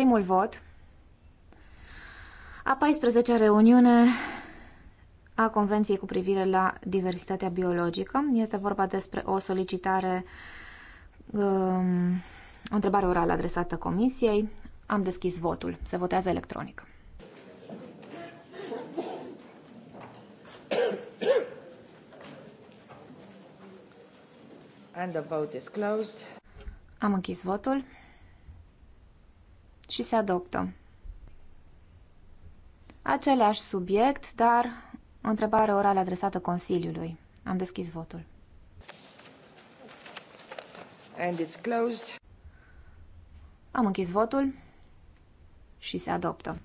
primul vot, a 14-a reuniune a Convenției cu privire la diversitatea biologică. Este vorba despre o solicitare, um, o întrebare orală adresată Comisiei. Am deschis votul. Se votează electronic. And the vote is closed. Am închis votul și se adoptă. Același subiect, dar întrebare orală adresată Consiliului. Am deschis votul. And it's closed. Am închis votul și se adoptă.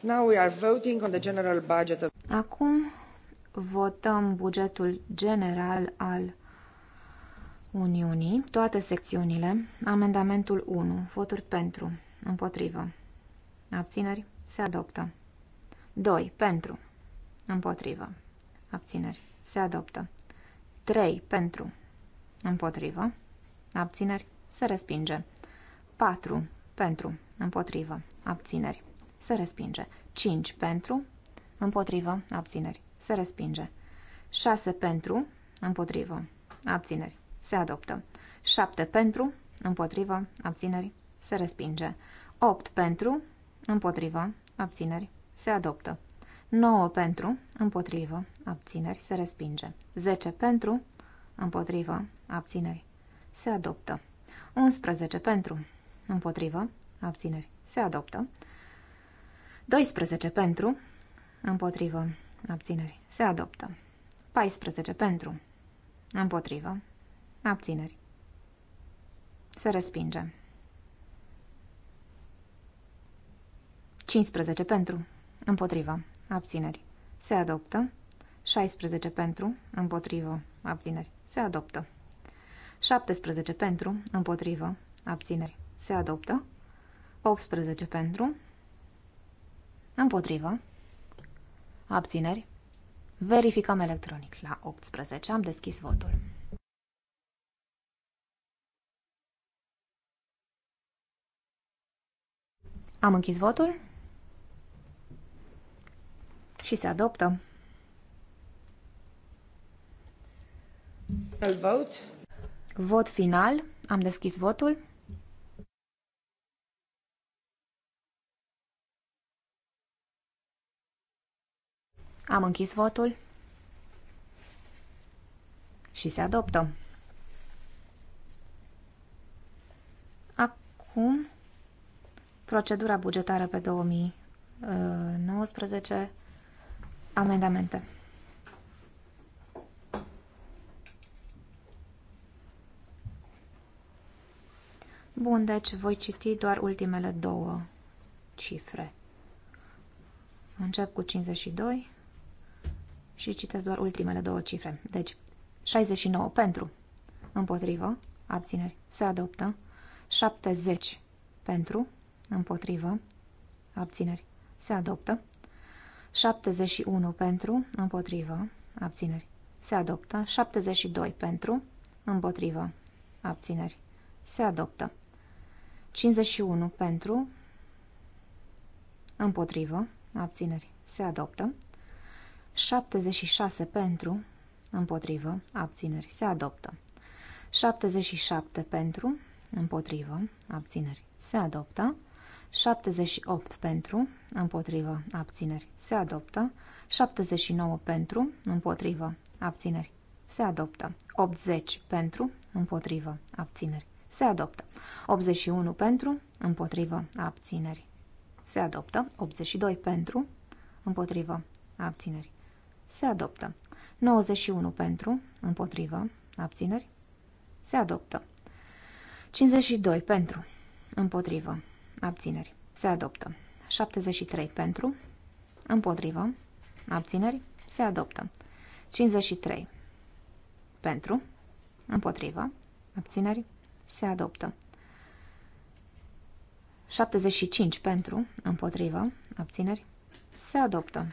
Now we are voting on the general budget of... Acum votăm bugetul general al Uniunii, toate secțiunile, amendamentul 1, voturi pentru, împotrivă, abțineri, se adoptă. 2. Pentru, împotrivă, abțineri, se adoptă. 3. Pentru, împotrivă, abțineri, se respinge. 4. Pentru, împotrivă, abțineri, se respinge. 5. Pentru, împotrivă, abțineri, se respinge. 6 pentru, împotrivă, abțineri. Se adoptă. 7 pentru, împotrivă, abțineri. Se respinge. 8 pentru, împotrivă, abțineri. Se adoptă. 9 pentru, împotrivă, abțineri. Se respinge. 10 pentru, împotrivă, abțineri. Se adoptă. 11 pentru, împotrivă, abțineri. Se adoptă. 12 pentru, împotrivă, Abțineri. Se adoptă. 14 pentru. Împotrivă. Abțineri. Se respinge. 15 pentru. Împotrivă. Abțineri. Se adoptă. 16 pentru. Împotrivă. Abțineri. Se adoptă. 17 pentru. Împotrivă. Abțineri. Se adoptă. 18 pentru. Împotrivă. Abțineri? Verificăm electronic la 18. Am deschis votul. Am închis votul și se adoptă. Vot final. Am deschis votul. Am închis votul și se adoptă. Acum, procedura bugetară pe 2019, amendamente. Bun, deci voi citi doar ultimele două cifre. Încep cu 52 și citesc doar ultimele două cifre. Deci, 69 pentru, împotrivă, abțineri, se adoptă, 70 pentru, împotrivă, abțineri, se adoptă, 71 pentru, împotrivă, abțineri, se adoptă, 72 pentru, împotrivă, abțineri, se adoptă, 51 pentru, împotrivă, abțineri, se adoptă, 76 pentru, împotrivă, abțineri, se adoptă. 77 pentru, împotrivă, abțineri, se adoptă. 78 pentru, împotrivă, abțineri, se adoptă. 79 pentru, împotrivă, abțineri, se adoptă. 80 pentru, împotrivă, abțineri, se adoptă. 81 pentru, împotrivă, abțineri, se adoptă. 82 pentru, împotrivă, abțineri, se adoptă. 91 pentru, împotrivă, abțineri. Se adoptă. 52 pentru, împotrivă, abțineri. Se adoptă. 73 pentru, împotrivă, abțineri. Se adoptă. 53 pentru, împotrivă, abțineri. Se adoptă. 75 pentru, împotrivă, abțineri. Se adoptă.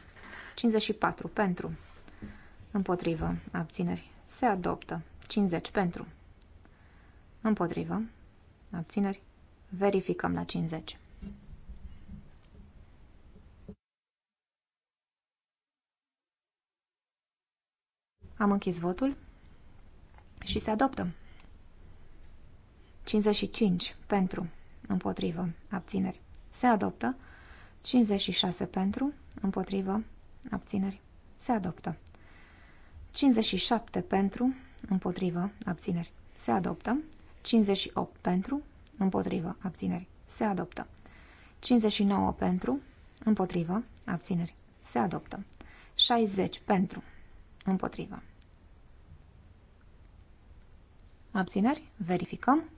54 pentru. Împotrivă. Abțineri. Se adoptă. 50 pentru. Împotrivă. Abțineri. Verificăm la 50. Am închis votul și se adoptă. 55 pentru, împotrivă, abțineri. Se adoptă. 56 pentru, împotrivă, abțineri, se adoptă. 57 pentru, împotrivă, abțineri, se adoptă. 58 pentru, împotrivă, abțineri, se adoptă. 59 pentru, împotrivă, abțineri, se adoptă. 60 pentru, împotrivă. Abțineri, verificăm.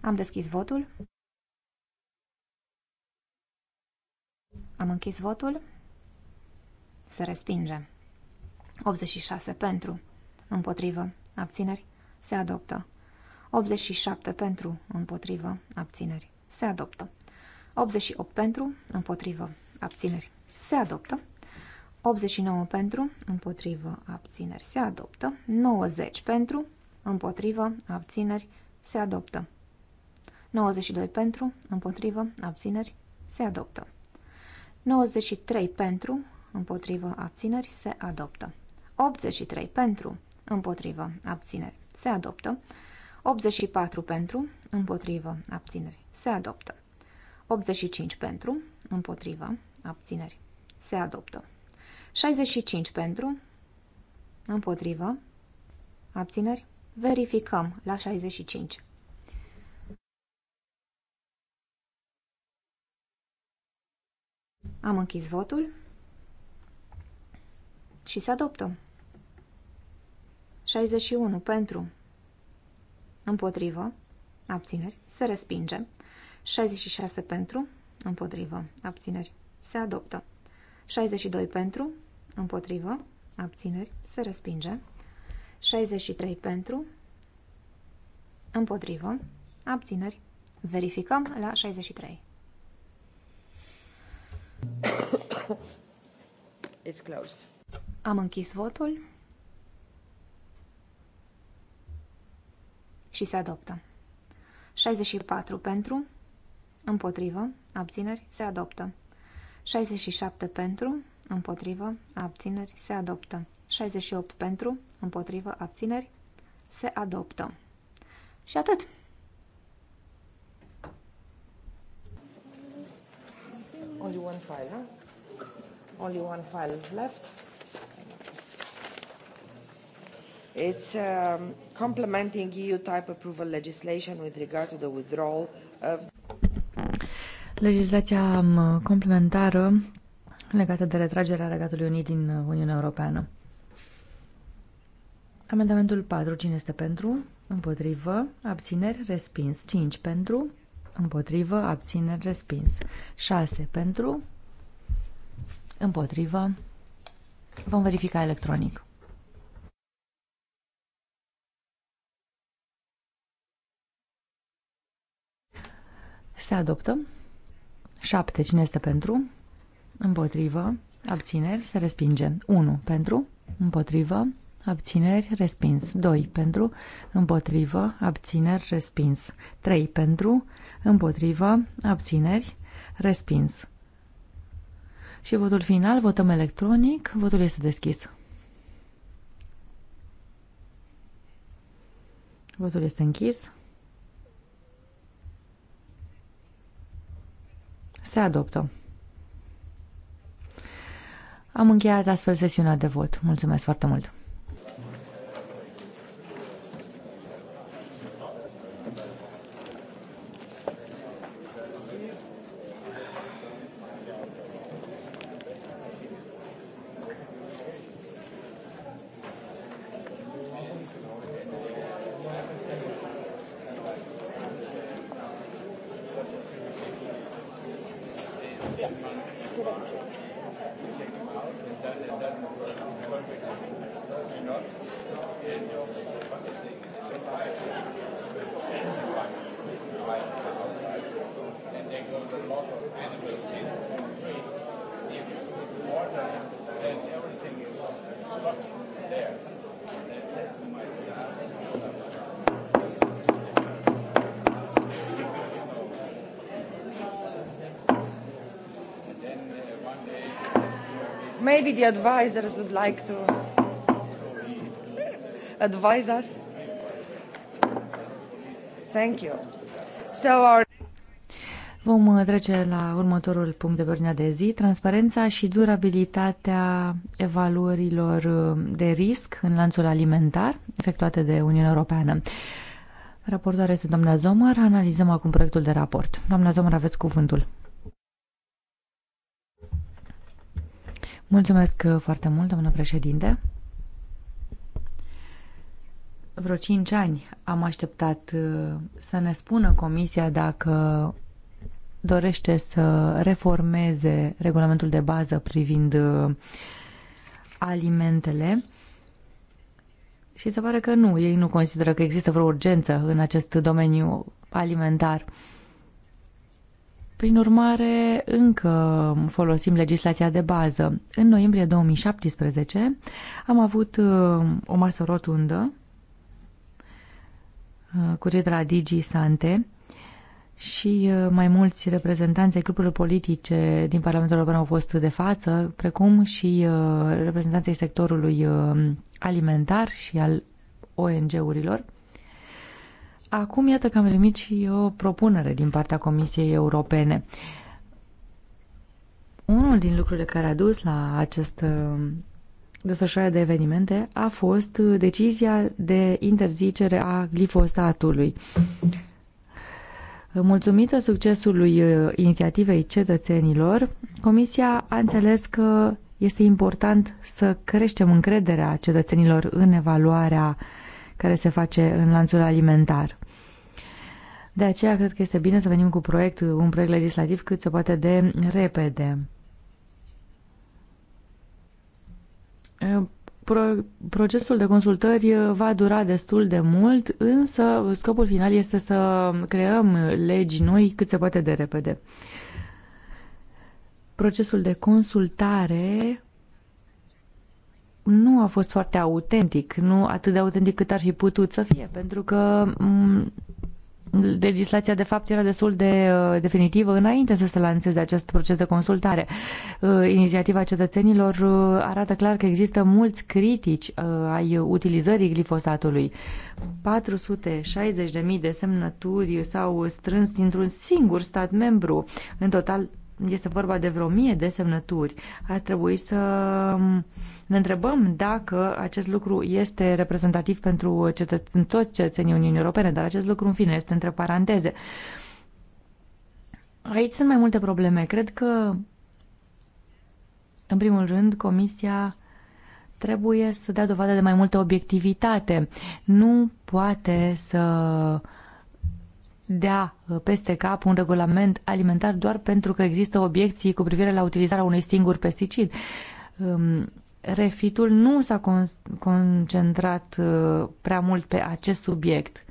Am deschis votul. Am închis votul. Se respinge. 86 pentru. Împotrivă. Abțineri. Se adoptă. 87 pentru. Împotrivă. Abțineri. Se adoptă. 88 pentru. Împotrivă. Abțineri. Se adoptă. 89 pentru. Împotrivă. Abțineri. Se adoptă. 90 pentru. Împotrivă. Abțineri. Se adoptă. 92 pentru. Împotrivă. Abțineri. Se adoptă. 93 pentru, împotrivă, abțineri, se adoptă. 83 pentru, împotrivă, abțineri, se adoptă. 84 pentru, împotrivă, abțineri, se adoptă. 85 pentru, împotrivă, abțineri, se adoptă. 65 pentru, împotrivă, abțineri, verificăm la 65. Am închis votul și se adoptă. 61 pentru, împotrivă, abțineri, se respinge. 66 pentru, împotrivă, abțineri, se adoptă. 62 pentru, împotrivă, abțineri, se respinge. 63 pentru, împotrivă, abțineri, verificăm la 63. It's closed. Am închis votul și se adoptă. 64 pentru, împotrivă, abțineri, se adoptă. 67 pentru, împotrivă, abțineri, se adoptă. 68 pentru, împotrivă, abțineri, se adoptă. Și atât! Only one file, huh? Only one file left. It's um, complementing EU type approval legislation with regard to the withdrawal of legislația um, complementară legată de retragerea Regatului Unit din uh, Uniunea Europeană. Amendamentul 4. Cine este pentru? Împotrivă. Abțineri. Respins. 5. Pentru împotrivă, abțineri, respins. 6 pentru, împotrivă, vom verifica electronic. Se adoptă. 7. Cine este pentru? Împotrivă. Abțineri. Se respinge. 1. Pentru. Împotrivă. Abțineri. Respins. 2. Pentru. Împotrivă. Abțineri. Respins. 3. Pentru împotrivă, abțineri, respins. Și votul final, votăm electronic, votul este deschis. Votul este închis. Se adoptă. Am încheiat astfel sesiunea de vot. Mulțumesc foarte mult! the advisors would like to advise us. Thank you. So our... Vom uh, trece la următorul punct de ordine de zi, transparența și durabilitatea evaluărilor uh, de risc în lanțul alimentar efectuate de Uniunea Europeană. Raportoarea este doamna Zomăr, analizăm acum proiectul de raport. Doamna Zomăr, aveți cuvântul. Mulțumesc uh, foarte mult, doamnă președinte. Vreo cinci ani am așteptat uh, să ne spună comisia dacă dorește să reformeze regulamentul de bază privind uh, alimentele și se pare că nu, ei nu consideră că există vreo urgență în acest domeniu alimentar. Prin urmare, încă folosim legislația de bază. În noiembrie 2017 am avut uh, o masă rotundă uh, cu cei de la Digi Sante și uh, mai mulți reprezentanți ai grupurilor politice din Parlamentul European au fost de față, precum și reprezentanții sectorului alimentar și al ONG-urilor. Acum iată că am primit și o propunere din partea Comisiei Europene. Unul din lucrurile care a dus la acest desfășurare de evenimente a fost decizia de interzicere a glifosatului. Mulțumită succesului uh, inițiativei cetățenilor, Comisia a înțeles că este important să creștem încrederea cetățenilor în evaluarea care se face în lanțul alimentar. De aceea cred că este bine să venim cu proiect, un proiect legislativ cât se poate de repede. Pro procesul de consultări va dura destul de mult, însă scopul final este să creăm legi noi cât se poate de repede. Procesul de consultare nu a fost foarte autentic, nu atât de autentic cât ar fi putut să fie, pentru că legislația de fapt era destul de uh, definitivă înainte să se lanseze acest proces de consultare. Uh, inițiativa cetățenilor uh, arată clar că există mulți critici ai utilizării glifosatului. 460.000 de semnături s-au strâns dintr-un singur stat membru. În total, este vorba de vreo mie de semnături, ar trebui să mm, ne întrebăm dacă acest lucru este reprezentativ pentru cetăț- toți cetățenii Uniunii Europene, dar acest lucru, în fine, este între paranteze. Aici sunt mai multe probleme. Cred că, în primul rând, Comisia trebuie să dea dovadă de mai multă obiectivitate. Nu poate să uh, dea uh, peste cap un regulament alimentar doar pentru că există obiecții cu privire la utilizarea unui singur pesticid. Um, refitul nu s-a concentrat uh, prea mult pe acest subiect.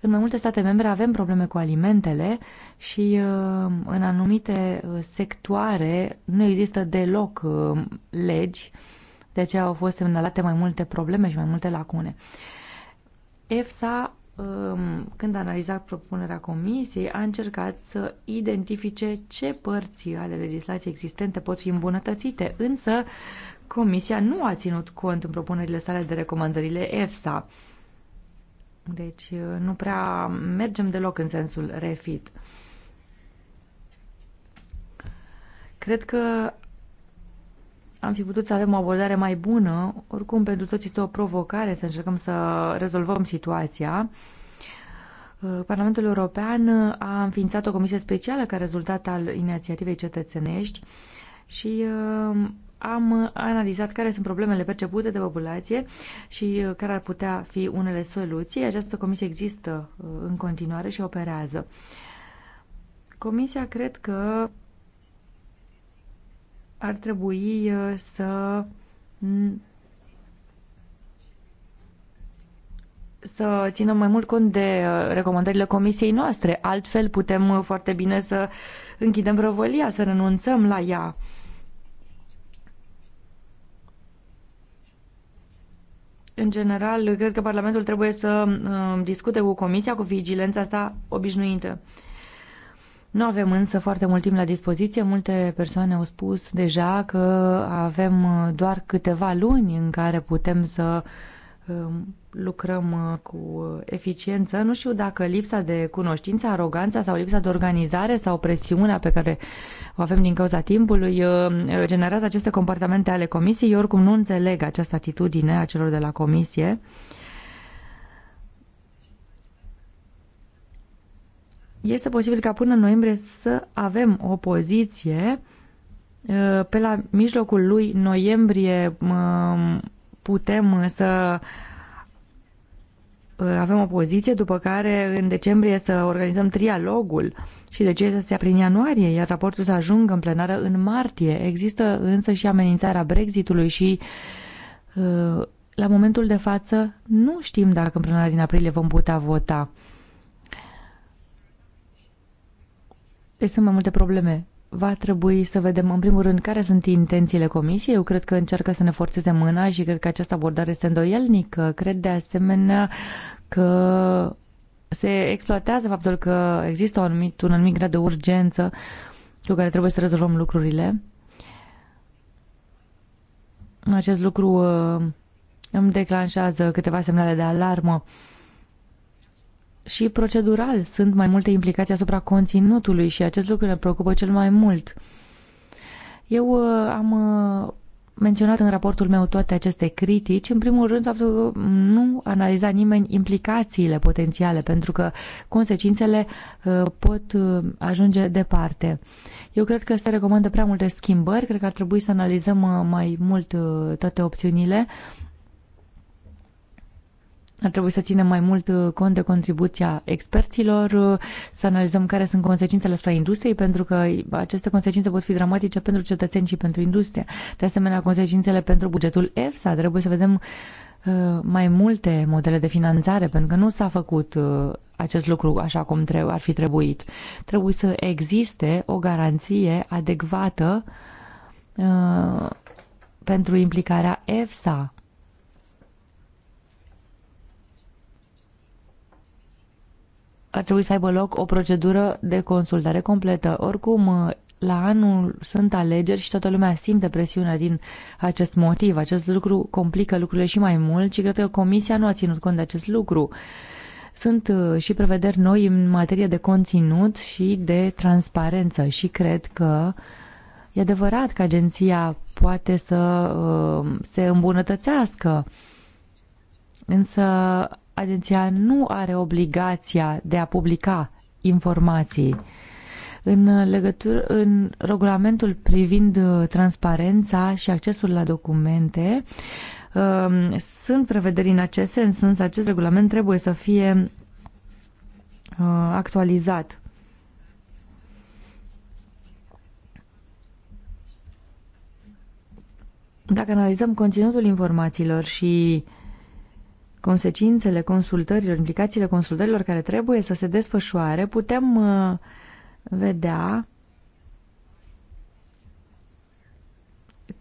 În mai multe state membre avem probleme cu alimentele și uh, în anumite sectoare nu există deloc legi, de aceea au fost semnalate mai multe probleme și mai multe lacune. EFSA Um, când a analizat propunerea comisiei, a încercat să identifice ce părți ale legislației existente pot fi îmbunătățite, însă comisia nu a ținut cont în propunerile sale de recomandările EFSA. Deci uh, nu prea mergem deloc în sensul refit. Cred că am fi putut să avem o abordare mai bună. Oricum, pentru toți este o provocare să încercăm să rezolvăm situația. Uh, Parlamentul European a înființat o comisie specială ca rezultat al inițiativei cetățenești și uh, am analizat care sunt problemele percepute de populație și uh, care ar putea fi unele soluții. Această comisie există în continuare și operează. Comisia cred că ar trebui uh, să să ținem mai mult cont de uh, recomandările comisiei noastre. Altfel putem uh, foarte bine să închidem răvălia, să renunțăm la ea. În general, cred că Parlamentul trebuie să discute cu Comisia cu vigilența asta obișnuită. Nu avem însă foarte mult timp la dispoziție. Multe persoane au spus deja că avem uh, doar câteva luni în care putem să um, lucrăm uh, cu eficiență. Nu știu dacă lipsa de cunoștință, aroganța sau lipsa de organizare sau presiunea pe care o avem din cauza timpului uh, generează aceste comportamente ale comisiei. Eu oricum nu înțeleg această atitudine a celor de la comisie. Uh, este posibil ca până în noiembrie să avem o poziție uh, pe la mijlocul lui noiembrie um, putem uh, să uh, avem o poziție, după care în decembrie să organizăm trialogul și de ce să se ia prin ianuarie, iar raportul să ajungă în plenară în martie. Există însă și amenințarea Brexitului și la momentul de față nu știm dacă în plenară din aprilie vom putea vota. Deci sunt mai multe probleme. Va trebui să vedem, în primul rând, care sunt intențiile comisiei. Eu cred că încearcă să ne forțeze mâna și cred că această abordare este îndoielnică. Cred de asemenea că se exploatează faptul că există un anumit, un anumit grad de urgență cu care trebuie să rezolvăm lucrurile. Acest lucru uh, îmi declanșează câteva semnale de alarmă și procedural sunt mai multe implicații asupra conținutului și acest lucru ne preocupă cel mai mult. Eu uh, am uh, menționat în raportul meu toate aceste critici, în primul rând faptul că nu analiza nimeni implicațiile potențiale, pentru că consecințele uh, pot ajunge departe. Eu cred că se recomandă prea multe schimbări, cred că ar trebui să analizăm mai mult toate opțiunile, ar trebui să ținem mai mult uh, cont de contribuția experților, uh, să analizăm care sunt consecințele asupra industriei, pentru că aceste consecințe pot fi dramatice pentru cetățeni și pentru industrie. De asemenea, consecințele pentru bugetul EFSA. Trebuie să vedem uh, mai multe modele de finanțare, pentru că nu s-a făcut acest lucru așa cum ar fi trebuit. Trebuie să existe o garanție adecvată pentru implicarea EFSA ar trebui să aibă loc o procedură de consultare completă. Oricum, la anul sunt alegeri și toată lumea simte presiunea din acest motiv. Acest lucru complică lucrurile și mai mult și cred că Comisia nu a ținut cont de acest lucru. Sunt uh, și prevederi noi în materie de conținut și de transparență și cred că e adevărat că agenția poate să uh, se îmbunătățească. Însă agenția nu are obligația de a publica informații. În, legătură, în regulamentul privind uh, transparența și accesul la documente, um, sunt prevederi în acest sens, însă acest regulament trebuie să fie uh, actualizat. Dacă analizăm conținutul informațiilor și consecințele consultărilor, implicațiile consultărilor care trebuie să se desfășoare, putem uh, vedea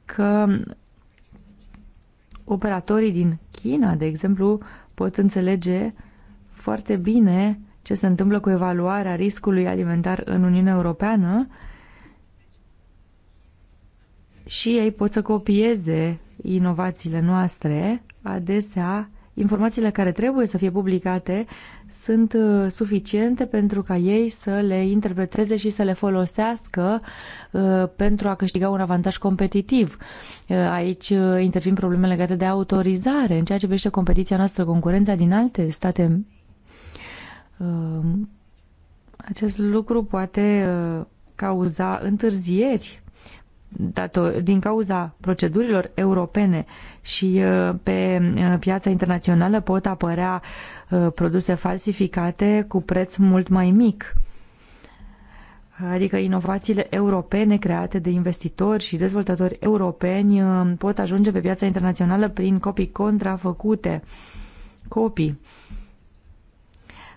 că operatorii din China, de exemplu, pot înțelege foarte bine ce se întâmplă cu evaluarea riscului alimentar în Uniunea Europeană și ei pot să copieze inovațiile noastre, adesea informațiile care trebuie să fie publicate sunt uh, suficiente pentru ca ei să le interpreteze și să le folosească uh, pentru a câștiga un avantaj competitiv. Uh, aici intervin probleme legate de autorizare în ceea ce privește competiția noastră, concurența din alte state. Acest lucru poate cauza întârzieri dator, din cauza procedurilor europene și uh, pe uh, piața internațională pot apărea uh, produse falsificate cu preț mult mai mic. Adică inovațiile europene create de investitori și dezvoltatori europeni pot ajunge pe piața internațională prin copii contrafăcute, copii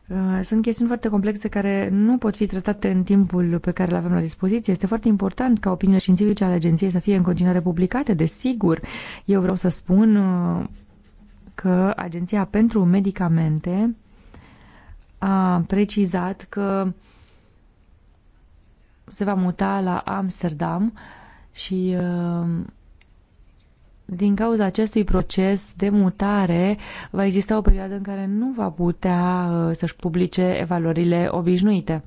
Uh, sunt chestiuni foarte complexe care nu pot fi tratate în timpul pe care îl avem la dispoziție. Este foarte important ca opiniile științifice ale agenției să fie în continuare publicate, desigur. Eu vreau să spun uh, că Agenția pentru Medicamente a precizat că se va muta la Amsterdam și uh, din cauza acestui proces de mutare va exista o perioadă în care nu va putea uh, să-și publice evaluările obișnuite.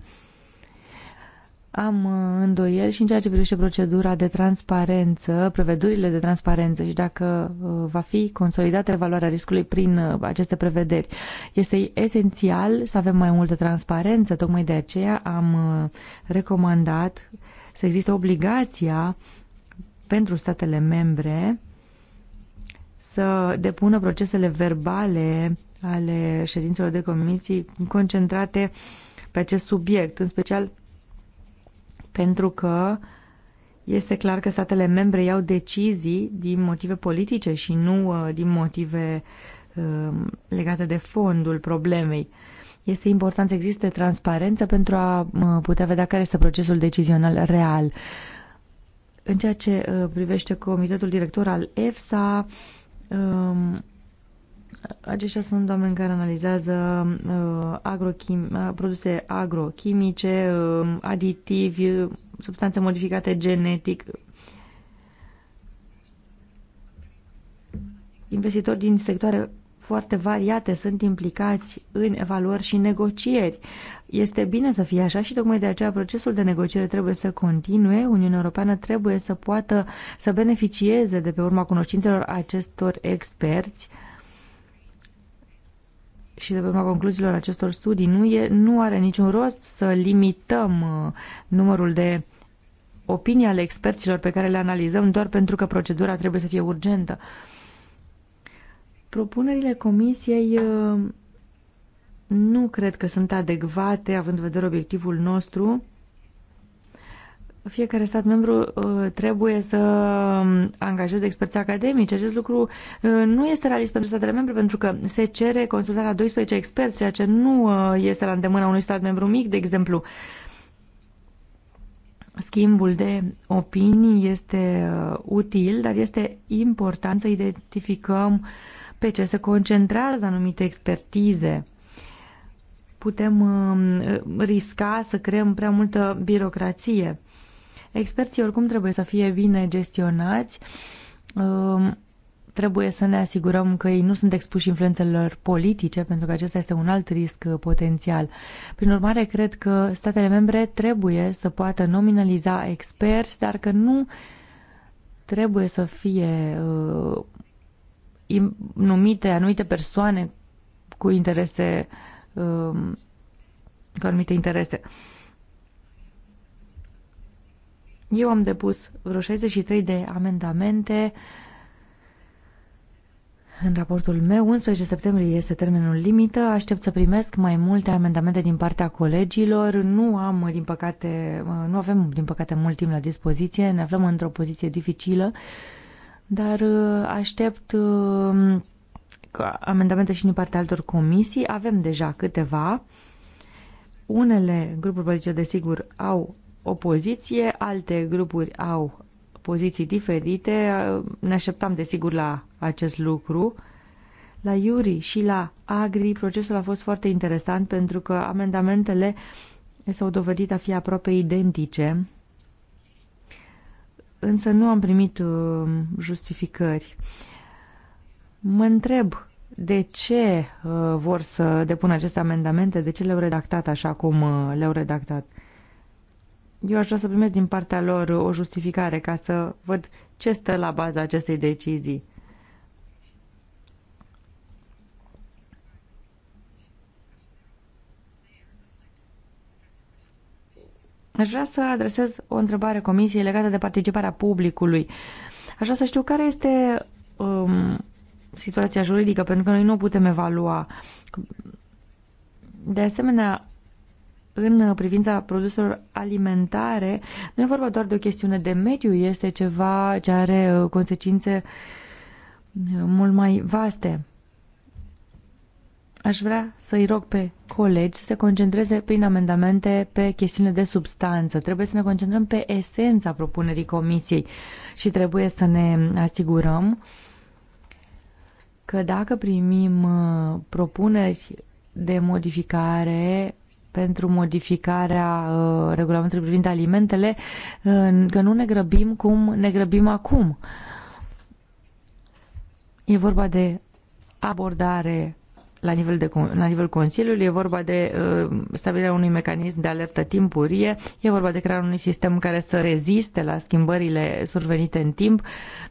Am uh, îndoieli și în ceea ce privește procedura de transparență, prevederile de transparență și dacă uh, va fi consolidată evaluarea riscului prin aceste prevederi. Este esențial să avem mai multă transparență, tocmai de aceea am recomandat să existe obligația pentru statele membre să depună procesele verbale ale ședințelor de comisii concentrate pe acest subiect, în special pentru că este clar că statele membre iau decizii din motive politice și nu uh, din motive um, legate de fondul problemei. Este important să existe transparență pentru a uh, putea vedea care este procesul decizional real. În ceea ce uh, privește comitetul director al EFSA, Um, aceștia sunt oameni care analizează uh, agrochim, uh, produse agrochimice, uh, aditivi, substanțe modificate genetic. Investitori din sectoare foarte variate sunt implicați în evaluări și negocieri. Este bine să fie așa și tocmai de aceea procesul de negociere trebuie să continue. Uniunea Europeană trebuie să poată să beneficieze de pe urma cunoștințelor acestor experți și de pe urma concluziilor acestor studii. Nu, e, nu are niciun rost să limităm uh, numărul de opinii ale experților pe care le analizăm doar pentru că procedura trebuie să fie urgentă. Propunerile comisiei uh, nu cred că sunt adecvate, având în vedere obiectivul nostru. Fiecare stat membru uh, trebuie să um, angajeze experți academici. Acest lucru uh, nu este realist pentru statele membre, pentru că se cere consultarea 12 experți, ceea ce nu uh, este la îndemâna unui stat membru mic, de exemplu. Schimbul de opinii este util, dar este important să identificăm pe ce se concentrează anumite expertize putem uh, risca să creăm prea multă birocrație. Experții oricum trebuie să fie bine gestionați, um, trebuie să ne asigurăm că ei nu sunt expuși influențelor politice, pentru că acesta este un alt risc uh, potențial. Prin urmare, cred că statele membre trebuie să poată nominaliza experți, dar că nu trebuie să fie uh, numite anumite persoane cu interese uh, Um, cu anumite interese. Eu am depus vreo 63 de amendamente în raportul meu. 11 septembrie este termenul limită. Aștept să primesc mai multe amendamente din partea colegilor. Nu am, din păcate, nu avem, din păcate, mult timp la dispoziție. Ne aflăm într-o poziție dificilă, dar uh, aștept um, amendamente și din partea altor comisii. Avem deja câteva. Unele grupuri politice, desigur, au opoziție, alte grupuri au poziții diferite. Ne așteptam, desigur, la acest lucru. La Iuri și la Agri, procesul a fost foarte interesant pentru că amendamentele s-au dovedit a fi aproape identice, însă nu am primit uh, justificări. Mă întreb de ce uh, vor să depună aceste amendamente, de ce le-au redactat așa cum uh, le-au redactat. Eu aș vrea să primesc din partea lor o justificare ca să văd ce stă la baza acestei decizii. Aș vrea să adresez o întrebare comisiei legată de participarea publicului. Aș vrea să știu care este um, situația juridică, pentru că noi nu putem evalua. De asemenea, în privința produselor alimentare, nu e vorba doar de o chestiune de mediu, este ceva ce are uh, consecințe uh, mult mai vaste. Aș vrea să-i rog pe colegi să se concentreze prin amendamente pe chestiunile de substanță. Trebuie să ne concentrăm pe esența propunerii comisiei și trebuie să ne asigurăm uh, că dacă primim uh, propuneri de modificare pentru modificarea uh, regulamentului privind alimentele, uh, că nu ne grăbim cum ne grăbim acum. E vorba de abordare la nivel, de, la nivel Consiliului, e vorba de uh, stabilirea unui mecanism de alertă timpurie, e vorba de crearea unui sistem care să reziste la schimbările survenite în timp.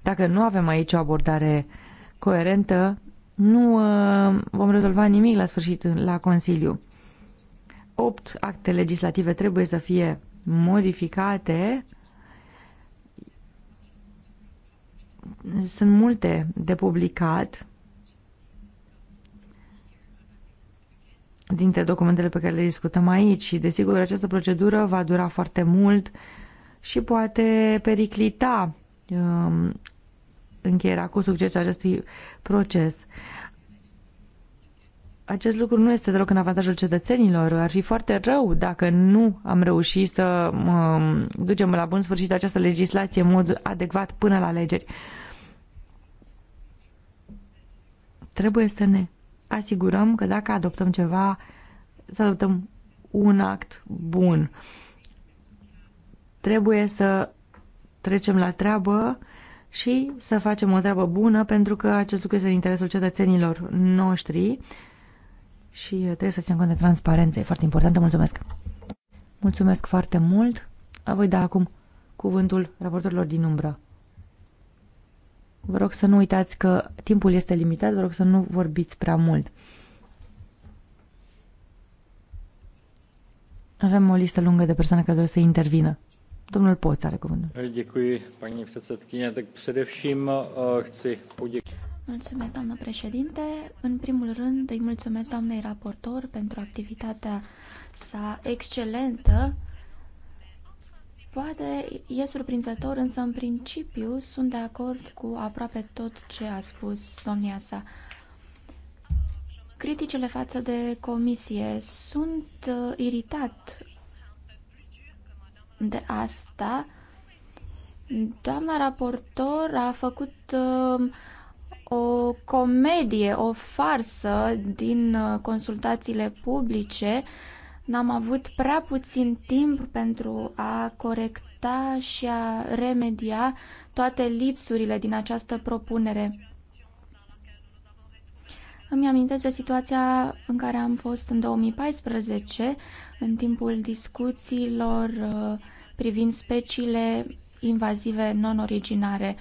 Dacă nu avem aici o abordare uh, coerentă, nu uh, vom rezolva nimic la sfârșit la Consiliu. Opt acte legislative trebuie să fie modificate. Sunt multe de publicat dintre documentele pe care le discutăm aici și desigur această procedură va dura foarte mult și poate periclita um, încheierea cu succes acestui proces. Acest lucru nu este deloc în avantajul cetățenilor. Ar fi foarte rău dacă nu am reușit să um, ducem la bun sfârșit această legislație în mod adecvat până la alegeri. Trebuie să ne asigurăm că dacă adoptăm ceva, să adoptăm un act bun. Trebuie să trecem la treabă și să facem o treabă bună pentru că acest lucru este în interesul cetățenilor noștri și trebuie să ținem cont de transparență, e foarte importantă. Mulțumesc! Mulțumesc foarte mult! A voi da acum cuvântul raportorilor din umbră. Vă rog să nu uitați că timpul este limitat, vă rog să nu vorbiți prea mult. Avem o listă lungă de persoane care doresc să intervină. Domnul Poț are cuvântul. Eh, mulțumesc, doamnă președinte. În primul rând, îi mulțumesc doamnei raportor pentru activitatea sa excelentă. Poate e surprinzător, însă în principiu sunt de acord cu aproape tot ce a spus domnia sa. Criticile față de comisie sunt uh, iritat de asta, doamna raportor a făcut um, o comedie, o farsă din uh, consultațiile publice. N-am avut prea puțin timp pentru a corecta și a remedia toate lipsurile din această propunere. Îmi amintesc de situația în care am fost în 2014, în timpul discuțiilor uh, privind speciile invazive non-originare.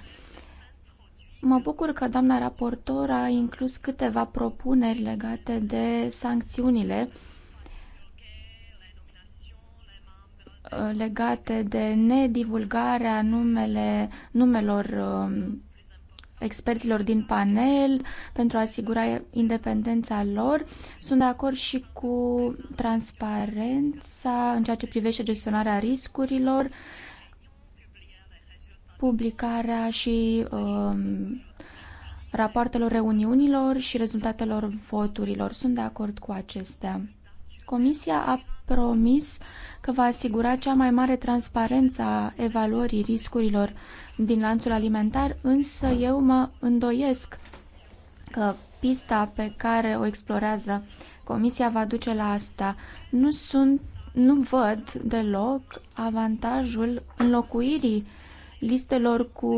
Mă bucur că doamna raportor a inclus câteva propuneri legate de sancțiunile uh, legate de nedivulgarea numele, numelor um, experților din panel pentru a asigura independența lor. Sunt de acord și cu transparența în ceea ce privește gestionarea riscurilor, publicarea și um, rapoartelor reuniunilor și rezultatelor voturilor. Sunt de acord cu acestea. Comisia a promis că va asigura cea mai mare transparență a evaluării riscurilor din lanțul alimentar, însă eu mă îndoiesc că pista pe care o explorează Comisia va duce la asta. Nu sunt nu văd deloc avantajul înlocuirii listelor cu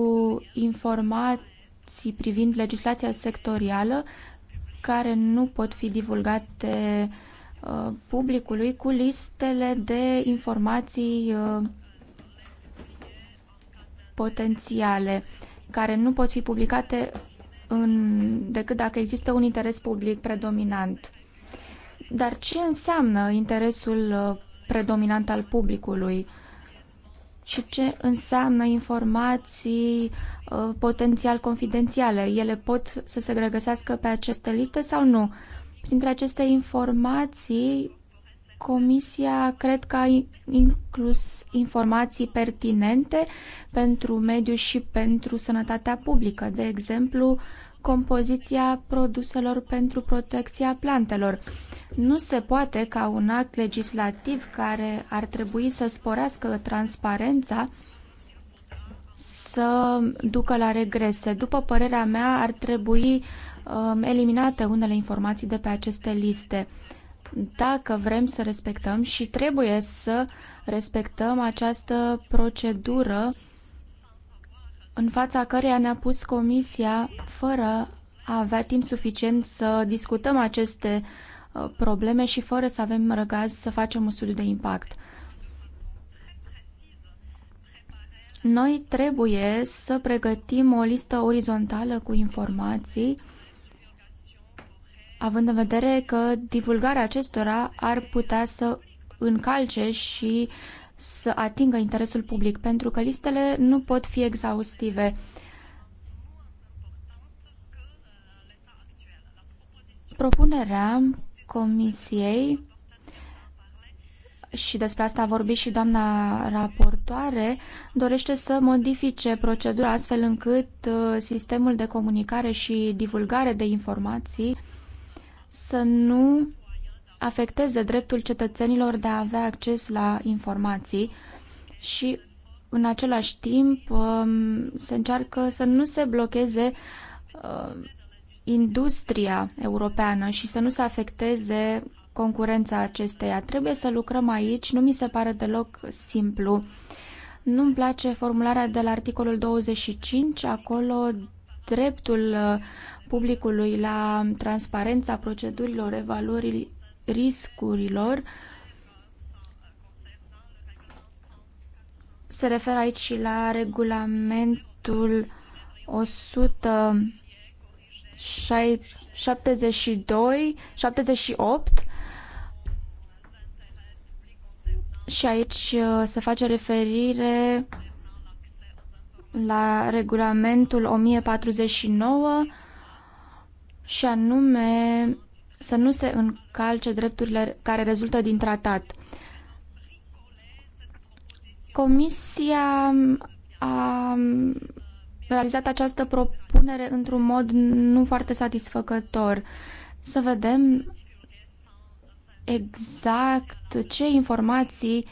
informații privind legislația sectorială care nu pot fi divulgate Uh, publicului cu listele de informații uh, potențiale care nu pot fi publicate în, decât dacă există un interes public predominant. Dar ce înseamnă interesul uh, predominant al publicului? Și ce înseamnă informații uh, potențial confidențiale? Ele pot să se regăsească pe aceste liste sau nu? Uh, Printre aceste informații, Comisia cred că a inclus informații pertinente pentru mediu și pentru sănătatea publică, de exemplu, compoziția produselor pentru protecția plantelor. Nu se poate ca un act legislativ care ar trebui să sporească transparența să ducă la regrese. După părerea mea, ar trebui Um, eliminate unele informații de pe aceste liste. Dacă vrem să respectăm și trebuie să respectăm această procedură în fața căreia ne-a pus Comisia fără a avea timp suficient să discutăm aceste uh, probleme și fără să avem răgaz să facem un studiu de impact. Noi trebuie să pregătim o listă orizontală cu informații având în vedere că divulgarea acestora ar putea să încalce și să atingă interesul public, pentru că listele nu pot fi exhaustive. Propunerea Comisiei și despre asta a vorbit și doamna raportoare, dorește să modifice procedura astfel încât uh, sistemul de comunicare și divulgare de informații să nu afecteze dreptul cetățenilor de a avea acces la informații și în același timp um, se încearcă să nu se blocheze um, industria europeană și să nu se afecteze concurența acesteia. Trebuie să lucrăm aici, nu mi se pare deloc simplu. Nu-mi place formularea de la articolul 25, acolo dreptul uh, publicului la transparența procedurilor evaluării riscurilor se referă aici și la regulamentul 172 78 și aici uh, se face referire la regulamentul 1049 și anume să nu se încalce drepturile care rezultă din tratat. Comisia a realizat această propunere într-un mod nu foarte satisfăcător. Să vedem exact ce informații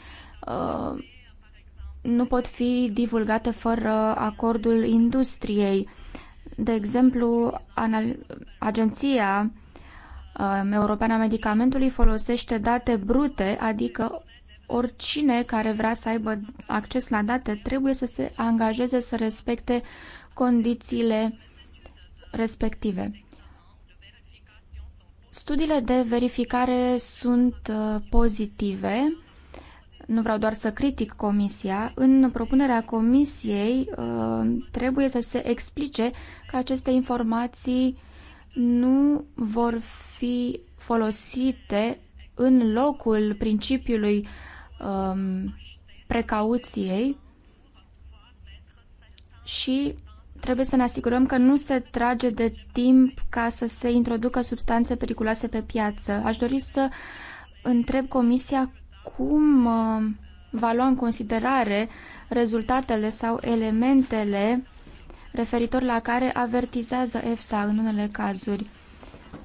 uh, nu pot fi divulgate fără acordul industriei. De exemplu, Agenția um, Europeană a Medicamentului folosește date brute, adică oricine care vrea să aibă acces la date trebuie să se angajeze să respecte condițiile respective. Studiile de verificare sunt uh, pozitive nu vreau doar să critic Comisia, în propunerea Comisiei uh, trebuie să se explice că aceste informații nu vor fi folosite în locul principiului um, precauției și trebuie să ne asigurăm că nu se trage de timp ca să se introducă substanțe periculoase pe piață. Aș dori să întreb Comisia cum uh, va lua în considerare rezultatele sau elementele referitor la care avertizează EFSA în unele cazuri,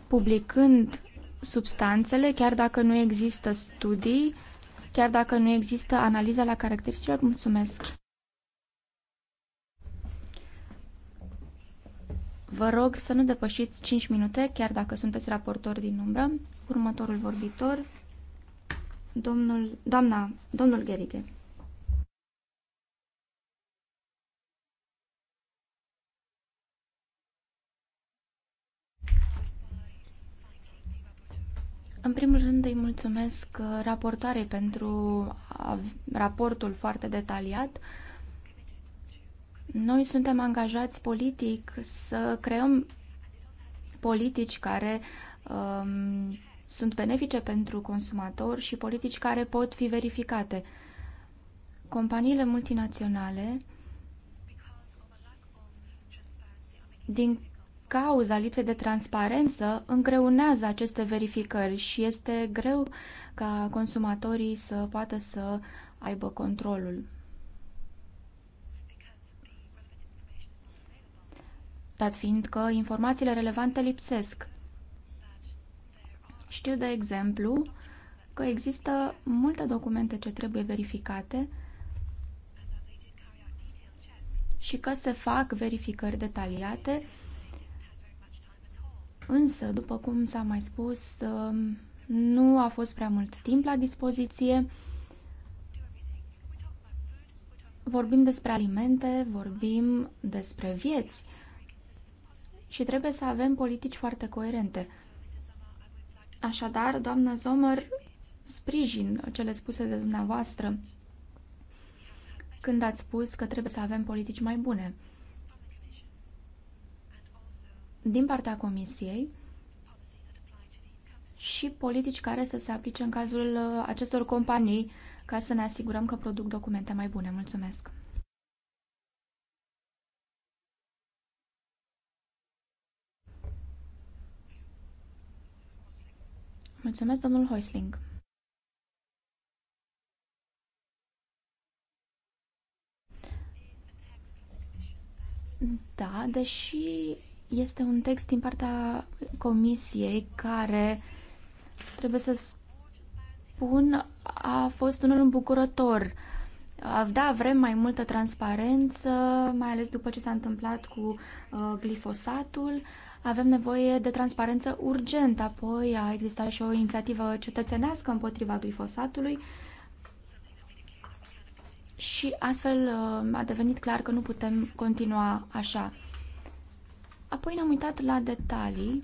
publicând substanțele, chiar dacă nu există studii, chiar dacă nu există analiza la caracteristicilor. Mulțumesc! Vă rog să nu depășiți 5 minute, chiar dacă sunteți raportor din umbră. Următorul vorbitor, domnul, doamna, domnul Gherighe. În primul rând îi mulțumesc uh, raportoarei pentru uh, raportul foarte detaliat. Noi suntem angajați politic să creăm politici care um, sunt benefice pentru consumatori și politici care pot fi verificate. Companiile multinaționale, din cauza lipsei de transparență, îngreunează aceste verificări și este greu ca consumatorii să poată să aibă controlul. Dat fiind că informațiile relevante lipsesc. Știu, de exemplu, că există multe documente ce trebuie verificate și că se fac verificări detaliate, însă, după cum s-a mai spus, um, nu a fost prea mult timp la dispoziție. Vorbim despre alimente, vorbim despre vieți și trebuie să avem politici foarte coerente. Așadar, doamnă Zomăr, sprijin cele spuse de dumneavoastră când ați spus că trebuie să avem politici mai bune. Din partea Comisiei și politici care să se aplice în cazul uh, acestor companii ca să ne asigurăm că produc documente mai bune. Mulțumesc! Mulțumesc, domnul Hoisling. Da, deși este un text din partea comisiei care, trebuie să spun, a fost unul îmbucurător. Da, vrem mai multă transparență, mai ales după ce s-a întâmplat cu uh, glifosatul. Avem nevoie de transparență urgent. Apoi a existat și o inițiativă cetățenească împotriva glifosatului și astfel uh, a devenit clar că nu putem continua așa. Apoi ne-am uitat la detalii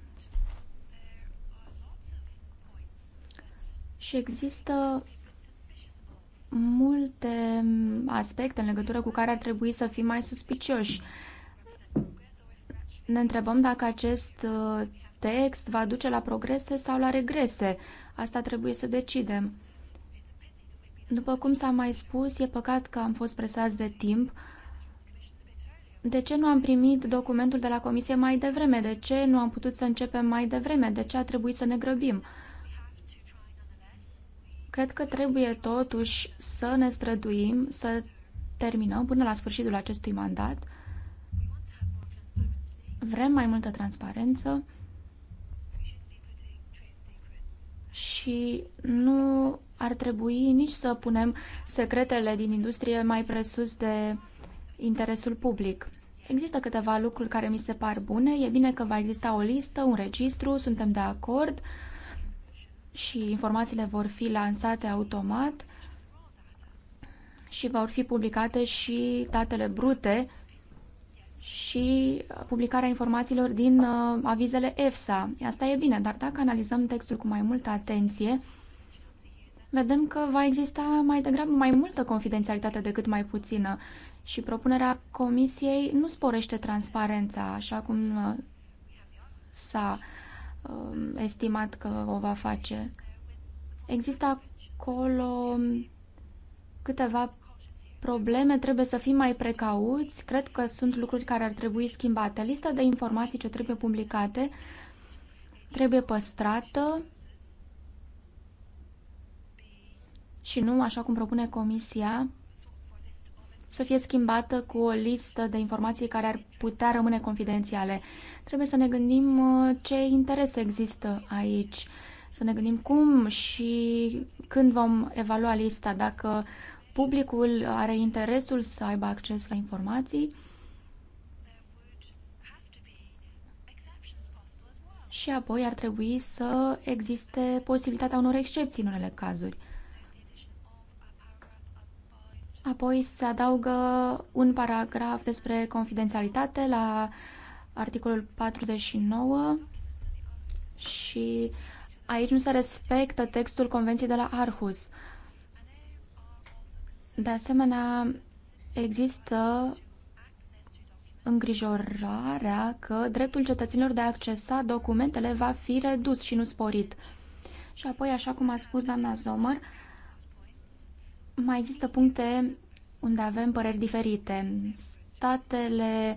și există multe aspecte în legătură cu care ar trebui să fim mai suspicioși. Uh, ne întrebăm dacă acest uh, text va duce la progrese sau la regrese. Asta trebuie să decidem. După cum s-a mai spus, e păcat că am fost presați de timp. De ce nu am primit documentul de la comisie mai devreme? De ce nu am putut să începem mai devreme? De ce a trebuit să ne grăbim? Cred că trebuie totuși să ne străduim, să terminăm până la sfârșitul acestui mandat Vrem mai multă transparență și nu ar trebui nici să punem secretele din industrie mai presus de interesul public. Există câteva lucruri care mi se par bune. E bine că va exista o listă, un registru, suntem de acord și informațiile vor fi lansate automat și vor fi publicate și datele brute și publicarea informațiilor din uh, avizele EFSA. Asta e bine, dar dacă analizăm textul cu mai multă atenție, vedem că va exista mai degrabă mai multă confidențialitate decât mai puțină și propunerea comisiei nu sporește transparența, așa cum uh, s-a uh, estimat că o va face. Există acolo câteva probleme, trebuie să fim mai precauți. Cred că sunt lucruri care ar trebui schimbate. Lista de informații ce trebuie publicate trebuie păstrată și nu, așa cum propune Comisia, să fie schimbată cu o listă de informații care ar putea rămâne confidențiale. Trebuie să ne gândim uh, ce interese există aici, să ne gândim cum și când vom evalua lista, dacă uh, publicul are interesul să aibă acces la informații și apoi ar trebui să existe posibilitatea unor excepții în unele cazuri. Apoi se adaugă un paragraf despre confidențialitate la articolul 49 și aici nu se respectă textul Convenției de la Arhus. Uh, de asemenea, există îngrijorarea că dreptul cetățenilor de a accesa documentele va fi redus și nu sporit. Și apoi, așa cum a spus doamna Zomăr, mai există puncte unde avem păreri diferite. Statele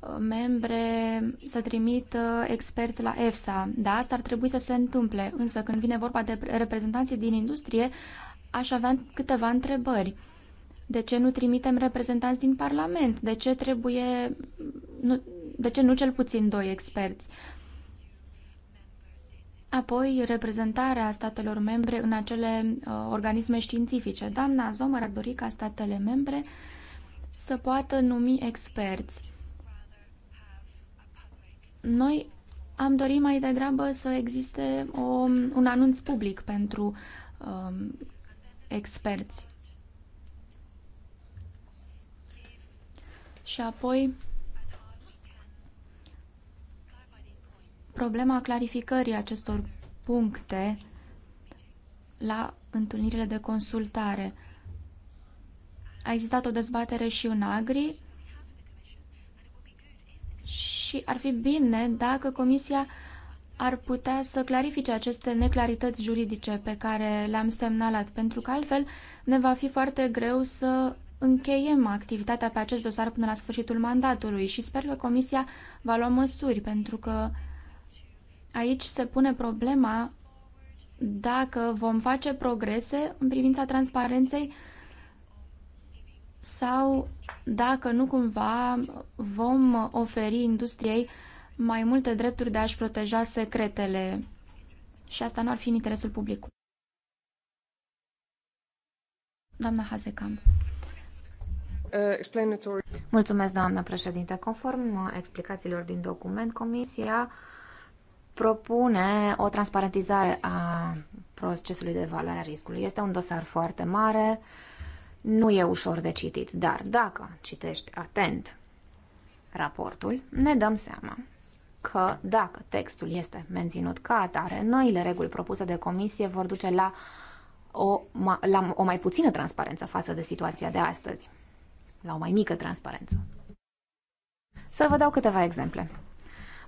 uh, membre să trimită experți la EFSA. Da, asta ar trebui să se întâmple, însă când vine vorba de reprezentanții din industrie, aș avea câteva întrebări. De ce nu trimitem reprezentanți din Parlament? De ce trebuie. Nu, de ce nu cel puțin doi experți? Apoi, reprezentarea statelor membre în acele uh, organisme științifice. Doamna Zomăr ar dori ca statele membre să poată numi experți. Noi am dorit mai degrabă să existe o, un anunț public pentru uh, experți. Și apoi problema clarificării acestor puncte la întâlnirile de consultare. A existat o dezbatere și în Agri și ar fi bine dacă Comisia ar putea să clarifice aceste neclarități juridice pe care le-am semnalat, pentru că altfel ne va fi foarte greu să încheiem activitatea pe acest dosar până la sfârșitul mandatului și sper că Comisia va lua măsuri, pentru că aici se pune problema dacă vom face progrese în privința transparenței sau dacă nu cumva vom oferi industriei mai multe drepturi de a-și proteja secretele și asta nu ar fi în interesul publicului. Doamna Hazekamp. Uh, Mulțumesc, doamnă președinte. Conform uh, explicațiilor din document, Comisia propune o transparentizare a procesului de evaluare a riscului. Este un dosar foarte mare, nu e ușor de citit, dar dacă citești atent raportul, ne dăm seama că dacă textul este menținut ca atare, noile reguli propuse de comisie vor duce la o, la o mai puțină transparență față de situația de astăzi la o mai mică transparență. Să vă dau câteva exemple.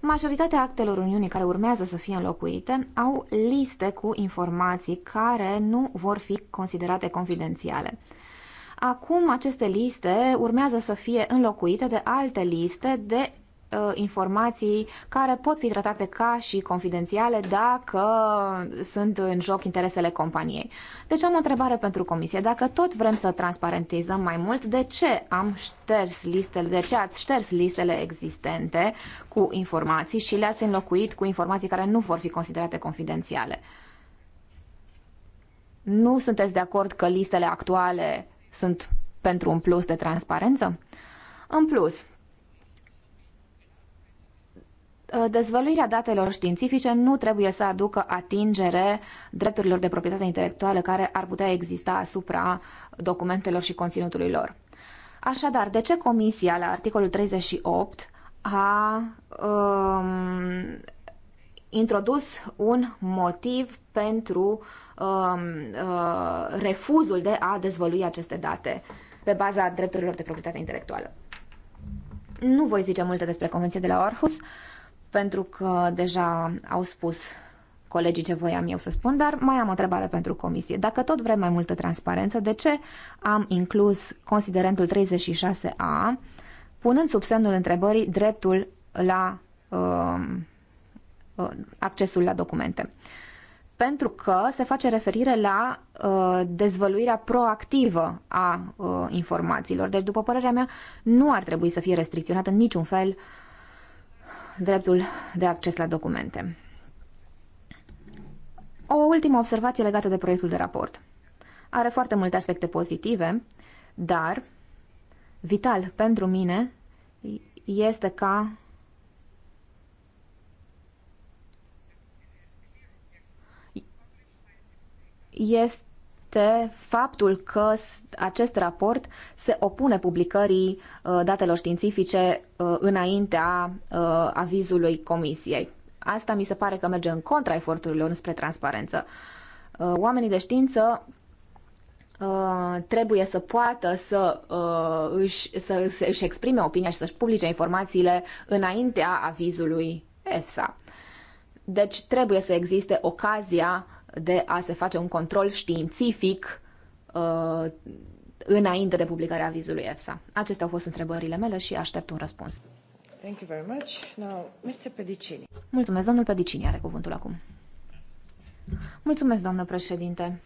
Majoritatea actelor Uniunii care urmează să fie înlocuite au liste cu informații care nu vor fi considerate confidențiale. Acum aceste liste urmează să fie înlocuite de alte liste de uh, informații care pot fi tratate ca și confidențiale dacă sunt în joc interesele companiei. Deci am o întrebare pentru comisie. Dacă tot vrem să transparentizăm mai mult, de ce am șters listele, de ce ați șters listele existente cu informații și le-ați înlocuit cu informații care nu vor fi considerate confidențiale? Nu sunteți de acord că listele actuale sunt pentru un plus de transparență? În plus, Uh, dezvăluirea datelor științifice nu trebuie să aducă atingere drepturilor de proprietate intelectuală care ar putea exista asupra documentelor și conținutului lor. Așadar, de ce Comisia, la articolul 38, a um, introdus un motiv pentru um, uh, refuzul de a dezvălui aceste date pe baza drepturilor de proprietate intelectuală? Nu voi zice multe despre Convenția de la Orhus. Uh, pentru că deja au spus colegii ce voiam eu să spun, dar mai am o întrebare pentru comisie. Dacă tot vrem mai multă transparență, de ce am inclus considerentul 36A, punând sub semnul întrebării dreptul la um, uh, accesul la documente? Pentru că se face referire la uh, dezvăluirea proactivă a uh, informațiilor. Deci, după părerea mea, nu ar trebui să fie restricționată în niciun fel uh, dreptul de acces la documente. O ultimă observație legată de proiectul de raport. Are foarte multe aspecte pozitive, dar vital pentru mine este ca este este faptul că acest raport se opune publicării uh, datelor științifice uh, înaintea uh, avizului comisiei. Asta mi se pare că merge în contra eforturilor spre transparență. Oamenii de știință trebuie să poată să, își, să, își exprime opinia și să-și publice informațiile înaintea avizului EFSA. Deci trebuie să existe ocazia de a se face un control științific uh, înainte de publicarea vizului EFSA. Acestea au fost întrebările mele și aștept un răspuns. Thank you very much. Now, Mr. Pedicini. Mulțumesc, domnul Pedicini are cuvântul acum. Mulțumesc, doamnă președinte.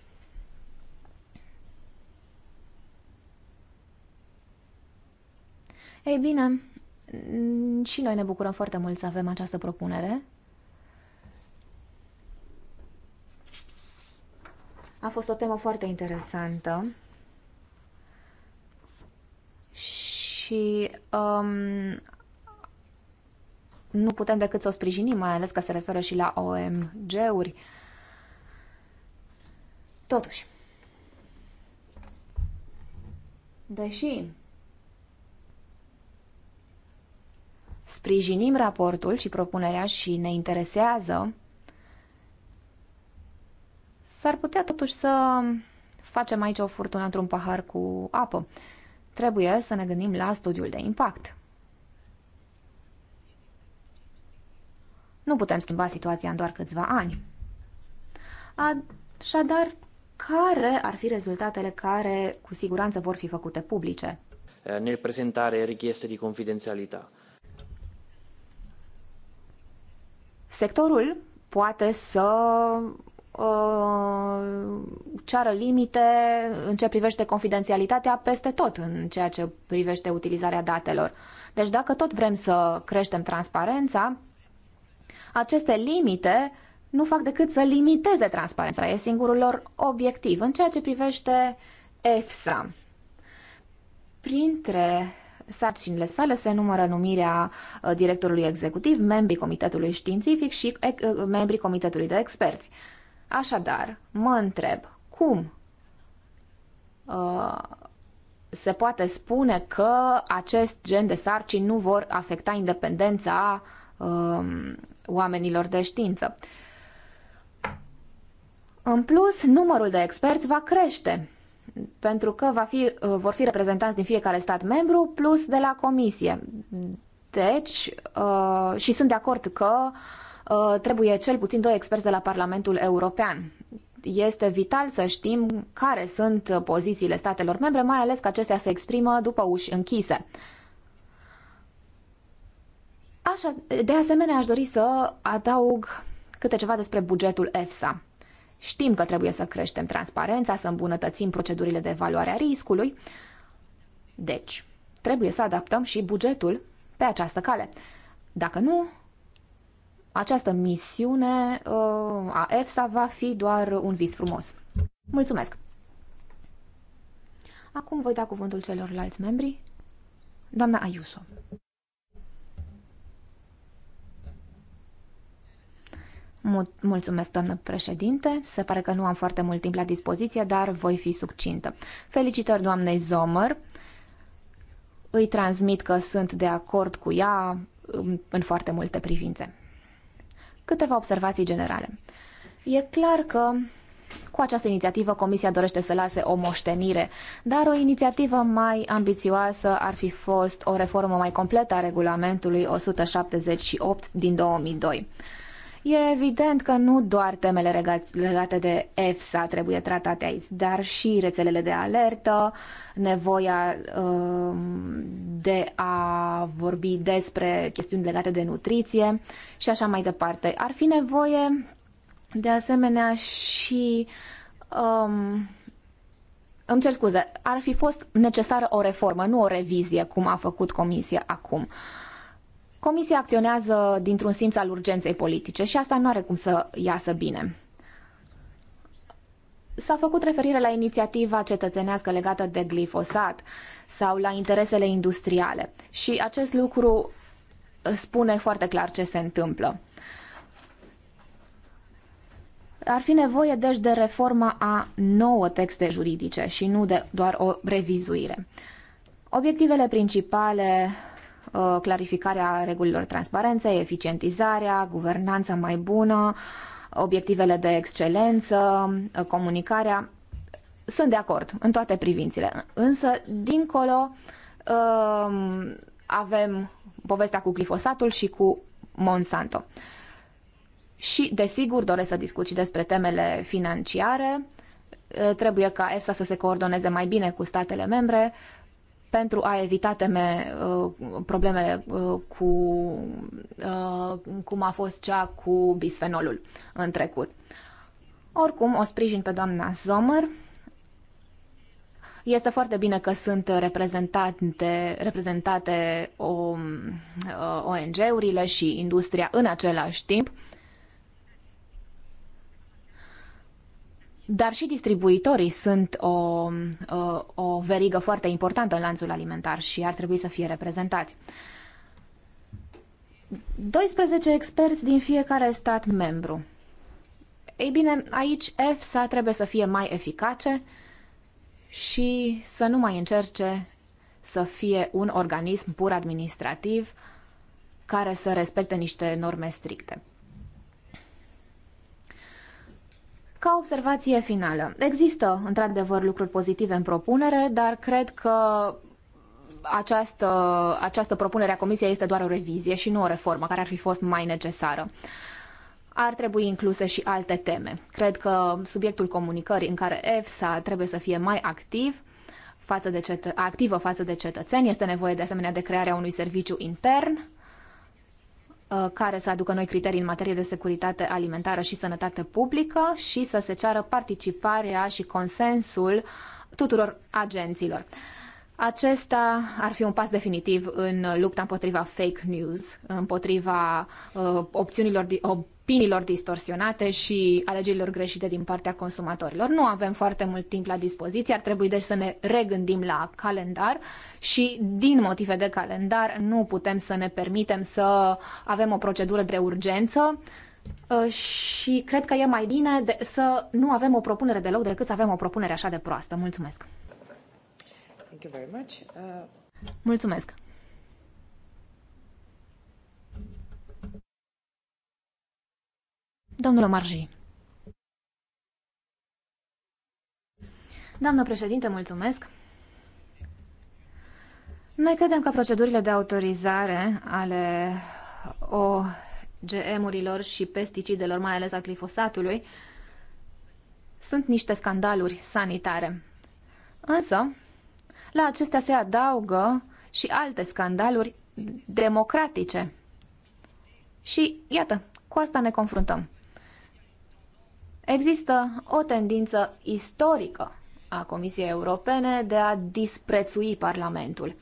Ei bine, și noi ne bucurăm foarte mult să avem această propunere A fost o temă foarte interesantă și um, nu putem decât să o sprijinim, mai ales că se referă și la OMG-uri. Totuși, deși sprijinim raportul și propunerea și ne interesează S-ar putea totuși să facem aici o furtună într-un pahar cu apă. Trebuie să ne gândim la studiul de impact. Nu putem schimba situația în doar câțiva ani. Așadar, care ar fi rezultatele care cu siguranță vor fi făcute publice? Nel prezentare richieste di confidențialitate. Sectorul poate să Uh, ceară limite în ce privește confidențialitatea peste tot în ceea ce privește utilizarea datelor. Deci dacă tot vrem să creștem transparența, aceste limite nu fac decât să limiteze transparența. E singurul lor obiectiv în ceea ce privește EFSA. Printre sarcinile sale se numără numirea uh, directorului executiv, membrii comitetului științific și uh, membrii comitetului de experți. Așadar, mă întreb, cum uh, se poate spune că acest gen de sarcini nu vor afecta independența uh, oamenilor de știință? În plus, numărul de experți va crește, pentru că va fi, uh, vor fi reprezentanți din fiecare stat membru plus de la comisie. Deci, uh, și sunt de acord că uh, Uh, trebuie cel puțin doi experți de la Parlamentul European. Este vital să știm care sunt pozițiile statelor membre, mai ales că acestea se exprimă după uși închise. Așa, de asemenea, aș dori să adaug câte ceva despre bugetul EFSA. Știm că trebuie să creștem transparența, să îmbunătățim procedurile de evaluare a riscului. Deci, trebuie să adaptăm și bugetul pe această cale. Dacă nu, această misiune uh, a EFSA va fi doar un vis frumos. Mulțumesc! Acum voi da cuvântul celorlalți membri. Doamna Ayuso. Mulțumesc, doamnă președinte. Se pare că nu am foarte mult timp la dispoziție, dar voi fi succintă. Felicitări doamnei Zomer. Îi transmit că sunt de acord cu ea în foarte multe privințe. Câteva observații generale. E clar că cu această inițiativă Comisia dorește să lase o moștenire, dar o inițiativă mai ambițioasă ar fi fost o reformă mai completă a regulamentului 178 din 2002. E evident că nu doar temele legate de EFSA trebuie tratate aici, dar și rețelele de alertă, nevoia um, de a vorbi despre chestiuni legate de nutriție și așa mai departe. Ar fi nevoie de asemenea și um, îmi cer scuze, ar fi fost necesară o reformă, nu o revizie, cum a făcut Comisia acum. Uh, Comisia acționează dintr-un simț al urgenței politice și asta nu are cum să iasă bine. S-a făcut referire la inițiativa cetățenească legată de glifosat sau la interesele industriale și acest lucru spune foarte clar ce se întâmplă. Ar fi nevoie deci de reforma a nouă texte juridice și nu de doar o revizuire. Obiectivele principale Uh, clarificarea regulilor transparenței, eficientizarea, guvernanța mai bună, obiectivele de excelență, uh, comunicarea. Sunt de acord în toate privințele, însă, dincolo, uh, avem povestea cu glifosatul și cu Monsanto. Și, desigur, doresc să discut și despre temele financiare. Trebuie ca EFSA să se coordoneze mai bine cu statele membre pentru a evita teme, uh, problemele uh, cu, uh, cum a fost cea cu bisfenolul în trecut. Oricum, o sprijin pe doamna Sommer. Este foarte bine că sunt reprezentate, reprezentate ONG-urile și industria în același timp Dar și distribuitorii sunt o, o, o verigă foarte importantă în lanțul alimentar și ar trebui să fie reprezentați. 12 experți din fiecare stat membru. Ei bine, aici EFSA trebuie să fie mai eficace și să nu mai încerce să fie un organism pur administrativ care să respecte niște norme stricte. Ca observație finală, există într-adevăr lucruri pozitive în propunere, dar cred că această, această propunere a Comisiei este doar o revizie și nu o reformă care ar fi fost mai necesară. Ar trebui incluse și alte teme. Cred că subiectul comunicării în care EFSA trebuie să fie mai activ față de cetă- activă față de cetățeni este nevoie de asemenea de crearea unui serviciu intern Uh, care să aducă noi criterii în materie de securitate alimentară și sănătate publică și să se ceară participarea și consensul tuturor agenților. Acesta ar fi un pas definitiv în lupta împotriva fake news, împotriva uh, opțiunilor, opiniilor distorsionate și alegerilor greșite din partea consumatorilor. Nu avem foarte mult timp la dispoziție, ar trebui deci să ne regândim la calendar și din motive de calendar nu putem să ne permitem să avem o procedură de urgență ă, și cred că e mai bine de, să nu avem o propunere deloc decât să avem o propunere așa de proastă. Mulțumesc! Uh, Mulțumesc! Domnule Marji. Doamnă președinte, mulțumesc. Noi credem că procedurile de autorizare ale OGM-urilor și pesticidelor, mai ales a glifosatului, sunt niște scandaluri sanitare. Însă, la acestea se adaugă și alte scandaluri democratice. Și iată, cu asta ne confruntăm. Există o tendință istorică a Comisiei Europene de a disprețui Parlamentul.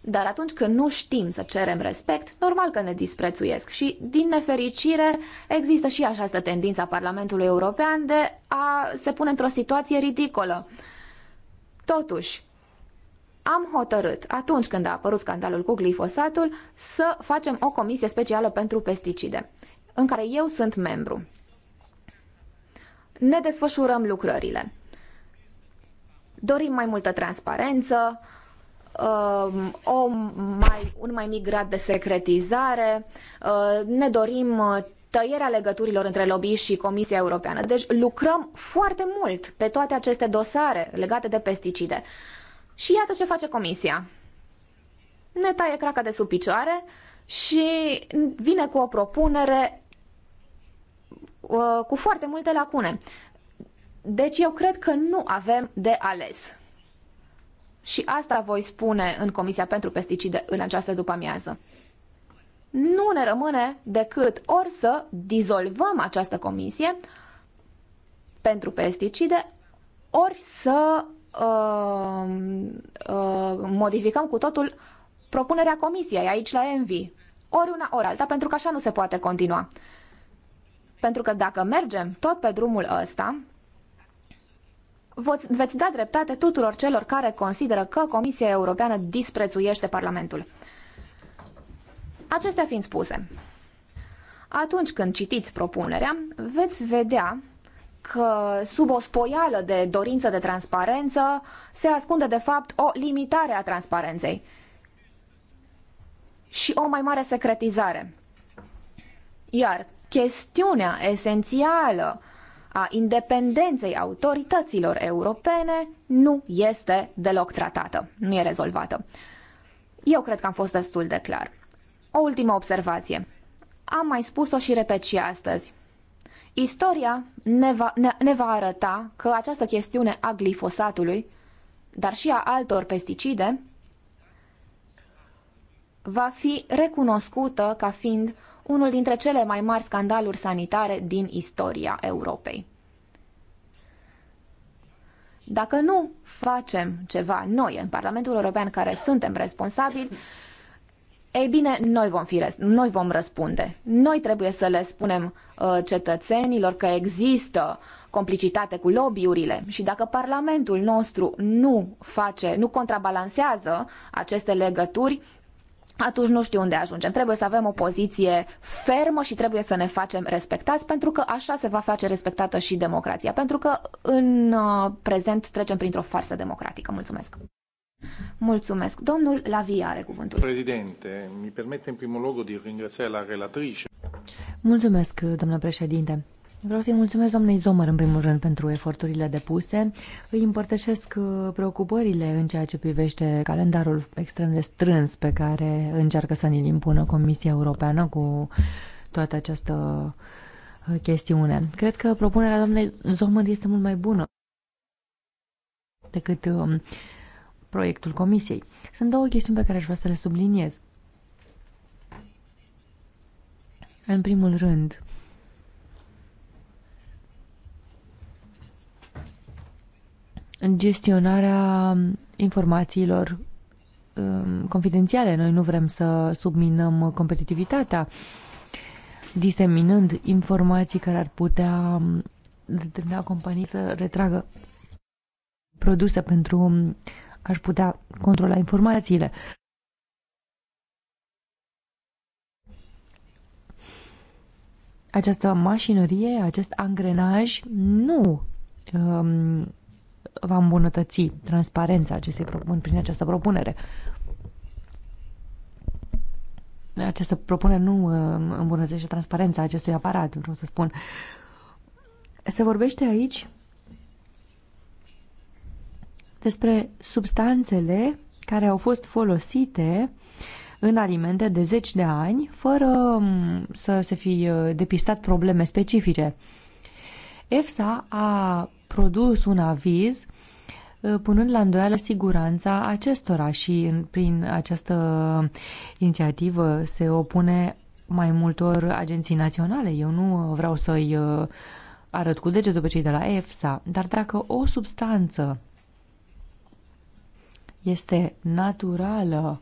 Dar atunci când nu știm să cerem respect, normal că ne disprețuiesc și, din nefericire, există și această tendință a Parlamentului European de a se pune într-o situație ridicolă. Totuși, am hotărât, atunci când a apărut scandalul cu glifosatul, să facem o comisie specială pentru pesticide în care eu sunt membru. Ne desfășurăm lucrările. Dorim mai multă transparență, um, o mai, un mai mic grad de secretizare, uh, ne dorim uh, tăierea legăturilor între lobby și Comisia Europeană. Deci lucrăm foarte mult pe toate aceste dosare legate de pesticide. Și iată ce face Comisia. Ne taie craca de sub picioare și vine cu o propunere Uh, cu foarte multe lacune. Deci eu cred că nu avem de ales. Și asta voi spune în Comisia pentru Pesticide în această după-amiază. Nu ne rămâne decât ori să dizolvăm această comisie pentru pesticide, ori să uh, uh, modificăm cu totul propunerea comisiei aici la Envi. Ori una, ori alta, pentru că așa nu se poate continua. Pentru că dacă mergem tot pe drumul ăsta, veți da dreptate tuturor celor care consideră că Comisia Europeană disprețuiește Parlamentul. Acestea fiind spuse, atunci când citiți propunerea, veți vedea că sub o spoială de dorință de transparență se ascunde de fapt o limitare a transparenței și o mai mare secretizare. Iar chestiunea esențială a independenței autorităților europene nu este deloc tratată, nu e rezolvată. Eu cred că am fost destul de clar. O ultimă observație. Am mai spus-o și repet și astăzi. Istoria ne va, ne, ne va arăta că această chestiune a glifosatului, dar și a altor pesticide, va fi recunoscută ca fiind unul dintre cele mai mari scandaluri sanitare din istoria Europei. Dacă nu facem ceva noi în Parlamentul European care suntem responsabili, ei bine, noi vom, fi, noi vom răspunde. Noi trebuie să le spunem uh, cetățenilor că există complicitate cu lobbyurile și dacă Parlamentul nostru nu face, nu contrabalansează aceste legături, atunci nu știu unde ajungem. Trebuie să avem o poziție fermă și trebuie să ne facem respectați, pentru că așa se va face respectată și democrația, pentru că în uh, prezent trecem printr-o farsă democratică. Mulțumesc! Mulțumesc. Domnul Lavia are cuvântul. Președinte, mi permite în primul loc de ringrațiare la relatrice. Mulțumesc, domnule președinte. Vreau să-i mulțumesc doamnei Zomăr, în primul rând, pentru eforturile depuse. Îi împărtășesc uh, preocupările în ceea ce privește calendarul extrem de strâns pe care încearcă să ne-l impună Comisia Europeană cu toată această uh, chestiune. Cred că propunerea doamnei Zomăr este mult mai bună decât um, proiectul Comisiei. Sunt două chestiuni pe care aș vrea să le subliniez. În primul rând, gestionarea informațiilor um, confidențiale. Noi nu vrem să subminăm competitivitatea diseminând informații care ar putea um, determina companii să retragă produse pentru um, aș putea controla informațiile. Această mașinărie, acest angrenaj nu um, va îmbunătăți transparența acestei propuneri prin această propunere. Această propunere nu uh, îmbunătățește transparența acestui aparat, vreau să spun. Se vorbește aici despre substanțele care au fost folosite în alimente de zeci de ani, fără mm, să se fi uh, depistat probleme specifice. EFSA a produs un aviz uh, punând la îndoială siguranța acestora și prin această inițiativă se opune mai multor agenții naționale. Eu nu vreau să-i uh, arăt cu degetul pe cei de la EFSA, dar dacă o substanță este naturală,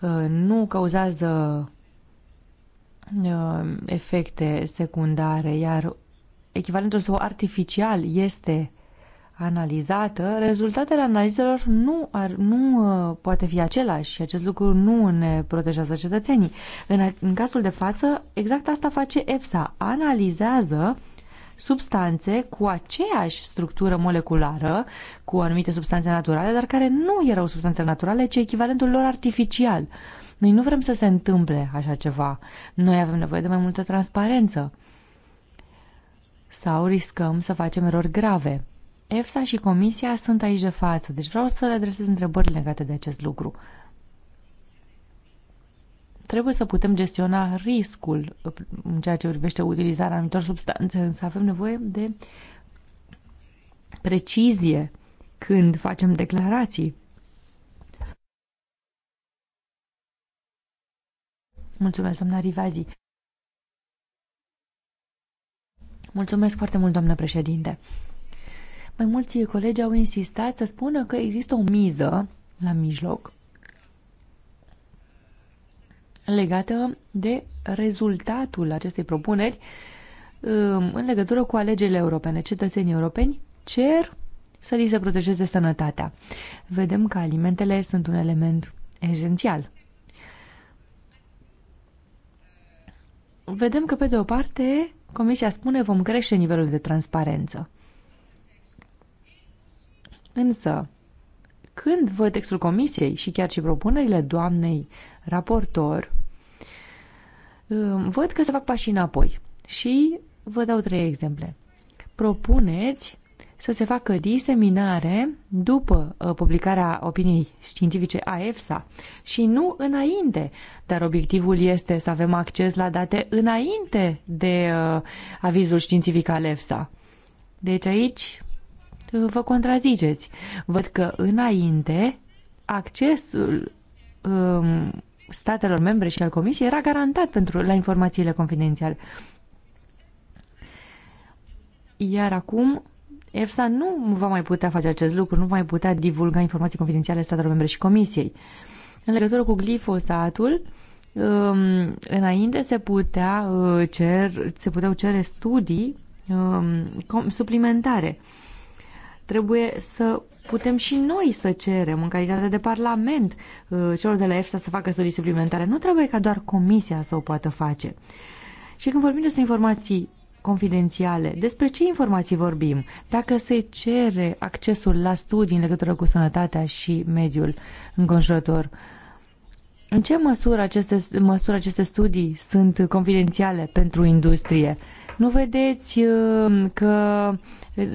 uh, nu cauzează efecte secundare, iar echivalentul său artificial este analizată, rezultatele analizelor nu, ar, nu uh, poate fi același și acest lucru nu ne protejează cetățenii. În, în cazul de față, exact asta face EFSA. Analizează substanțe cu aceeași structură moleculară, cu anumite substanțe naturale, dar care nu erau substanțe naturale, ci echivalentul lor artificial. Noi nu vrem să se întâmple așa ceva. Noi avem nevoie de mai multă transparență sau riscăm să facem erori grave. EFSA și Comisia sunt aici de față, deci vreau să le adresez întrebări legate de acest lucru. Trebuie să putem gestiona riscul în ceea ce privește utilizarea anumitor substanțe, însă avem nevoie de precizie când facem declarații. Mulțumesc, doamna Rivazi. Mulțumesc foarte mult, doamnă președinte. Mai mulți colegi au insistat să spună că există o miză la mijloc legată de rezultatul acestei propuneri um, în legătură cu alegerile europene. Cetățenii europeni cer să li se protejeze sănătatea. Vedem că alimentele sunt un element esențial. Vedem că, pe de o parte, Comisia spune vom crește nivelul de transparență. Însă, când văd textul comisiei și chiar și propunerile doamnei raportor, um, văd că se fac pași înapoi. Și vă dau trei exemple. Propuneți să se facă diseminare după uh, publicarea opiniei științifice a EFSA și nu înainte. Dar obiectivul este să avem acces la date înainte de uh, avizul științific al EFSA. Deci aici uh, vă contraziceți. Văd că înainte accesul um, statelor membre și al Comisiei era garantat pentru la informațiile confidențiale. Iar acum EFSA nu va mai putea face acest lucru, nu va mai putea divulga informații confidențiale statelor membre și comisiei. În legătură cu glifosatul, um, înainte se, putea uh, cer, se puteau cere studii um, suplimentare. Trebuie să putem și noi să cerem, în calitate de parlament, uh, celor de la EFSA să facă studii suplimentare. Nu trebuie ca doar comisia să o poată face. Și când vorbim despre informații confidențiale. Despre ce informații vorbim? Dacă se cere accesul la studii în legătură cu sănătatea și mediul înconjurător, în ce măsură aceste, măsură aceste studii sunt confidențiale pentru industrie? Nu vedeți uh, că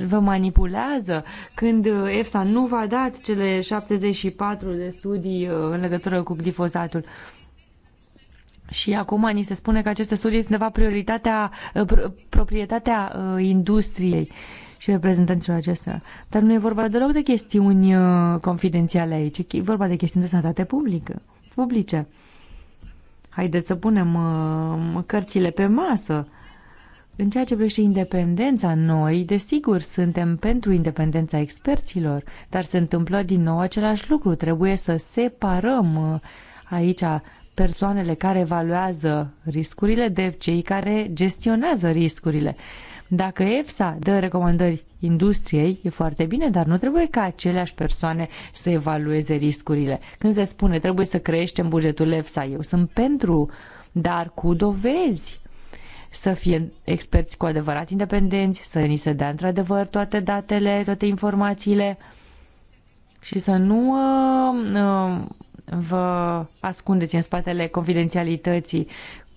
vă manipulează când uh, EFSA nu v-a dat cele 74 de studii uh, în legătură cu glifozatul? Și acum ni se spune că aceste studii sunt, de fapt, prioritatea, uh, proprietatea uh, industriei și reprezentanților acestea. Dar nu e vorba deloc de chestiuni uh, confidențiale aici, e vorba de chestiuni de sănătate publică, publice. Haideți să punem cărțile pe masă. În ceea ce privește independența, noi, desigur, suntem pentru independența experților, dar se întâmplă din nou același lucru. Trebuie să separăm aici persoanele care evaluează riscurile, de cei care gestionează riscurile. Dacă EFSA dă recomandări industriei, e foarte bine, dar nu trebuie ca aceleași persoane să evalueze riscurile. Când se spune trebuie să creștem bugetul EFSA, eu sunt pentru, dar cu dovezi să fie experți cu adevărat independenți, să ni se dea într-adevăr toate datele, toate informațiile și să nu uh, uh, vă ascundeți în spatele confidențialității.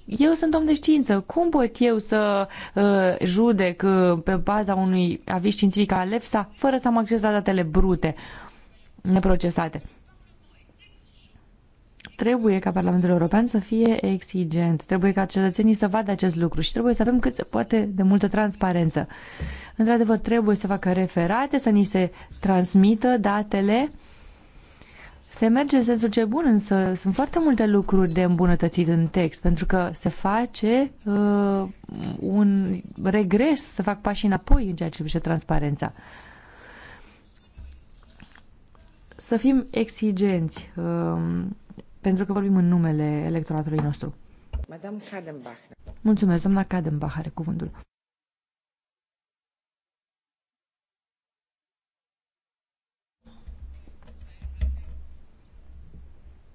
Eu sunt om de știință. Cum pot eu să uh, judec uh, pe baza unui aviz științific al EFSA fără să am acces la datele brute, neprocesate? Trebuie ca Parlamentul European să fie exigent, trebuie ca cetățenii să vadă acest lucru și trebuie să avem cât se poate de multă transparență. Într-adevăr, trebuie să facă referate, să ni se transmită datele uh, se merge în sensul ce bun, însă sunt foarte multe lucruri de îmbunătățit în text, pentru că se face uh, un regres, să fac pași înapoi în ceea ce privește transparența. Să fim exigenți, uh, pentru că vorbim în numele electoratului nostru. Madame Mulțumesc, doamna Kadenbach are cuvântul.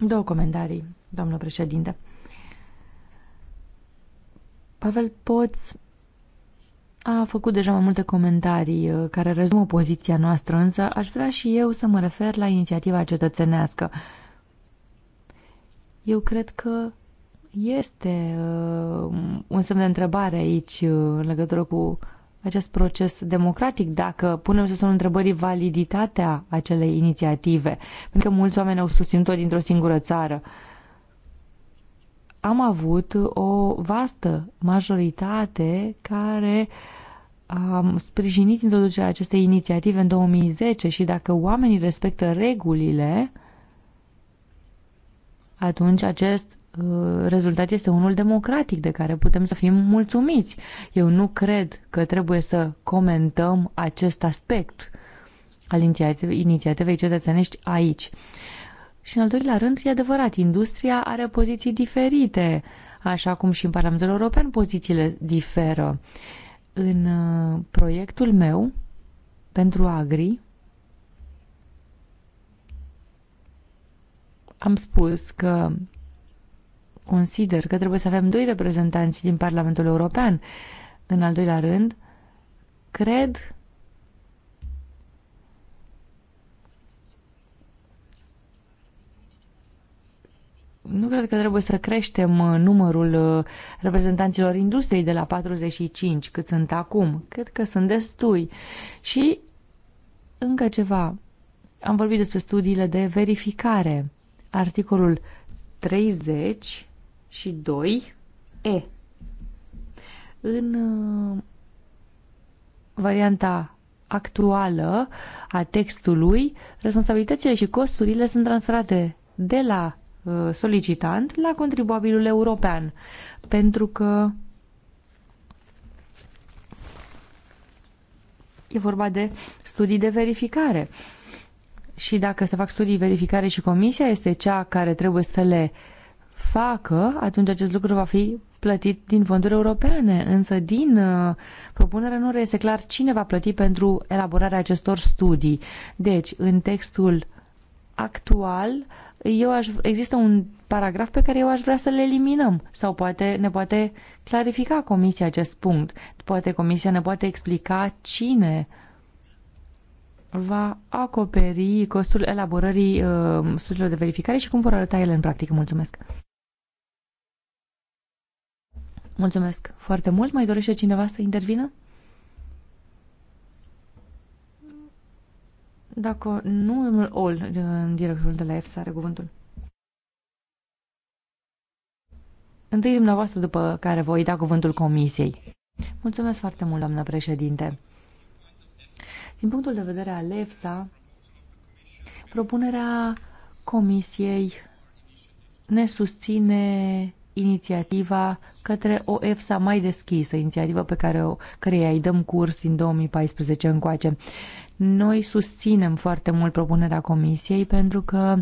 Două comentarii, doamnă președinte. Pavel Poț a făcut deja mai multe comentarii uh, care rezumă poziția noastră, însă aș vrea și eu să mă refer la inițiativa cetățenească. Eu cred că este uh, un semn de întrebare aici uh, în legătură cu acest proces democratic dacă punem să sunt întrebării validitatea acelei inițiative, pentru că mulți oameni au susținut-o dintr-o singură țară. Am avut o vastă majoritate care a sprijinit introducerea acestei inițiative în 2010 și dacă oamenii respectă regulile, atunci acest Uh, rezultat este unul democratic de care putem să fim mulțumiți. Eu nu cred că trebuie să comentăm acest aspect al inițiativei cetățenești aici. Și în al doilea rând, e adevărat, industria are poziții diferite, așa cum și în Parlamentul European pozițiile diferă. În uh, proiectul meu pentru Agri, am spus că Consider că trebuie să avem doi reprezentanți din Parlamentul European. În al doilea rând, cred nu cred că trebuie să creștem uh, numărul uh, reprezentanților industriei de la 45 cât sunt acum. Cred că sunt destui. Și încă ceva. Am vorbit despre studiile de verificare. Articolul 30 și 2 E. În uh, varianta actuală a textului, responsabilitățile și costurile sunt transferate de la uh, solicitant la contribuabilul european, pentru că e vorba de studii de verificare. Și dacă se fac studii de verificare și comisia este cea care trebuie să le uh, facă, atunci acest lucru va fi plătit din fonduri europene, însă din uh, propunere nu reiese clar cine va plăti pentru elaborarea acestor studii. Deci, în textul actual, eu aș, există un paragraf pe care eu aș vrea să-l eliminăm sau poate ne poate clarifica comisia acest punct. Poate comisia ne poate explica cine va acoperi costul elaborării uh, studiilor de verificare și cum vor arăta ele în practică. Mulțumesc! Mulțumesc foarte mult. Mai dorește cineva să intervină? Dacă nu, domnul Ol, directorul de la EFSA, are cuvântul. Întâi dumneavoastră, după care voi da cuvântul comisiei. Mulțumesc foarte mult, doamnă președinte. Din punctul de vedere al EFSA, propunerea comisiei ne susține inițiativa către o EFSA mai deschisă, inițiativa pe care o, căreia îi dăm curs din 2014 încoace. Noi susținem foarte mult propunerea Comisiei pentru că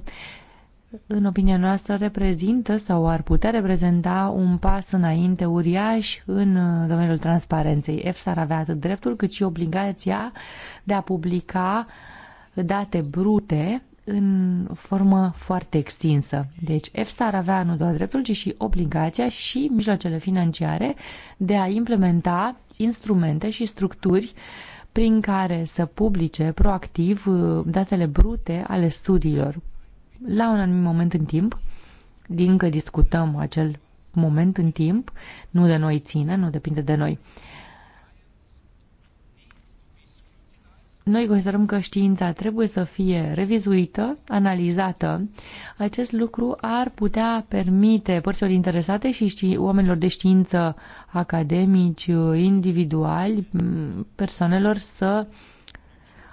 în opinia noastră, reprezintă sau ar putea reprezenta un pas înainte uriaș în uh, domeniul transparenței. EFSA ar avea atât dreptul cât și obligația de a publica date brute în formă foarte extinsă. Deci EFSA ar avea nu doar dreptul, ci și obligația și mijloacele financiare de a implementa instrumente și structuri prin care să publice proactiv uh, datele brute ale studiilor. La un anumit moment în timp, din că discutăm acel moment în timp, nu de noi ține, nu depinde de noi. Noi considerăm că știința trebuie să fie revizuită, analizată. Acest lucru ar putea permite părților interesate și ști, oamenilor de știință academici, individuali, persoanelor să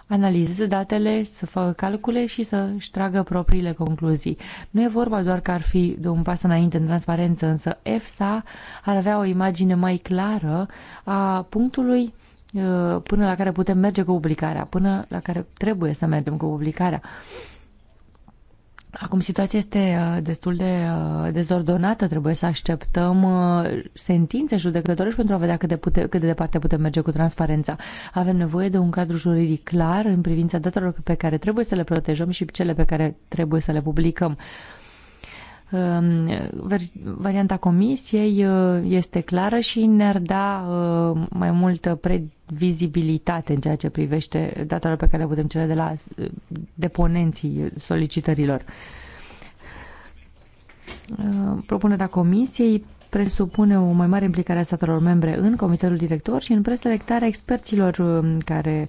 analizeze datele, să facă calcule și să-și tragă propriile concluzii. Nu e vorba doar că ar fi de un pas înainte în transparență, însă EFSA ar avea o imagine mai clară a punctului Uh, până la care putem merge cu publicarea, până la care trebuie să mergem cu publicarea. Acum situația este uh, destul de uh, dezordonată, trebuie să așteptăm sentințe judecătorești pentru a vedea cât de, pute, cât de departe putem merge cu transparența. Avem nevoie de un cadru juridic clar în privința datelor pe care trebuie să le protejăm și cele pe care trebuie să le publicăm. Um, varianta comisiei este clară și ne-ar da mai multă pre vizibilitate în ceea ce privește datele pe care le putem cere de la deponenții solicitărilor. Uh, propunerea comisiei presupune o mai mare implicare a statelor membre în comitetul director și în preselectarea experților uh, care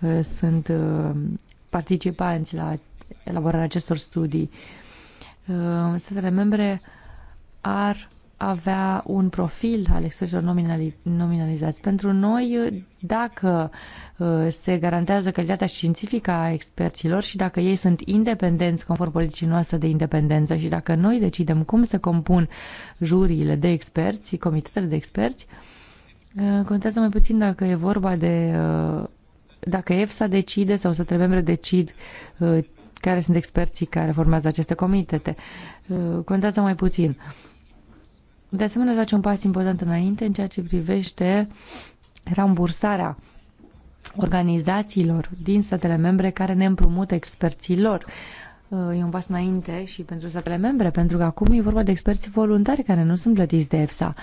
uh, sunt participanți la elaborarea acestor studii. Statele membre ar avea un profil al experților nominali, nominalizați. Pentru noi, dacă uh, se garantează calitatea științifică a experților și dacă ei sunt independenți conform politicii noastre de independență și dacă noi decidem cum se compun juriile de experți, comitetele de experți, uh, contează mai puțin dacă e vorba de uh, dacă EFSA decide sau să trebuie decid care sunt experții care formează aceste comitete. Contează mai puțin. De asemenea, se face un pas important înainte în ceea ce privește rambursarea organizațiilor din statele membre care ne împrumută lor. Uh, e un pas înainte și pentru statele membre, pentru că acum e vorba de experți voluntari care nu sunt plătiți de EFSA.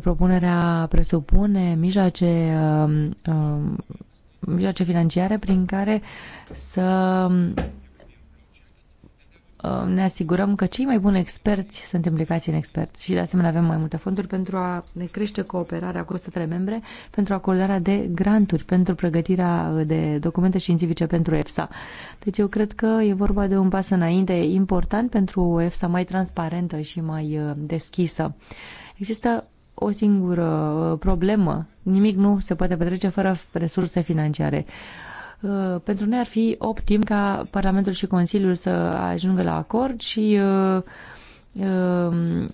Propunerea presupune mijloace, um, um, mijloace financiare prin care să Uh, ne asigurăm că cei mai buni experți sunt implicați în experți și de asemenea avem mai multe fonduri pentru a ne crește cooperarea cu statele membre, pentru acordarea de granturi, pentru pregătirea uh, de documente științifice pentru EFSA. Deci eu cred că e vorba de un pas înainte important pentru o EFSA mai transparentă și mai uh, deschisă. Există o singură problemă. Nimic nu se poate petrece fără resurse financiare. Uh, Uh, pentru noi ar fi optim ca Parlamentul și Consiliul să ajungă la acord și uh, uh,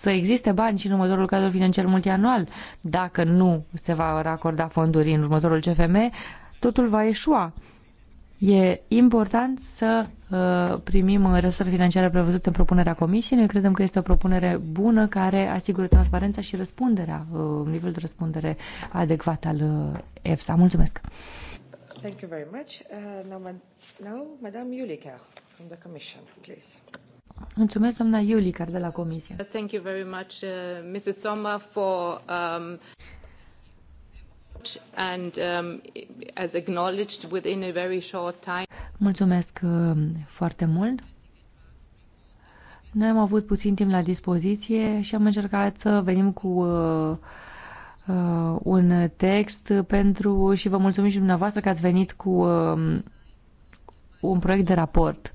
să existe bani și în următorul cadru financiar multianual. Dacă nu se va racorda fonduri în următorul CFM, totul va eșua. E important să uh, primim resursele financiare prevăzute în propunerea comisiei. Noi credem că este o propunere bună care asigură transparența și răspunderea, uh, nivelul de răspundere adecvat al uh, EFSA. Mulțumesc! Thank you very much. Uh, now, now, Madame Iulica from the Commission, please. Mulțumesc, doamna Iulicar de la Comisie. Thank you very much, uh, Mrs. Soma, for um, and um, as acknowledged within a very short time. Mulțumesc uh, foarte mult. Noi am avut puțin timp la dispoziție și am încercat să venim cu uh, uh, un text pentru și vă mulțumim și dumneavoastră că ați venit cu uh, un proiect de raport.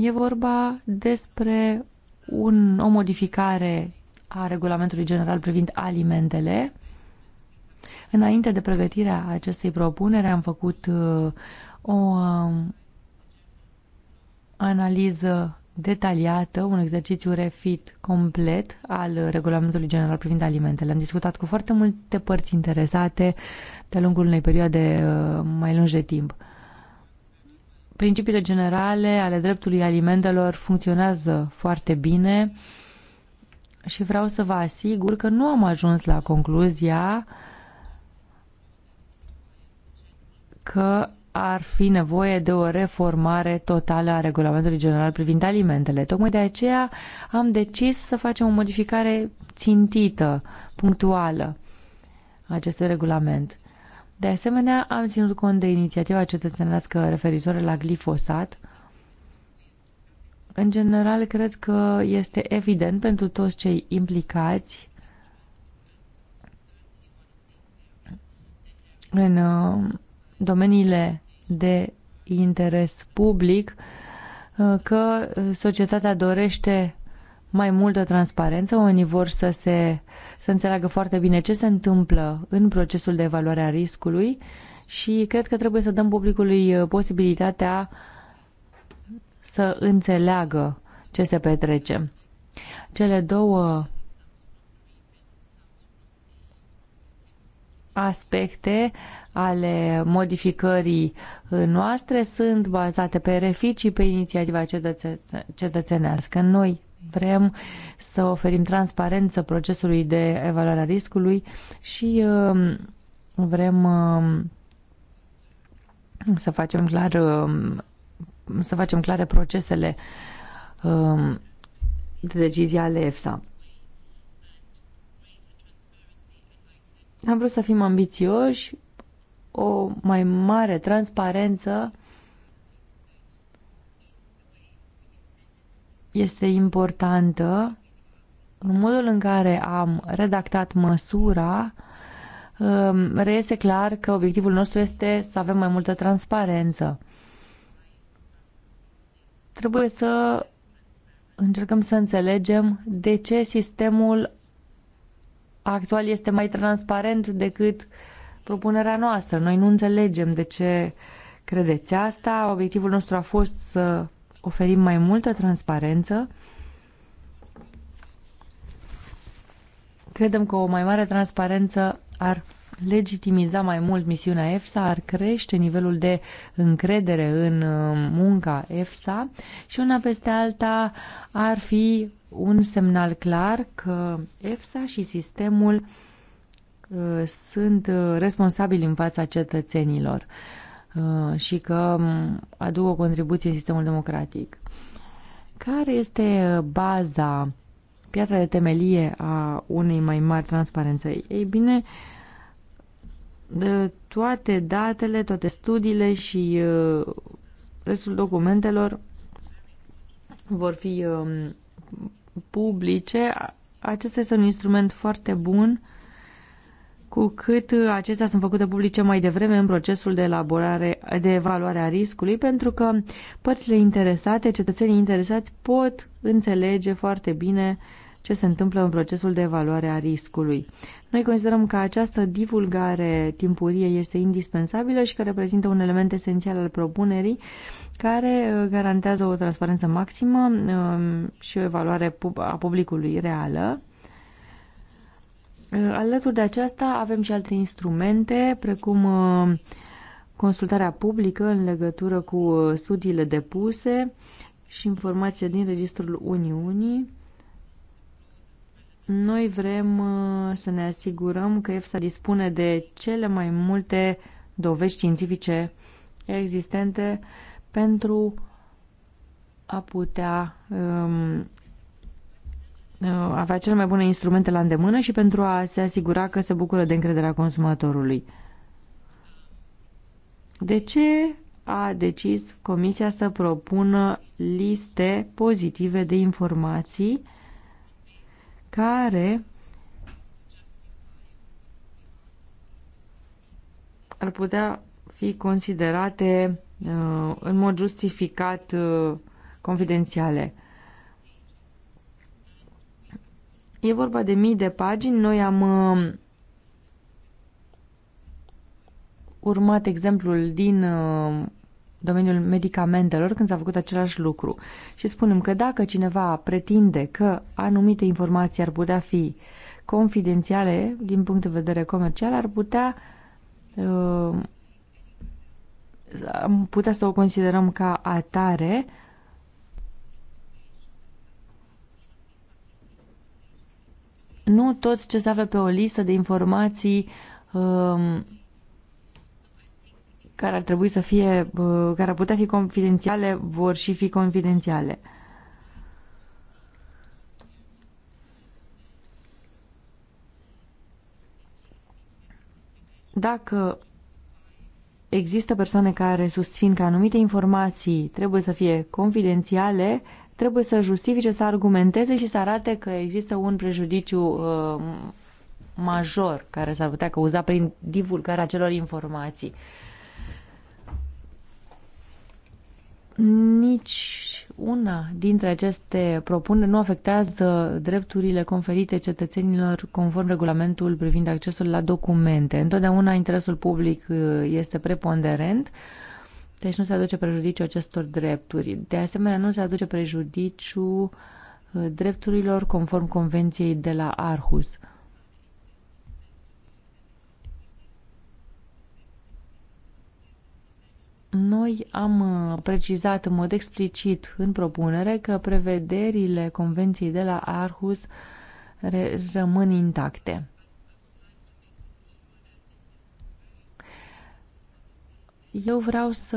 E vorba despre un, o modificare a regulamentului general privind alimentele. Înainte de pregătirea acestei propuneri am făcut uh, o uh, analiză detaliată, un exercițiu refit complet al Regulamentului General privind alimentele. Am discutat cu foarte multe părți interesate de-a lungul unei perioade uh, mai lungi de timp. Principiile generale ale dreptului alimentelor funcționează foarte bine și vreau să vă asigur că nu am ajuns la concluzia că ar fi nevoie de o reformare totală a regulamentului general privind alimentele. Tocmai de aceea am decis să facem o modificare țintită, punctuală acestui regulament. De asemenea, am ținut cont de inițiativa cetățenească referitoare la glifosat. În general, cred că este evident pentru toți cei implicați în uh, domeniile de interes public uh, că societatea dorește mai multă transparență, oamenii vor să, se, să înțeleagă foarte bine ce se întâmplă în procesul de evaluare a riscului și cred că trebuie să dăm publicului uh, posibilitatea să înțeleagă ce se petrece. Cele două aspecte ale modificării uh, noastre sunt bazate pe refit și pe inițiativa cetățe cetățenească. Noi vrem să oferim transparență procesului de evaluare a riscului și um, vrem um, să facem clar um, să facem clare procesele de decizie ale EFSA. Am vrut să fim ambițioși, o mai mare transparență este importantă. În modul în care am redactat măsura, um, reiese clar că obiectivul nostru este să avem mai multă transparență. Trebuie să încercăm să înțelegem de ce sistemul actual este mai transparent decât propunerea noastră. Noi nu înțelegem de ce credeți asta. Obiectivul nostru a fost să oferim mai multă transparență. Credem că o mai mare transparență ar legitimiza mai mult misiunea EFSA, ar crește nivelul de încredere în uh, munca EFSA și una peste alta ar fi un semnal clar că EFSA și sistemul uh, sunt uh, responsabili în fața cetățenilor și că um, aduc o contribuție în sistemul democratic. Care este baza, piatra de temelie a unei mai mari transparențe? Ei bine, toate datele, toate studiile și uh, restul documentelor vor fi um, publice. Acesta este un instrument foarte bun cu cât uh, acestea sunt făcute publice mai devreme în procesul de elaborare, de evaluare a riscului, pentru că părțile interesate, cetățenii interesați pot înțelege foarte bine ce se întâmplă în procesul de evaluare a riscului. Noi considerăm că această divulgare timpurie este indispensabilă și că reprezintă un element esențial al propunerii care uh, garantează o transparență maximă um, și o evaluare a publicului reală. Uh, alături de aceasta avem și alte instrumente, precum uh, consultarea publică în legătură cu studiile depuse și informația din Registrul Uniunii, noi vrem uh, să ne asigurăm că EFSA dispune de cele mai multe dovezi științifice existente pentru a putea um, uh, avea cele mai bune instrumente la îndemână și pentru a se asigura că se bucură de încrederea consumatorului. De ce a decis Comisia să propună liste pozitive de informații care ar putea fi considerate uh, în mod justificat uh, confidențiale. E vorba de mii de pagini. Noi am uh, urmat exemplul din domeniul medicamentelor când s-a făcut același lucru. Și spunem că dacă cineva pretinde că anumite informații ar putea fi confidențiale din punct de vedere comercial, ar putea uh, putea să o considerăm ca atare nu tot ce se află pe o listă de informații uh, care ar trebui să fie, care ar putea fi confidențiale, vor și fi confidențiale. Dacă există persoane care susțin că anumite informații trebuie să fie confidențiale, trebuie să justifice, să argumenteze și să arate că există un prejudiciu uh, major care s-ar putea cauza prin divulgarea acelor informații. Uh, Nici una dintre aceste propuneri nu afectează drepturile conferite cetățenilor conform regulamentul privind accesul la documente. Întotdeauna interesul public uh, este preponderent, deci nu se aduce prejudiciu acestor drepturi. De asemenea, nu se aduce prejudiciu uh, drepturilor conform Convenției de la Arhus. Noi am uh, precizat în mod explicit în propunere că prevederile Convenției de la Arhus rămân intacte. Eu vreau să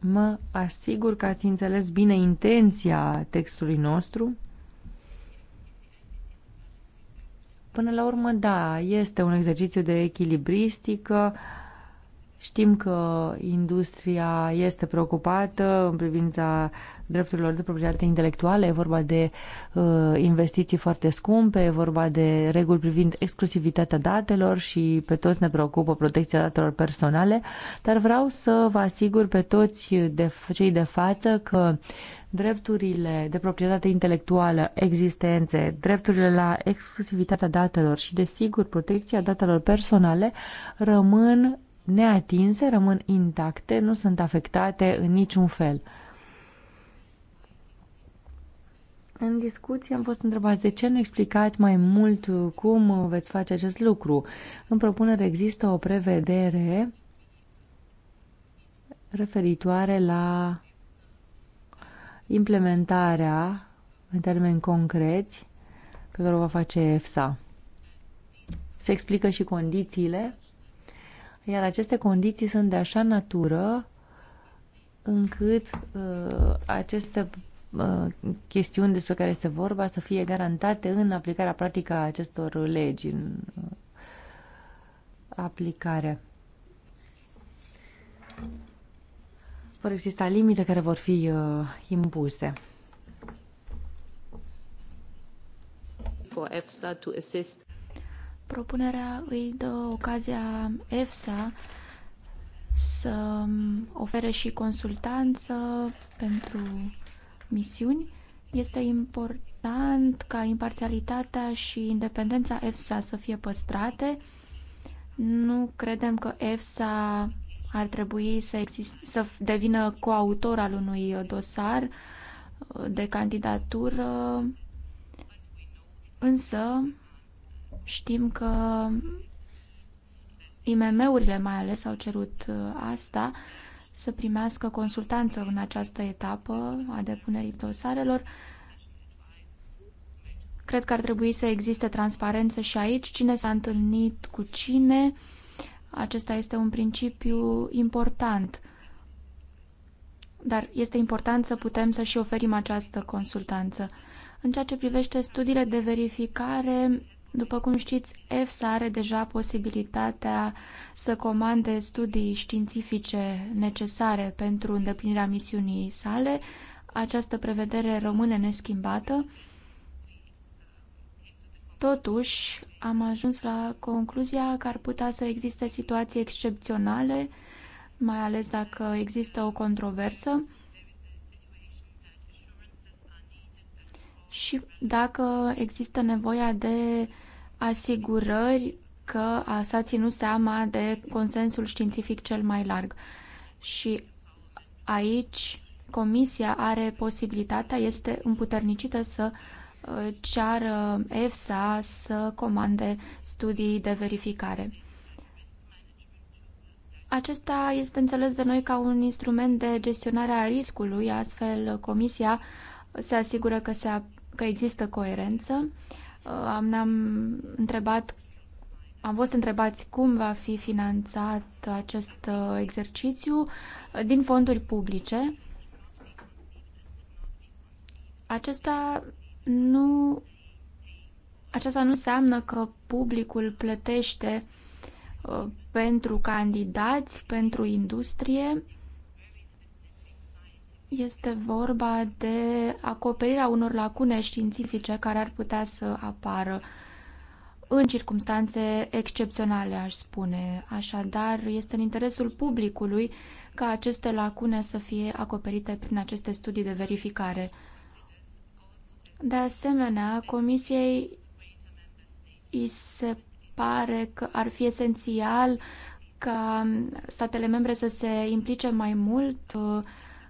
mă asigur că ați înțeles bine intenția textului nostru. Până la urmă, da, este un exercițiu de echilibristică, uh, Știm că industria este preocupată în privința drepturilor de proprietate intelectuală, e vorba de uh, investiții foarte scumpe, e vorba de reguli privind exclusivitatea datelor și pe toți ne preocupă protecția datelor personale, dar vreau să vă asigur pe toți de, cei de față că drepturile de proprietate intelectuală existențe, drepturile la exclusivitatea datelor și, desigur, protecția datelor personale rămân neatinse, rămân intacte, nu sunt afectate în niciun fel. În discuție am fost întrebați de ce nu explicați mai mult cum veți face acest lucru. În propunere există o prevedere referitoare la implementarea în termeni concreți pe care o va face EFSA. Se explică și condițiile iar aceste condiții sunt de așa natură încât uh, aceste uh, chestiuni despre care este vorba să fie garantate în aplicarea practică a acestor legi, în uh, aplicare. Vor exista limite care vor fi uh, impuse. For EFSA to assist Propunerea îi dă ocazia EFSA să ofere și consultanță pentru misiuni. Este important ca imparțialitatea și independența EFSA să fie păstrate. Nu credem că EFSA ar trebui să, exist, să devină coautor al unui dosar uh, de candidatură, însă Știm că IMM-urile mai ales au cerut uh, asta, să primească consultanță în această etapă a depunerii dosarelor. Cred că ar trebui să existe transparență și aici, cine s-a întâlnit cu cine. Acesta este un principiu important. Dar este important să putem să și oferim această consultanță. În ceea ce privește studiile de verificare, după cum știți, EFSA are deja posibilitatea să comande studii științifice necesare pentru îndeplinirea misiunii sale. Această prevedere rămâne neschimbată. Totuși, am ajuns la concluzia că ar putea să existe situații excepționale, mai ales dacă există o controversă și dacă există nevoia de asigurări că s-a ținut seama de consensul științific cel mai larg. Și aici Comisia are posibilitatea, este împuternicită să uh, ceară EFSA să comande studii de verificare. Acesta este înțeles de noi ca un instrument de gestionare a riscului, astfel Comisia se asigură că se că există coerență. Uh, am, ne-am întrebat, am fost întrebați cum va fi finanțat acest uh, exercițiu uh, din fonduri publice. Acesta nu, aceasta nu înseamnă că publicul plătește pentru candidați, pentru industrie, este vorba de acoperirea unor lacune științifice care ar putea să apară în circunstanțe excepționale, aș spune. Așadar, este în interesul publicului ca aceste lacune să fie acoperite prin aceste studii de verificare. De asemenea, Comisiei îi se pare că ar fi esențial ca statele membre să se implice mai mult uh,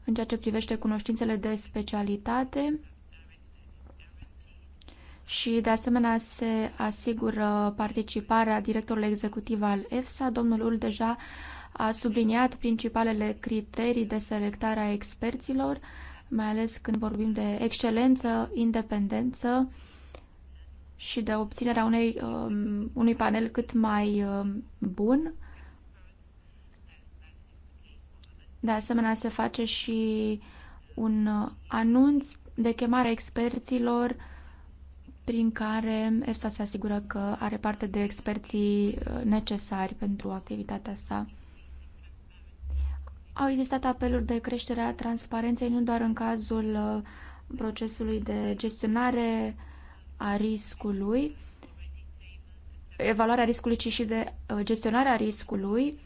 în ceea ce privește cunoștințele de specialitate și de asemenea se asigură participarea directorului executiv al EFSA. Domnul Ul deja a subliniat principalele criterii de selectare a experților, mai ales când vorbim de excelență, independență și de obținerea unei, um, unui panel cât mai um, bun De asemenea, se face și un anunț de chemare a experților prin care EFSA se asigură că are parte de experții uh, necesari pentru activitatea sa. Au existat apeluri de creștere a transparenței nu doar în cazul uh, procesului de gestionare a riscului, evaluarea riscului, ci și de uh, gestionarea riscului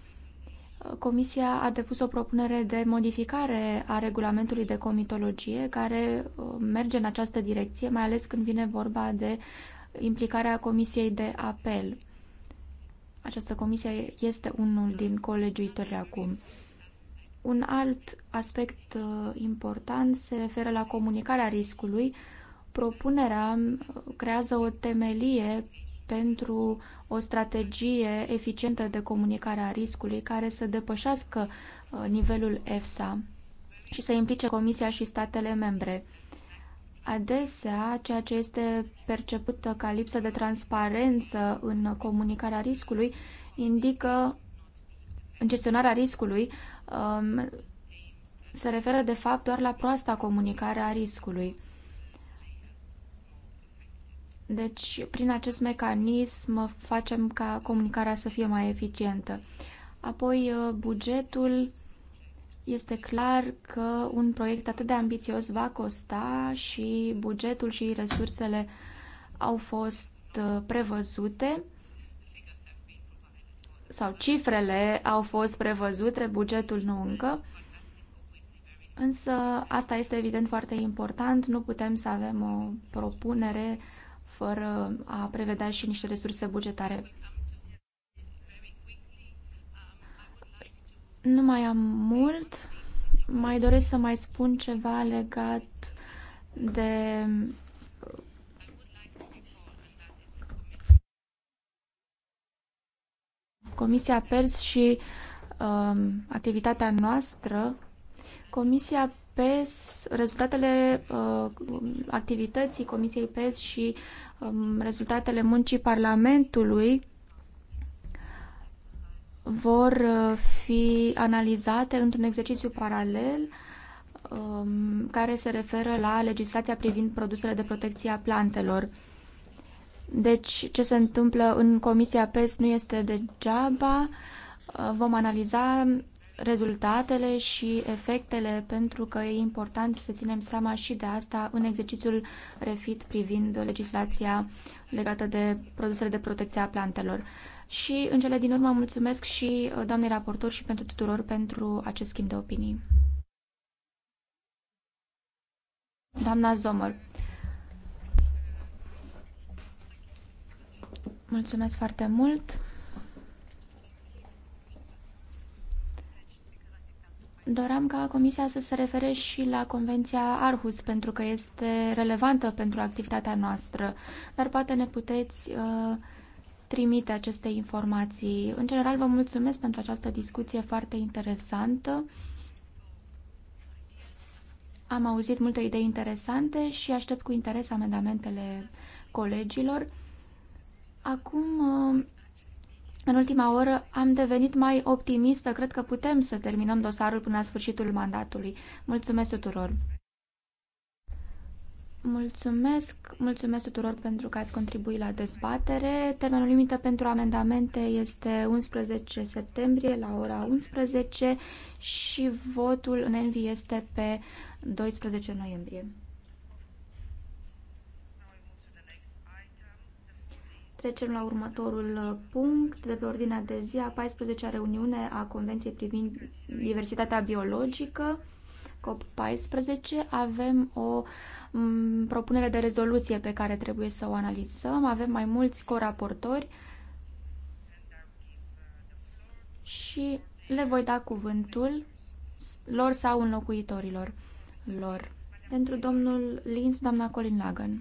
Comisia a depus o propunere de modificare a regulamentului de comitologie care uh, merge în această direcție, mai ales când vine vorba de implicarea Comisiei de Apel. Această comisie este unul din colegiuitori acum. Un alt aspect uh, important se referă la comunicarea riscului. Propunerea uh, creează o temelie pentru o strategie eficientă de comunicare a riscului care să depășească uh, nivelul EFSA și să implice Comisia și statele membre. Adesea, ceea ce este percepută ca lipsă de transparență în comunicarea riscului indică în gestionarea riscului um, se referă de fapt doar la proasta comunicare a riscului. Deci, prin acest mecanism facem ca comunicarea să fie mai eficientă. Apoi, uh, bugetul este clar că un proiect atât de ambițios va costa și bugetul și resursele au fost uh, prevăzute sau cifrele au fost prevăzute, bugetul nu încă. Însă asta este evident foarte important, nu putem să avem o propunere fără a prevedea și niște resurse bugetare. Nu mai am mult. Mai doresc să mai spun ceva legat de Comisia PERS și um, activitatea noastră. Comisia PES, rezultatele uh, activității Comisiei PES și Um, rezultatele muncii Parlamentului vor uh, fi analizate într-un exercițiu paralel um, care se referă la legislația privind produsele de protecție a plantelor. Deci, ce se întâmplă în Comisia PES nu este degeaba. Uh, vom analiza rezultatele și efectele pentru că e important să ținem seama și de asta în exercițiul refit privind legislația legată de produsele de protecție a plantelor. Și în cele din urmă mulțumesc și uh, doamnei raportor și pentru tuturor pentru acest schimb de opinii. Doamna Zomăr. Mulțumesc foarte mult. Doream ca Comisia să se refere și la Convenția Arhus, pentru că este relevantă pentru activitatea noastră, dar poate ne puteți uh, trimite aceste informații. În general, vă mulțumesc pentru această discuție foarte interesantă. Am auzit multe idei interesante și aștept cu interes amendamentele colegilor. Acum. Uh, în ultima oră am devenit mai optimistă. Cred că putem să terminăm dosarul până la sfârșitul mandatului. Mulțumesc tuturor! Mulțumesc, mulțumesc tuturor pentru că ați contribuit la dezbatere. Termenul limită pentru amendamente este 11 septembrie la ora 11 și votul în Envi este pe 12 noiembrie. Trecem la următorul uh, punct de pe ordinea de zi, a 14-a reuniune a Convenției privind diversitatea biologică, COP14. Avem o mm, propunere de rezoluție pe care trebuie să o analizăm. Avem mai mulți coraportori și le voi da cuvântul lor sau înlocuitorilor lor. Pentru domnul Linz, doamna Colin Lagan.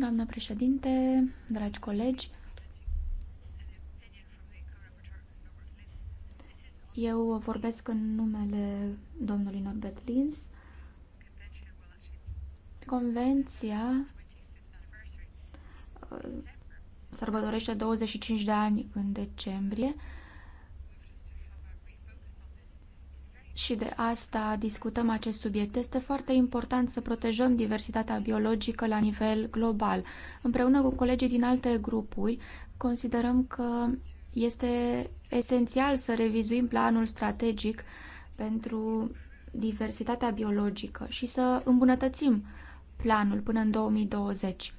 Doamna președinte, dragi colegi, eu vorbesc în numele domnului Norbert Lins. Convenția uh, sărbătorește 25 de ani în decembrie și de asta discutăm acest subiect. Este foarte important să protejăm diversitatea biologică la nivel global. Împreună cu colegii din alte grupuri, considerăm că este esențial să revizuim planul strategic pentru diversitatea biologică și să îmbunătățim planul până în 2020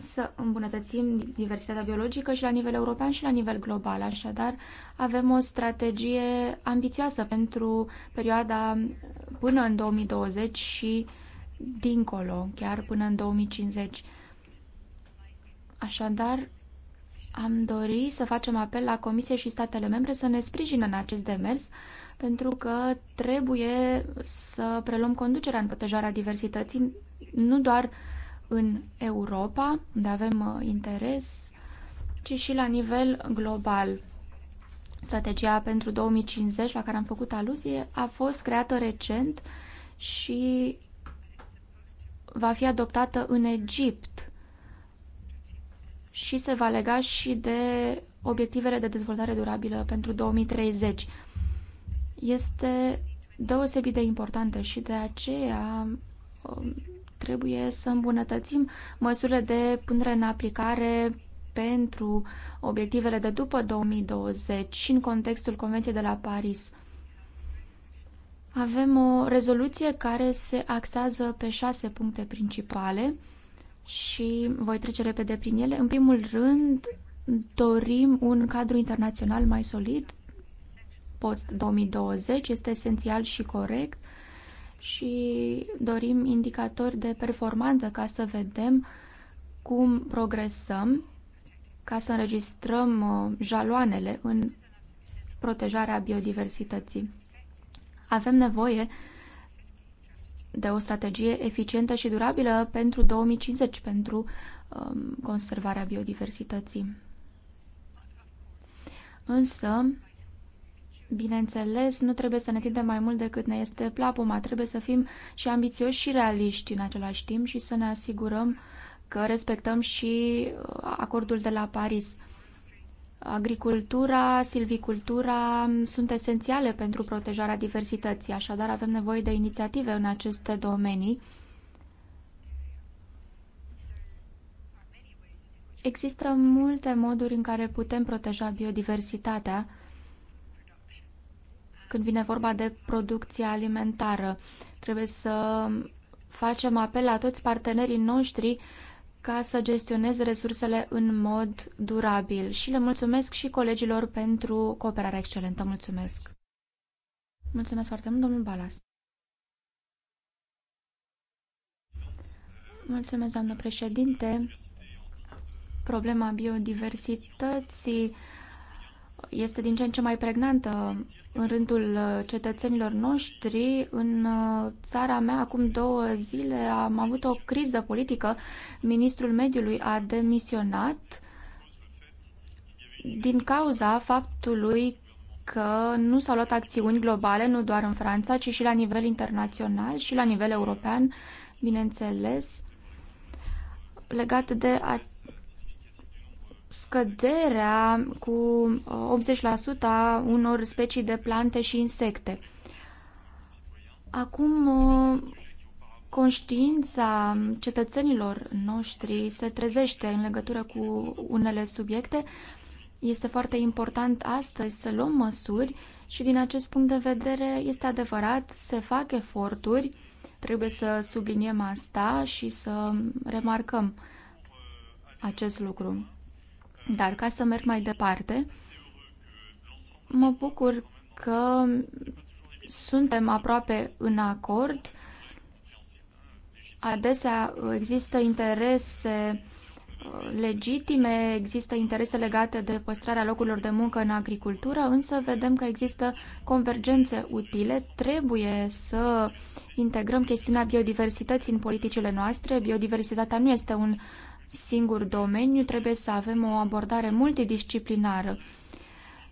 să îmbunătățim diversitatea biologică și la nivel european și la nivel global. Așadar, avem o strategie ambițioasă pentru perioada până în 2020 și dincolo, chiar până în 2050. Așadar, am dori să facem apel la Comisie și statele membre să ne sprijină în acest demers, pentru că trebuie să preluăm conducerea în protejarea diversității, nu doar uh, în Europa, unde avem uh, interes, ci și la nivel global. Strategia pentru 2050, la care am făcut aluzie, a fost creată recent și va fi adoptată în Egipt și se va lega și de obiectivele de dezvoltare durabilă pentru 2030. Este deosebit de importantă și de aceea um, Trebuie să îmbunătățim măsurile de punere în aplicare pentru obiectivele de după 2020 și în contextul Convenției de la Paris. Avem o rezoluție care se axează pe șase puncte principale și voi trece repede prin ele. În primul rând, dorim un cadru internațional mai solid post-2020. Este esențial și corect și dorim indicatori de performanță ca să vedem cum progresăm, ca să înregistrăm uh, jaloanele în protejarea biodiversității. Avem nevoie de o strategie eficientă și durabilă pentru 2050, pentru um, conservarea biodiversității. Însă, Bineînțeles, nu trebuie să ne tindem mai mult decât ne este plapuma, trebuie să fim și ambițioși și realiști în același timp și să ne asigurăm că respectăm și uh, acordul de la Paris. Agricultura, silvicultura um, sunt esențiale pentru protejarea diversității, așadar avem nevoie de inițiative în aceste domenii. Există multe moduri în care putem proteja biodiversitatea, când vine vorba de producția alimentară. Trebuie să facem apel la toți partenerii noștri ca să gestioneze resursele în mod durabil și le mulțumesc și colegilor pentru cooperarea excelentă. Mulțumesc! Mulțumesc foarte mult, domnul Balas! Mulțumesc, doamnă președinte! Problema biodiversității este din ce în ce mai pregnantă în rândul uh, cetățenilor noștri. În uh, țara mea, acum două zile, am avut o criză politică. Ministrul mediului a demisionat din cauza faptului că nu s-au luat acțiuni globale, nu doar în Franța, ci și la nivel internațional și la nivel european, bineînțeles, legat de scăderea cu 80% uh, a unor specii de plante și insecte. Acum, uh, conștiința cetățenilor noștri se trezește în legătură cu unele subiecte. Este foarte important astăzi să luăm măsuri și din acest punct de vedere este adevărat, se fac eforturi, trebuie să subliniem asta și să remarcăm acest lucru. Dar ca să merg mai departe, mă bucur că suntem aproape în acord. Adesea există interese uh, legitime, există interese legate de păstrarea locurilor de muncă în agricultură, însă vedem că există convergențe utile. Trebuie să integrăm chestiunea biodiversității în politicile noastre. Biodiversitatea nu este un singur domeniu, trebuie să avem o abordare multidisciplinară.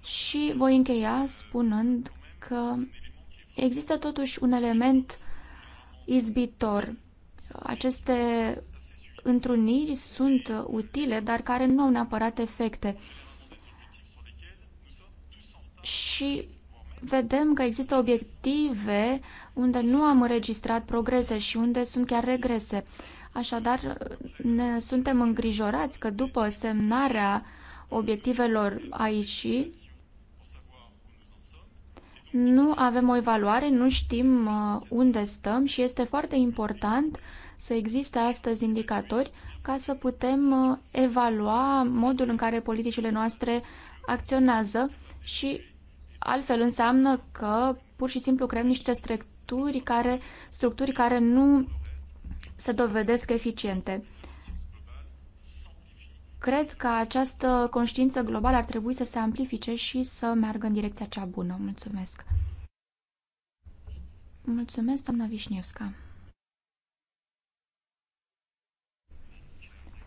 Și voi încheia spunând că există totuși un element izbitor. Aceste întruniri sunt utile, dar care nu au neapărat efecte. Și vedem că există obiective unde nu am înregistrat progrese și unde sunt chiar regrese. Așadar, ne suntem îngrijorați că după semnarea obiectivelor aici nu avem o evaluare, nu știm uh, unde stăm și este foarte important să existe astăzi indicatori ca să putem uh, evalua modul în care politicile noastre acționează și altfel înseamnă că pur și simplu creăm niște structuri care, structuri care nu se dovedesc eficiente. Cred că această conștiință globală ar trebui să se amplifice și să meargă în direcția cea bună. Mulțumesc! Mulțumesc, doamna Vișniewska!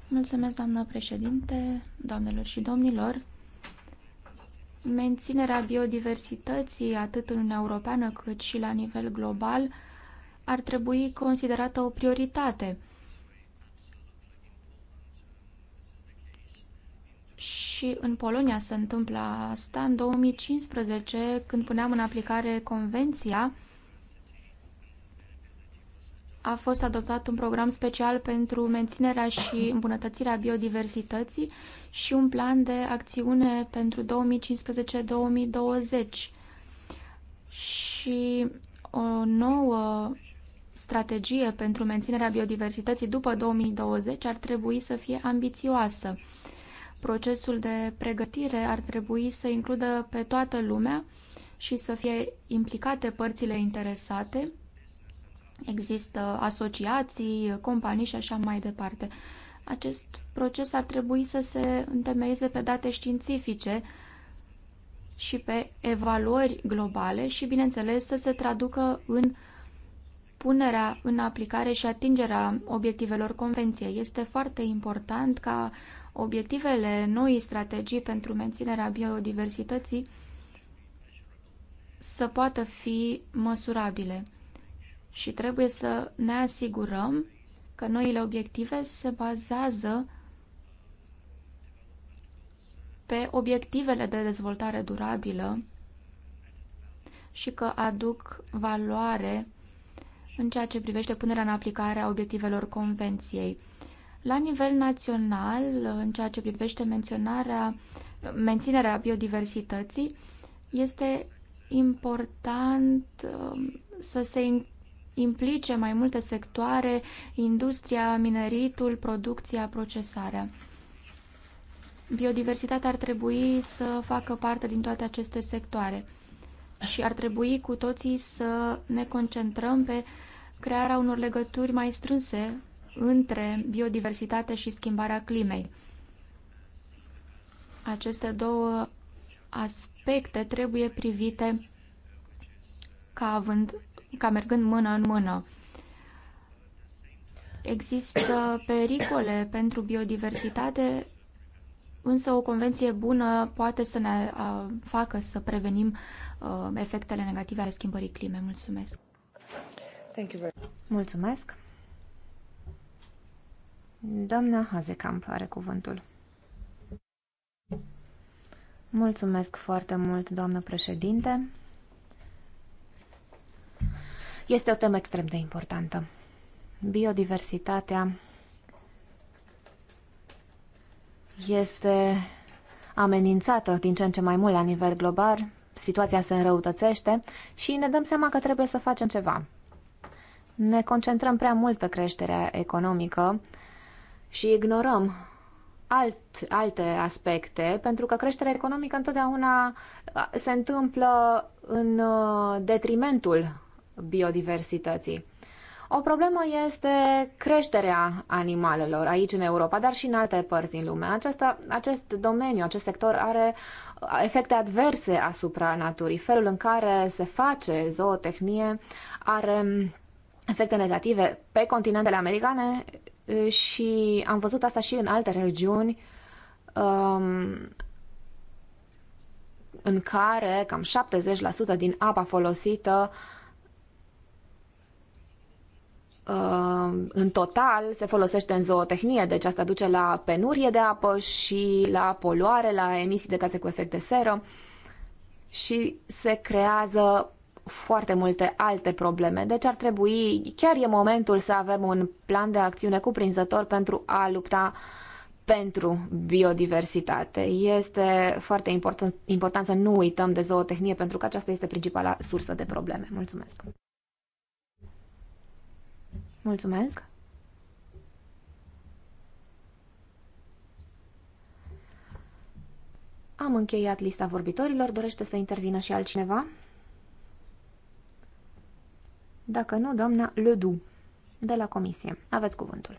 Mulțumesc, doamnă președinte, doamnelor și domnilor! Menținerea biodiversității, atât în Uniunea Europeană cât și la nivel global, ar trebui considerată o prioritate. Și în Polonia se întâmplă asta. În 2015, când puneam în aplicare convenția, a fost adoptat un program special pentru menținerea și îmbunătățirea biodiversității și un plan de acțiune pentru 2015-2020. Și o nouă strategie pentru menținerea biodiversității după 2020 ar trebui să fie ambițioasă. Procesul de pregătire ar trebui să includă pe toată lumea și să fie implicate părțile interesate. Există asociații, companii și așa mai departe. Acest proces ar trebui să se întemeieze pe date științifice, și pe evaluări globale și, bineînțeles, să se traducă în punerea în aplicare și atingerea obiectivelor convenției. Este foarte important ca obiectivele noii strategii pentru menținerea biodiversității să poată fi măsurabile și trebuie să ne asigurăm că noile obiective se bazează pe obiectivele de dezvoltare durabilă și că aduc valoare în ceea ce privește punerea în aplicare a obiectivelor convenției. La nivel național, în ceea ce privește menționarea, menținerea biodiversității, este important um, să se implice mai multe sectoare, industria, mineritul, producția, procesarea. Biodiversitatea ar trebui să facă parte din toate aceste sectoare și ar trebui cu toții să ne concentrăm pe crearea unor legături mai strânse între biodiversitate și schimbarea climei. Aceste două aspecte trebuie privite ca, având, ca mergând mână în mână. Există pericole pentru biodiversitate Însă o convenție bună poate să ne facă să prevenim efectele negative ale schimbării climei. Mulțumesc! Thank you very much. Mulțumesc! Doamna Hazekamp are cuvântul. Mulțumesc foarte mult, doamnă președinte. Este o temă extrem de importantă. Biodiversitatea este amenințată din ce în ce mai mult la nivel global, situația se înrăutățește și ne dăm seama că trebuie să facem ceva. Ne concentrăm prea mult pe creșterea economică și ignorăm alt, alte aspecte, pentru că creșterea economică întotdeauna se întâmplă în uh, detrimentul biodiversității. O problemă este creșterea animalelor aici în Europa, dar și în alte părți din lume. Aceasta, acest domeniu, acest sector are uh, efecte adverse asupra naturii. Felul în care se face zootehnie are um, efecte negative pe continentele americane uh, și am văzut asta și în alte regiuni um, în care cam 70% din apa folosită uh, Ehm, în total se folosește în zootehnie, deci asta duce la penurie de apă și la poluare, la emisii de gaze cu efect de seră și se creează foarte multe alte probleme. Deci ar trebui, chiar e momentul să avem un plan de acțiune cuprinzător pentru a lupta pentru biodiversitate. Este foarte important, important să nu uităm de zootehnie pentru că aceasta este principala sursă de probleme. Mulțumesc! Mulțumesc! Am încheiat lista vorbitorilor. Dorește să intervină și altcineva? Dacă nu, doamna Ledu, de la comisie. Aveți cuvântul.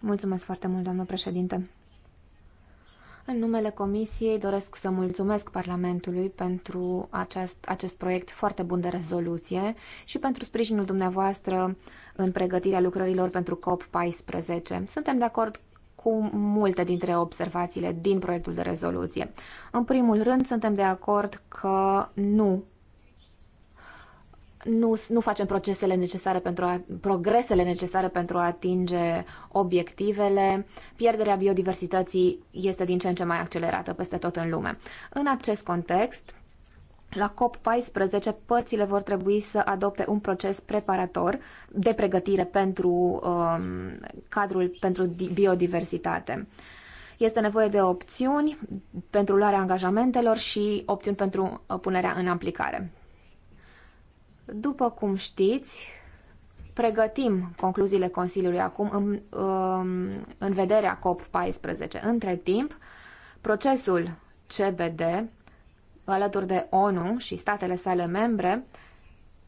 Mulțumesc foarte mult, doamnă președinte. În numele Comisiei doresc să mulțumesc Parlamentului pentru acest, acest proiect foarte bun de rezoluție și pentru sprijinul dumneavoastră în pregătirea lucrărilor pentru COP14. Suntem de acord cu multe dintre observațiile din proiectul de rezoluție. În primul rând, suntem de acord că nu nu, nu facem procesele necesare pentru a, progresele necesare pentru a atinge obiectivele. Pierderea biodiversității este din ce în ce mai accelerată peste tot în lume. În acest context, la COP14, părțile vor trebui să adopte un proces preparator de pregătire pentru um, cadrul pentru biodiversitate. Este nevoie de opțiuni pentru luarea angajamentelor și opțiuni pentru uh, punerea în aplicare. După cum știți, pregătim concluziile Consiliului acum în, um, în vederea COP14. Între timp, procesul CBD, alături de ONU și statele sale membre,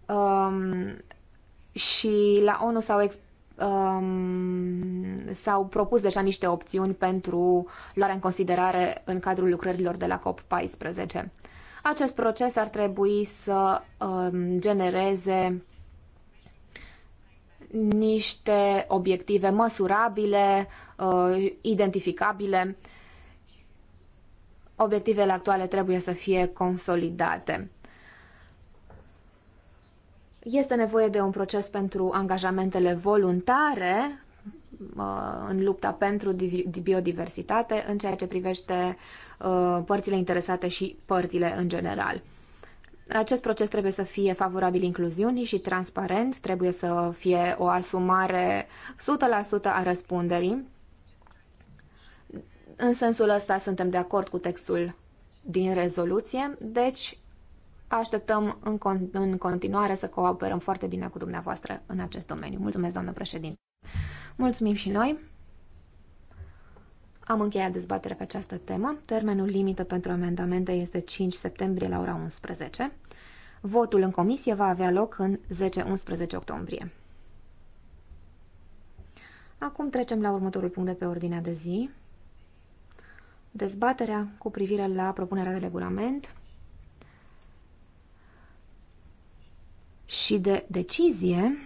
um, și la ONU s-au um, s-au propus deja niște opțiuni pentru luarea în considerare în cadrul lucrărilor de la COP14. Acest proces ar trebui să um, genereze niște obiective măsurabile, uh, identificabile. Obiectivele actuale trebuie să fie consolidate. Este nevoie de un proces pentru angajamentele voluntare Uh, în lupta pentru biodiversitate în ceea ce privește uh, părțile interesate și părțile în general. Acest proces trebuie să fie favorabil incluziunii și transparent, trebuie să fie o asumare 100% a răspunderii. În sensul ăsta suntem de acord cu textul din rezoluție, deci așteptăm în, con- în continuare să cooperăm foarte bine cu dumneavoastră în acest domeniu. Mulțumesc, doamnă președinte! Mulțumim și noi! Am încheiat dezbaterea pe această temă. Termenul limită pentru amendamente este 5 septembrie la ora 11. Votul în comisie va avea loc în 10-11 octombrie. Acum trecem la următorul punct de pe ordinea de zi. Dezbaterea cu privire la propunerea de regulament și de decizie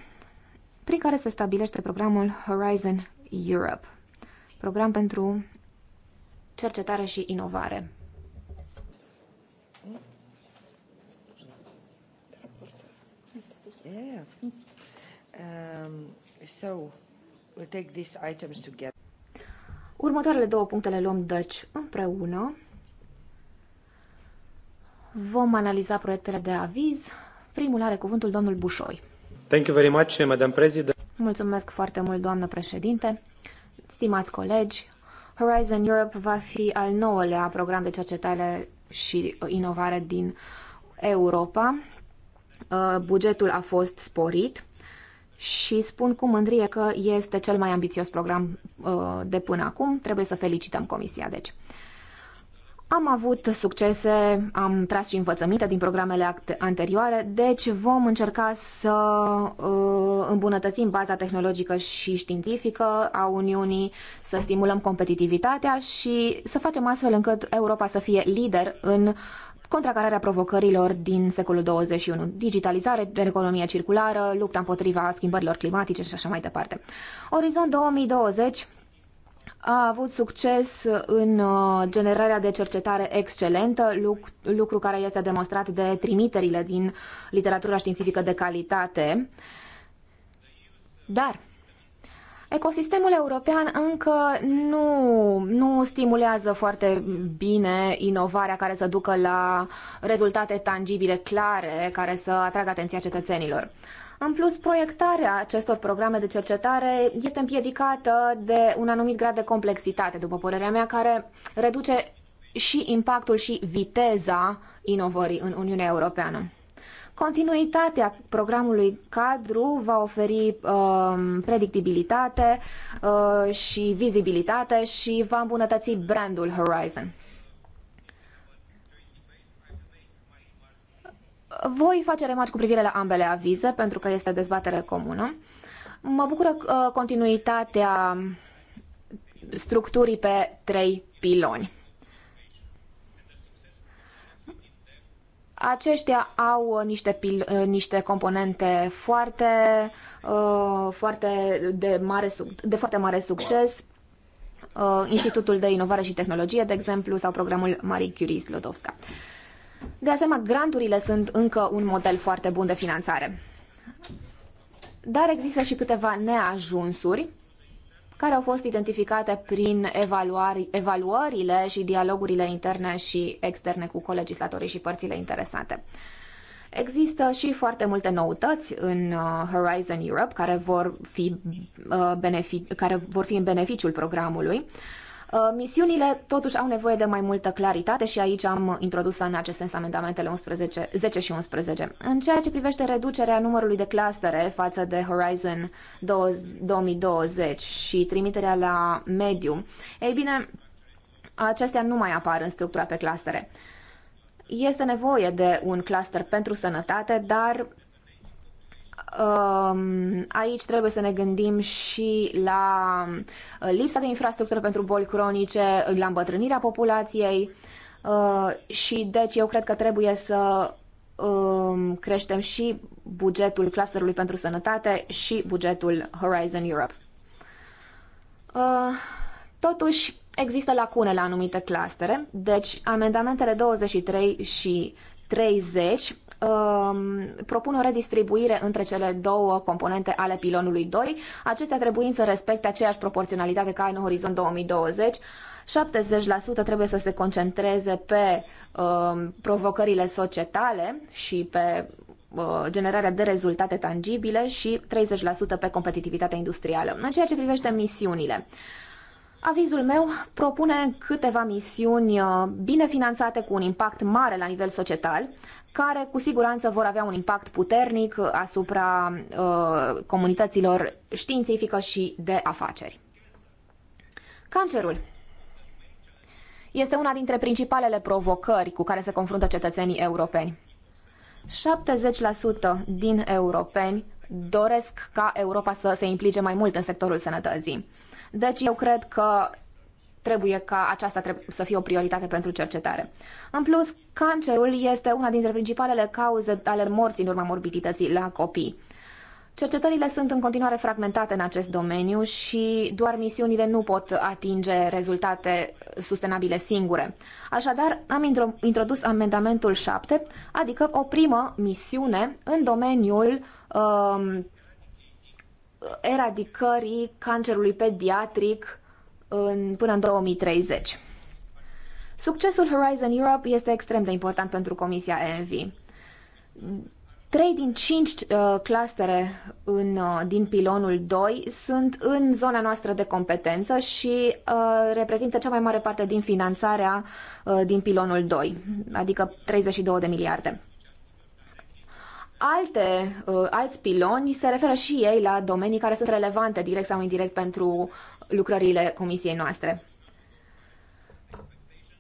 prin care se stabilește programul Horizon Europe, program pentru cercetare și inovare. Um, Următoarele două puncte le luăm deci împreună. Vom analiza proiectele de aviz. Primul are cuvântul domnul Bușoi. Thank you very much, Madam President. Mulțumesc foarte mult, doamnă președinte. Stimați colegi, Horizon Europe va fi al nouălea program de cercetare și inovare din Europa. Uh, bugetul a fost sporit și spun cu mândrie că este cel mai ambițios program uh, de până acum. Trebuie să felicităm Comisia, deci. Am avut succese, am tras și învățăminte din programele anterioare, deci vom încerca să uh, îmbunătățim baza tehnologică și științifică a Uniunii, să stimulăm competitivitatea și să facem astfel încât Europa să fie lider în contracararea provocărilor din secolul 21, digitalizare, economia circulară, lupta împotriva schimbărilor climatice și așa mai departe. Orizont 2020 a avut succes în uh, generarea de cercetare excelentă, lucru care este demonstrat de trimiterile din literatura științifică de calitate. Dar ecosistemul european încă nu, nu stimulează foarte bine inovarea care să ducă la rezultate tangibile, clare, care să atragă atenția cetățenilor. Uh, în plus, proiectarea acestor programe de cercetare este împiedicată de un anumit grad de complexitate, după părerea mea, care reduce și impactul și viteza inovării în Uniunea Europeană. Continuitatea programului cadru va oferi uh, predictibilitate uh, și vizibilitate și va îmbunătăți brandul Horizon. Voi face remarci cu privire la ambele avize, pentru că este dezbatere comună. Mă bucură uh, continuitatea structurii pe trei piloni. aceștia au uh, niște, pil, uh, niște componente foarte, uh, foarte de, mare, de foarte mare succes. Uh, Institutul de Inovare și Tehnologie, de exemplu, sau programul Marie Curie Slodowska. Uh, de asemenea, granturile sunt încă un model foarte bun de finanțare. Dar există și câteva neajunsuri care au fost identificate prin evaluari, evaluările și dialogurile interne și externe cu colegislatorii și părțile interesate. Există și foarte multe noutăți în uh, Horizon Europe care vor fi, uh, benefic- care vor fi în beneficiul programului. Uh, Uh, misiunile totuși au nevoie de mai multă claritate și aici am introdus în acest sens amendamentele 11, 10 și 11. În ceea ce privește reducerea numărului de clastere față de Horizon 2020 și trimiterea la mediu, ei bine, acestea nu mai apar în structura pe clastere. Este nevoie de un cluster pentru sănătate, dar Um, aici trebuie să ne gândim și la uh, lipsa de infrastructură pentru boli cronice, la îmbătrânirea populației uh, și deci eu cred că trebuie să um, creștem și bugetul clusterului pentru sănătate și bugetul Horizon Europe. Uh, totuși, există lacune la anumite clastere, deci amendamentele 23 și 30 Um, propun o redistribuire între cele două componente ale pilonului 2, acestea trebuind să respecte aceeași proporționalitate ca în Horizon 2020. 70% trebuie să se concentreze pe uh, provocările societale și pe uh, generarea de rezultate tangibile și 30% pe competitivitatea industrială. În ceea ce privește misiunile, Avizul meu propune câteva misiuni uh, bine finanțate cu un impact mare la nivel societal, care cu siguranță vor avea un impact puternic asupra uh, comunităților științifică și de afaceri. Cancerul este una dintre principalele provocări cu care se confruntă cetățenii europeni. 70% din europeni doresc ca Europa să se implice mai mult în sectorul sănătății. Deci eu cred că trebuie ca aceasta să fie o prioritate pentru cercetare. În plus, cancerul este una dintre principalele cauze ale morții în urma morbidității la copii. Cercetările sunt în continuare fragmentate în acest domeniu și doar misiunile nu pot atinge rezultate sustenabile singure. Așadar, am introdus amendamentul 7, adică o primă misiune în domeniul um, eradicării cancerului pediatric în, până în 2030. Succesul Horizon Europe este extrem de important pentru Comisia ENVI. Trei din cinci uh, clustere în, uh, din pilonul 2 sunt în zona noastră de competență și uh, reprezintă cea mai mare parte din finanțarea uh, din pilonul 2, adică 32 de miliarde. Alte, uh, alți piloni se referă și ei la domenii care sunt relevante, direct sau indirect, pentru uh, lucrările comisiei noastre.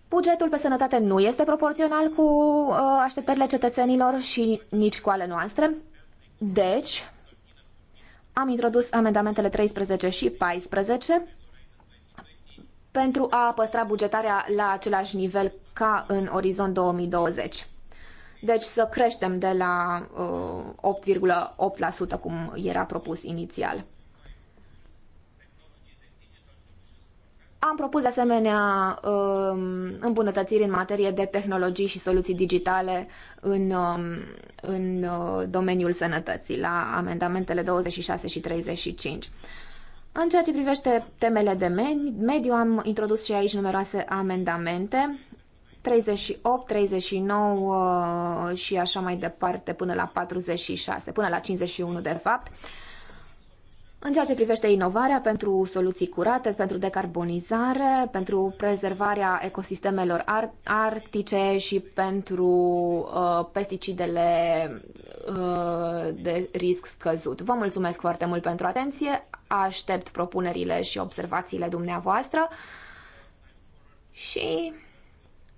Bugetul pe sănătate nu este proporțional cu uh, așteptările cetățenilor și nici cu ale noastre. Deci, am introdus amendamentele 13 și 14 pentru a păstra bugetarea la același nivel ca în orizont 2020. Deci să creștem de la uh, 8,8% cum era propus inițial. Am propus de asemenea um, îmbunătățiri în materie de tehnologii și soluții digitale în, um, în uh, domeniul sănătății, la amendamentele 26 și 35. În ceea ce privește temele de mediu, am introdus și aici numeroase amendamente, 38, 39 uh, și așa mai departe, până la 46, până la 51 de fapt în ceea ce privește inovarea pentru soluții curate, pentru decarbonizare, pentru prezervarea ecosistemelor ar- arctice și pentru uh, pesticidele uh, de risc scăzut. Vă mulțumesc foarte mult pentru atenție, aștept propunerile și observațiile dumneavoastră și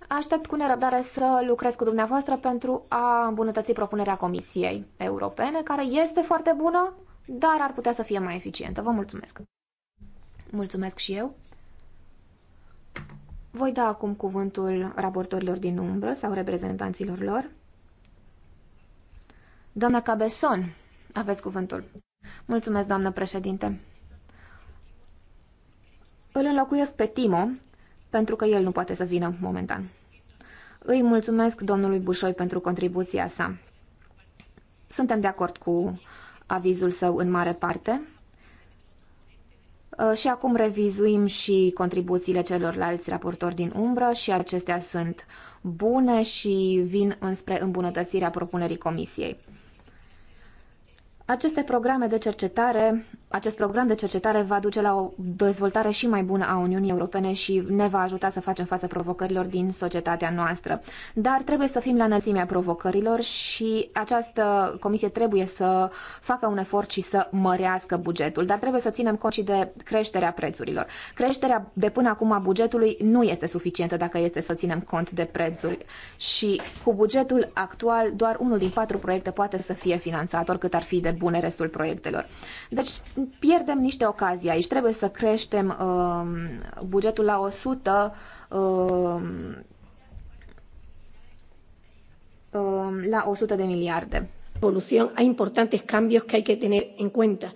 aștept cu nerăbdare să lucrez cu dumneavoastră pentru a îmbunătăți propunerea Comisiei Europene, care este foarte bună, dar ar putea să fie mai eficientă. Vă mulțumesc! Mulțumesc și eu! Voi da acum cuvântul raportorilor din umbră sau reprezentanților lor. Doamna Cabeson, aveți cuvântul. Mulțumesc, doamnă președinte. Îl înlocuiesc pe Timo, pentru că el nu poate să vină momentan. Îi mulțumesc domnului Bușoi pentru contribuția sa. Suntem de acord cu avizul său în mare parte. Uh, și acum revizuim și contribuțiile celorlalți raportori din umbră și acestea sunt bune și vin înspre îmbunătățirea propunerii comisiei. Aceste programe de cercetare acest program de cercetare va duce la o dezvoltare și mai bună a Uniunii Europene și ne va ajuta să facem față provocărilor din societatea noastră. Dar trebuie să fim la înălțimea provocărilor și această comisie trebuie să facă un efort și să mărească bugetul, dar trebuie să ținem cont și de creșterea prețurilor. Creșterea de până acum a bugetului nu este suficientă dacă este să ținem cont de prețuri și cu bugetul actual doar unul din patru proiecte poate să fie finanțat, oricât ar fi de bune restul proiectelor. Deci pierdem niște ocazii aici. Trebuie să creștem uh, bugetul la 100 uh, um, um, la 100 de miliarde. Evolución, hay importantes cambios que hay que tener en cuenta.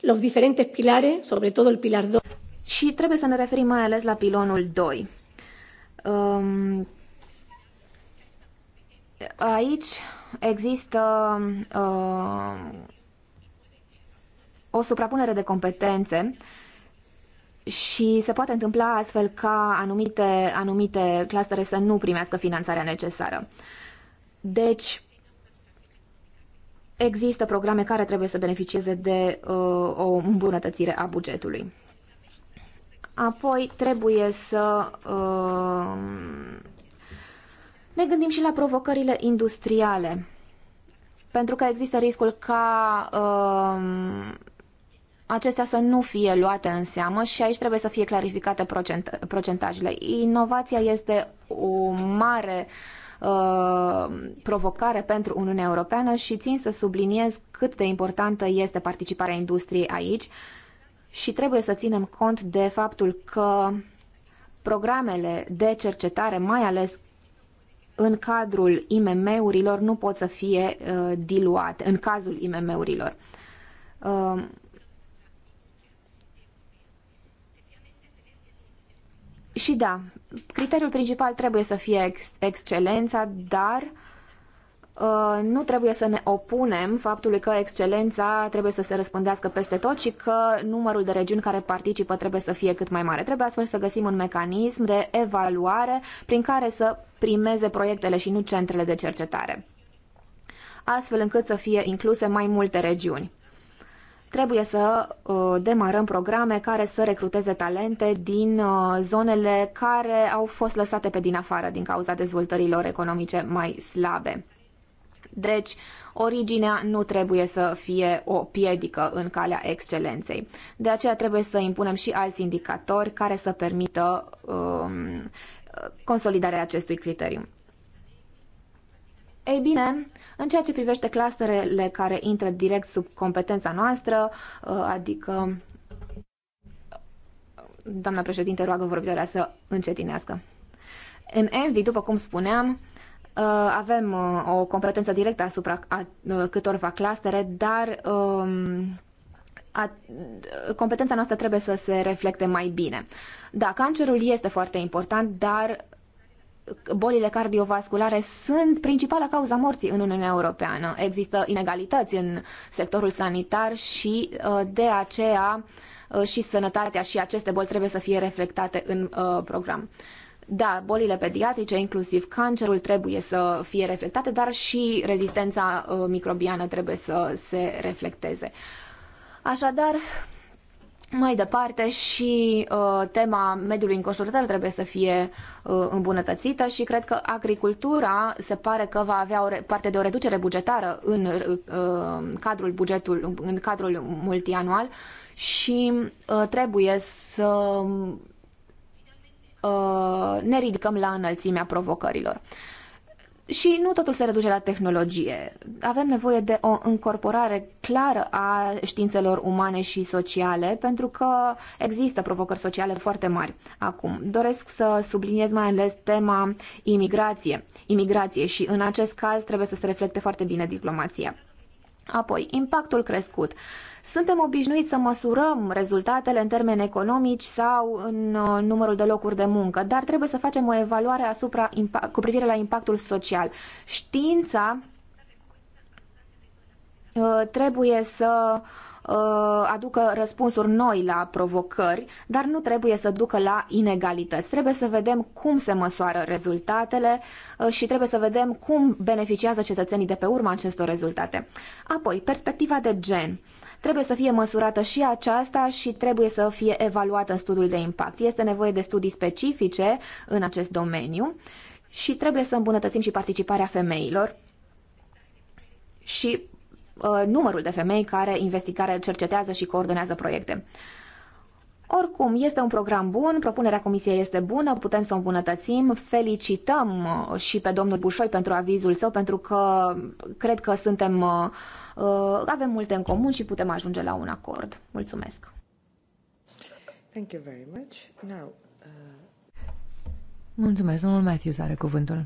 Los diferentes pilares, sobre todo el pilar 2. Și trebuie să ne referim mai ales la pilonul 2. Um, aici există uh, o suprapunere de competențe și se poate întâmpla astfel ca anumite, anumite clustere să nu primească finanțarea necesară. Deci, există programe care trebuie să beneficieze de uh, o îmbunătățire a bugetului. Apoi, trebuie să uh, ne gândim și la provocările industriale, pentru că există riscul ca uh, acestea să nu fie luate în seamă și aici trebuie să fie clarificate procent, procentajele. Inovația este o mare uh, provocare pentru Uniunea Europeană și țin să subliniez cât de importantă este participarea industriei aici și trebuie să ținem cont de faptul că programele de cercetare, mai ales în cadrul IMM-urilor, nu pot să fie uh, diluate, în cazul IMM-urilor. Uh, Și da, criteriul principal trebuie să fie ex- excelența, dar uh, nu trebuie să ne opunem faptului că excelența trebuie să se răspândească peste tot și că numărul de regiuni care participă trebuie să fie cât mai mare. Trebuie astfel să găsim un mecanism de evaluare prin care să primeze proiectele și nu centrele de cercetare, astfel încât să fie incluse mai multe regiuni. Trebuie să uh, demarăm programe care să recruteze talente din uh, zonele care au fost lăsate pe din afară din cauza dezvoltărilor economice mai slabe. Deci, originea nu trebuie să fie o piedică în calea excelenței. De aceea trebuie să impunem și alți indicatori care să permită um, consolidarea acestui criteriu. Ei bine, în ceea ce privește clusterele care intră direct sub competența noastră, uh, adică doamna președinte roagă vorbitoarea să încetinească. În Envi, după cum spuneam, uh, avem uh, o competență directă asupra câtorva clastere, dar um, competența noastră trebuie să se reflecte mai bine. Da, cancerul este foarte important, dar bolile cardiovasculare sunt principala cauza morții în Uniunea Europeană. Există inegalități în sectorul sanitar și uh, de aceea uh, și sănătatea și aceste boli trebuie să fie reflectate în uh, program. Da, bolile pediatrice, inclusiv cancerul, trebuie să fie reflectate, dar și rezistența microbiană trebuie să se reflecteze. Așadar, mai departe și uh, tema mediului înconjurător trebuie să fie uh, îmbunătățită și cred că agricultura se pare că va avea o parte de o reducere bugetară în uh, cadrul bugetul în cadrul multianual și uh, trebuie să uh, ne ridicăm la înălțimea provocărilor. Uh, și nu totul se reduce la tehnologie. Avem nevoie de o încorporare clară a științelor umane și sociale, pentru că există provocări sociale foarte mari acum. Doresc să subliniez mai ales tema imigrație, imigrație și în acest caz trebuie să se reflecte foarte bine diplomația. Apoi, impactul crescut. Uh, suntem obișnuiți să măsurăm rezultatele în termeni economici sau în uh, numărul de locuri de muncă, dar trebuie să facem o evaluare asupra, cu privire la impactul social. Știința uh, trebuie să uh, aducă răspunsuri noi la provocări, dar nu trebuie să ducă la inegalități. Trebuie să vedem cum se măsoară rezultatele și trebuie să vedem cum beneficiază cetățenii de pe urma acestor rezultate. Apoi, perspectiva de gen. Trebuie să fie măsurată și aceasta și trebuie să fie evaluată în studiul de impact. Este nevoie de studii specifice în acest domeniu și trebuie să îmbunătățim și participarea femeilor și uh, numărul de femei care investigare, cercetează și coordonează proiecte. Uh, oricum, este un program bun, propunerea comisiei este bună, putem să o îmbunătățim. Felicităm uh, și pe domnul Bușoi pentru avizul său, pentru că cred că suntem, uh, uh, avem multe în comun și putem ajunge la un acord. Mulțumesc! Thank you very much. Now, uh... Mulțumesc, domnul Matthews are cuvântul.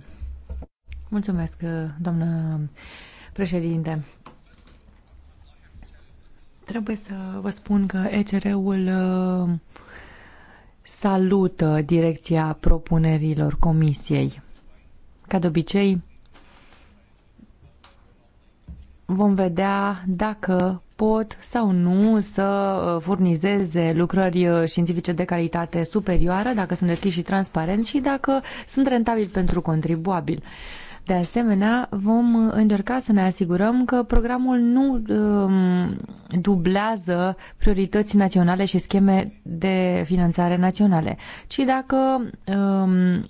Mulțumesc, doamnă președinte. Trebuie să vă spun că ECR-ul uh, salută direcția propunerilor comisiei. Ca de obicei, vom vedea dacă pot sau nu să uh, furnizeze lucrări uh, științifice de calitate superioară, dacă sunt deschiși și transparenți și dacă sunt rentabili pentru contribuabil. Uh, de asemenea, vom încerca să ne asigurăm că programul nu um, dublează priorități naționale și scheme de finanțare naționale, ci dacă um,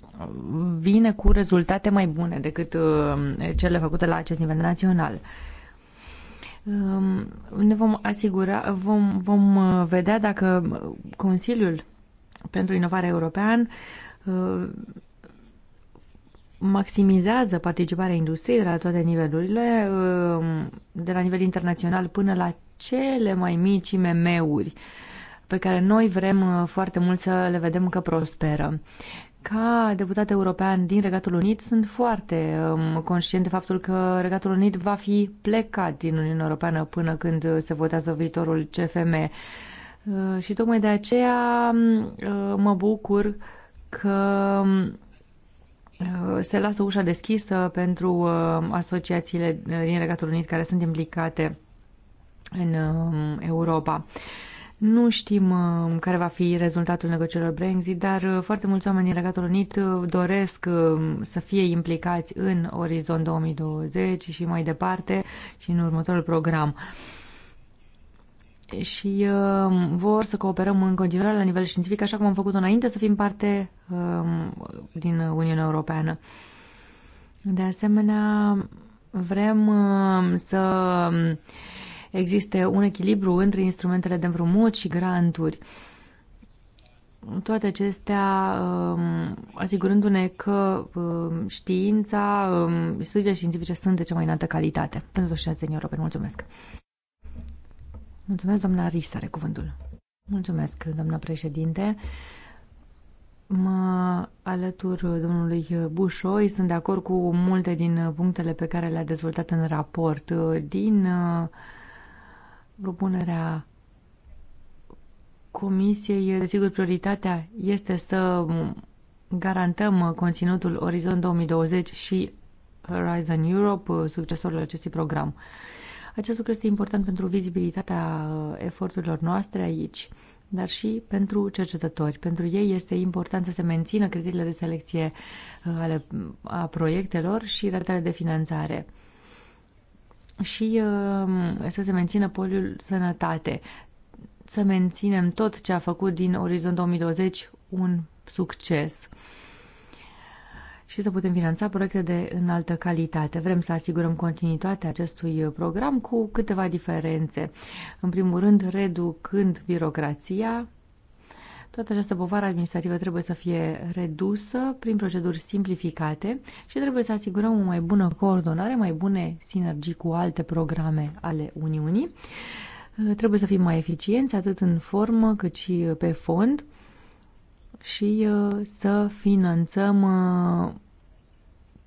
vine cu rezultate mai bune decât um, cele făcute la acest nivel național um, ne vom asigura, vom, vom uh, vedea dacă Consiliul pentru Inovare European uh, maximizează participarea industriei de la toate nivelurile, um, de la nivel internațional până la cele mai mici IMM-uri pe care noi vrem uh, foarte mult să le vedem că prosperă. Ca deputat european din Regatul Unit, sunt foarte um, conștient de faptul că Regatul Unit va fi plecat din Uniunea Europeană până când se votează viitorul CFM. Uh, și tocmai de aceea um, uh, mă bucur că um, Uh, se lasă ușa deschisă pentru uh, asociațiile uh, din Regatul Unit care sunt implicate în um, Europa. Nu știm um, care va fi rezultatul negocierilor Brexit, dar foarte mulți oameni din Regatul Unit doresc um, să fie implicați în Orizont 2020 și mai departe și în următorul program și uh, vor să cooperăm în continuare la nivel științific, așa cum am făcut înainte să fim parte uh, din Uniunea Europeană. De asemenea, vrem uh, să existe un echilibru între instrumentele de împrumut și granturi. Toate acestea asigurându-ne că știința, studiile științifice sunt de cea mai înaltă calitate pentru toți cetățenii europeni. Mulțumesc! Mulțumesc, doamna Ris, are cuvântul. Mulțumesc, doamna președinte. Mă alătur domnului Bușoi, sunt de acord cu multe din punctele pe care le-a dezvoltat în raport. Din uh, propunerea Comisiei, desigur, prioritatea este să garantăm conținutul Orizont 2020 și Horizon Europe, succesorul acestui program. Acest lucru este important pentru vizibilitatea uh, eforturilor noastre aici, dar și pentru cercetători. Pentru ei este important să se mențină criteriile de selecție uh, ale, a proiectelor și ratele de finanțare și um, să se mențină poliul sănătate, să menținem tot ce a făcut din Orizont 2020 un succes și să putem finanța proiecte de înaltă calitate. Vrem să asigurăm continuitatea acestui program cu câteva diferențe. În primul rând, reducând birocrația, toată această povară administrativă trebuie să fie redusă prin proceduri simplificate și trebuie să asigurăm o mai bună coordonare, mai bune sinergii cu alte programe ale Uniunii. Trebuie să fim mai eficienți atât în formă cât și pe fond și uh, să finanțăm uh,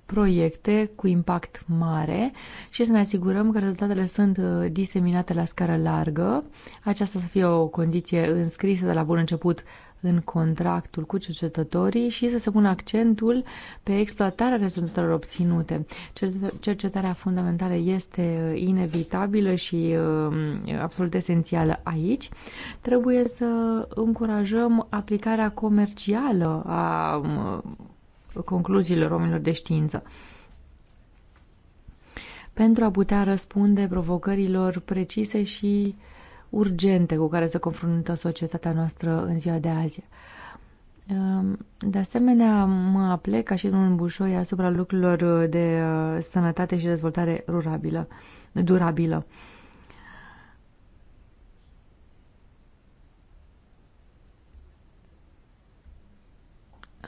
proiecte cu impact mare și să ne asigurăm că rezultatele sunt uh, diseminate la scară largă. Aceasta să fie o condiție înscrisă de la bun început în contractul cu cercetătorii și să se pună accentul pe exploatarea rezultatelor obținute. Cercetarea fundamentală este uh, inevitabilă și um, absolut esențială aici. Trebuie să încurajăm aplicarea comercială a um, concluziilor oamenilor de știință pentru a putea răspunde provocărilor precise și uh, urgente cu care se confruntă societatea noastră în ziua de azi. Um, de asemenea, mă aplec ca și un Bușoi asupra lucrurilor de uh, sănătate și dezvoltare rurabilă, durabilă.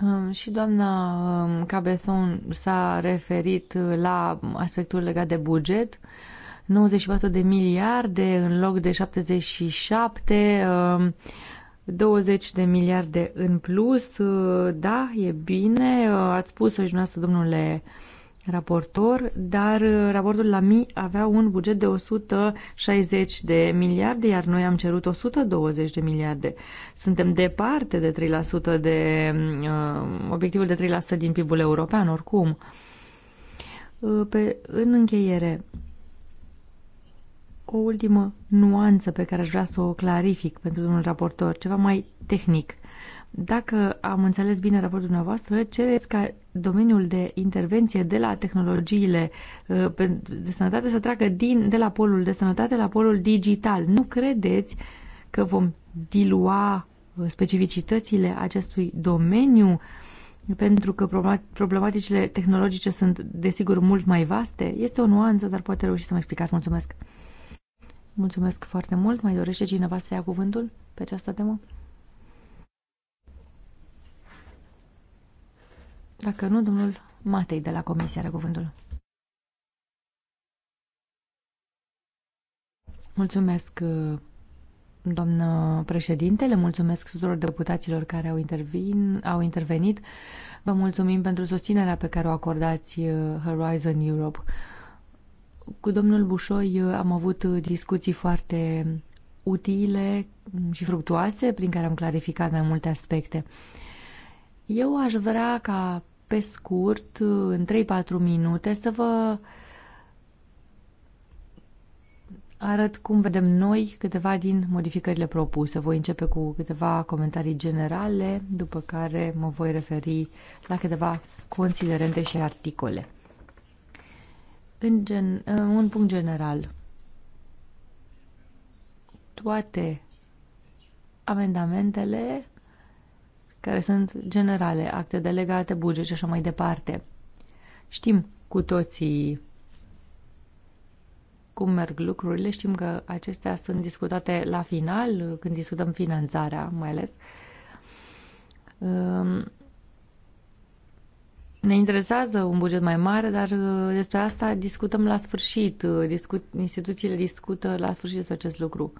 Um, și doamna um, Cabezon s-a referit la aspectul legat de buget. 94 de miliarde în loc de 77, 20 um, de miliarde în plus. Da, e bine, ați spus-o și dumneavoastră, domnule raportor, dar raportul la MI avea un buget de 160 de miliarde, iar noi am cerut 120 de miliarde. Suntem departe de 3% de uh, obiectivul de 3% din PIB-ul european, oricum. Uh, pe, în încheiere, o ultimă nuanță pe care aș vrea să o clarific pentru domnul raportor, ceva mai tehnic. Dacă am înțeles bine raportul dumneavoastră, cereți ca domeniul de intervenție de la tehnologiile uh, de sănătate să treacă din, de la polul de sănătate la polul digital. Nu credeți că vom dilua uh, specificitățile acestui domeniu pentru că problematicile tehnologice sunt, desigur, mult mai vaste? Este o nuanță, dar poate reuși să mă explicați. Mulțumesc! Mulțumesc foarte mult. Mai dorește cineva să ia cuvântul pe această temă? Dacă nu, domnul Matei de la Comisia are cuvântul. Mulțumesc, doamnă președinte, le mulțumesc tuturor deputaților care au, intervin, au intervenit. Vă mulțumim pentru susținerea pe care o acordați Horizon Europe. Cu domnul Bușoi uh, am avut uh, discuții foarte utile și fructuoase, prin care am clarificat mai multe aspecte. Eu aș vrea ca, pe scurt, uh, în 3-4 minute, să vă arăt cum vedem noi câteva din modificările propuse. Voi începe cu câteva comentarii generale, după care mă voi referi la câteva considerente și articole în gen, uh, un punct general. Toate amendamentele care sunt generale, acte delegate, buget și așa mai departe. Știm cu toții cum merg lucrurile, știm că acestea sunt discutate la final, când discutăm finanțarea mai ales. Um, ne interesează un buget mai mare, dar uh, despre asta discutăm la sfârșit. Uh, discut, instituțiile discută la sfârșit despre acest lucru.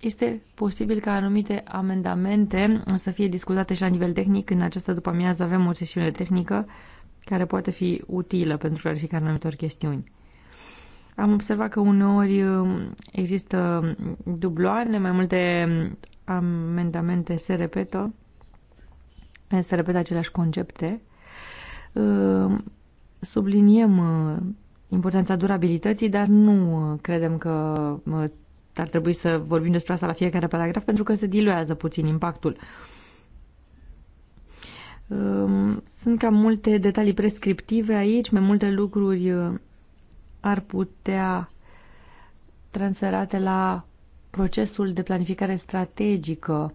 Este posibil ca anumite amendamente să fie discutate și la nivel tehnic. În această după amiază avem o sesiune tehnică care poate fi utilă pentru clarificarea anumitor chestiuni. Am observat că uneori um, există dubloane, mai multe amendamente se repetă, se repetă aceleași concepte. Um, subliniem uh, importanța durabilității, dar nu uh, credem că uh, ar trebui să vorbim despre asta la fiecare paragraf, pentru că se diluează puțin impactul. Um, sunt cam multe detalii prescriptive aici, mai multe lucruri ar putea transferate la procesul de planificare strategică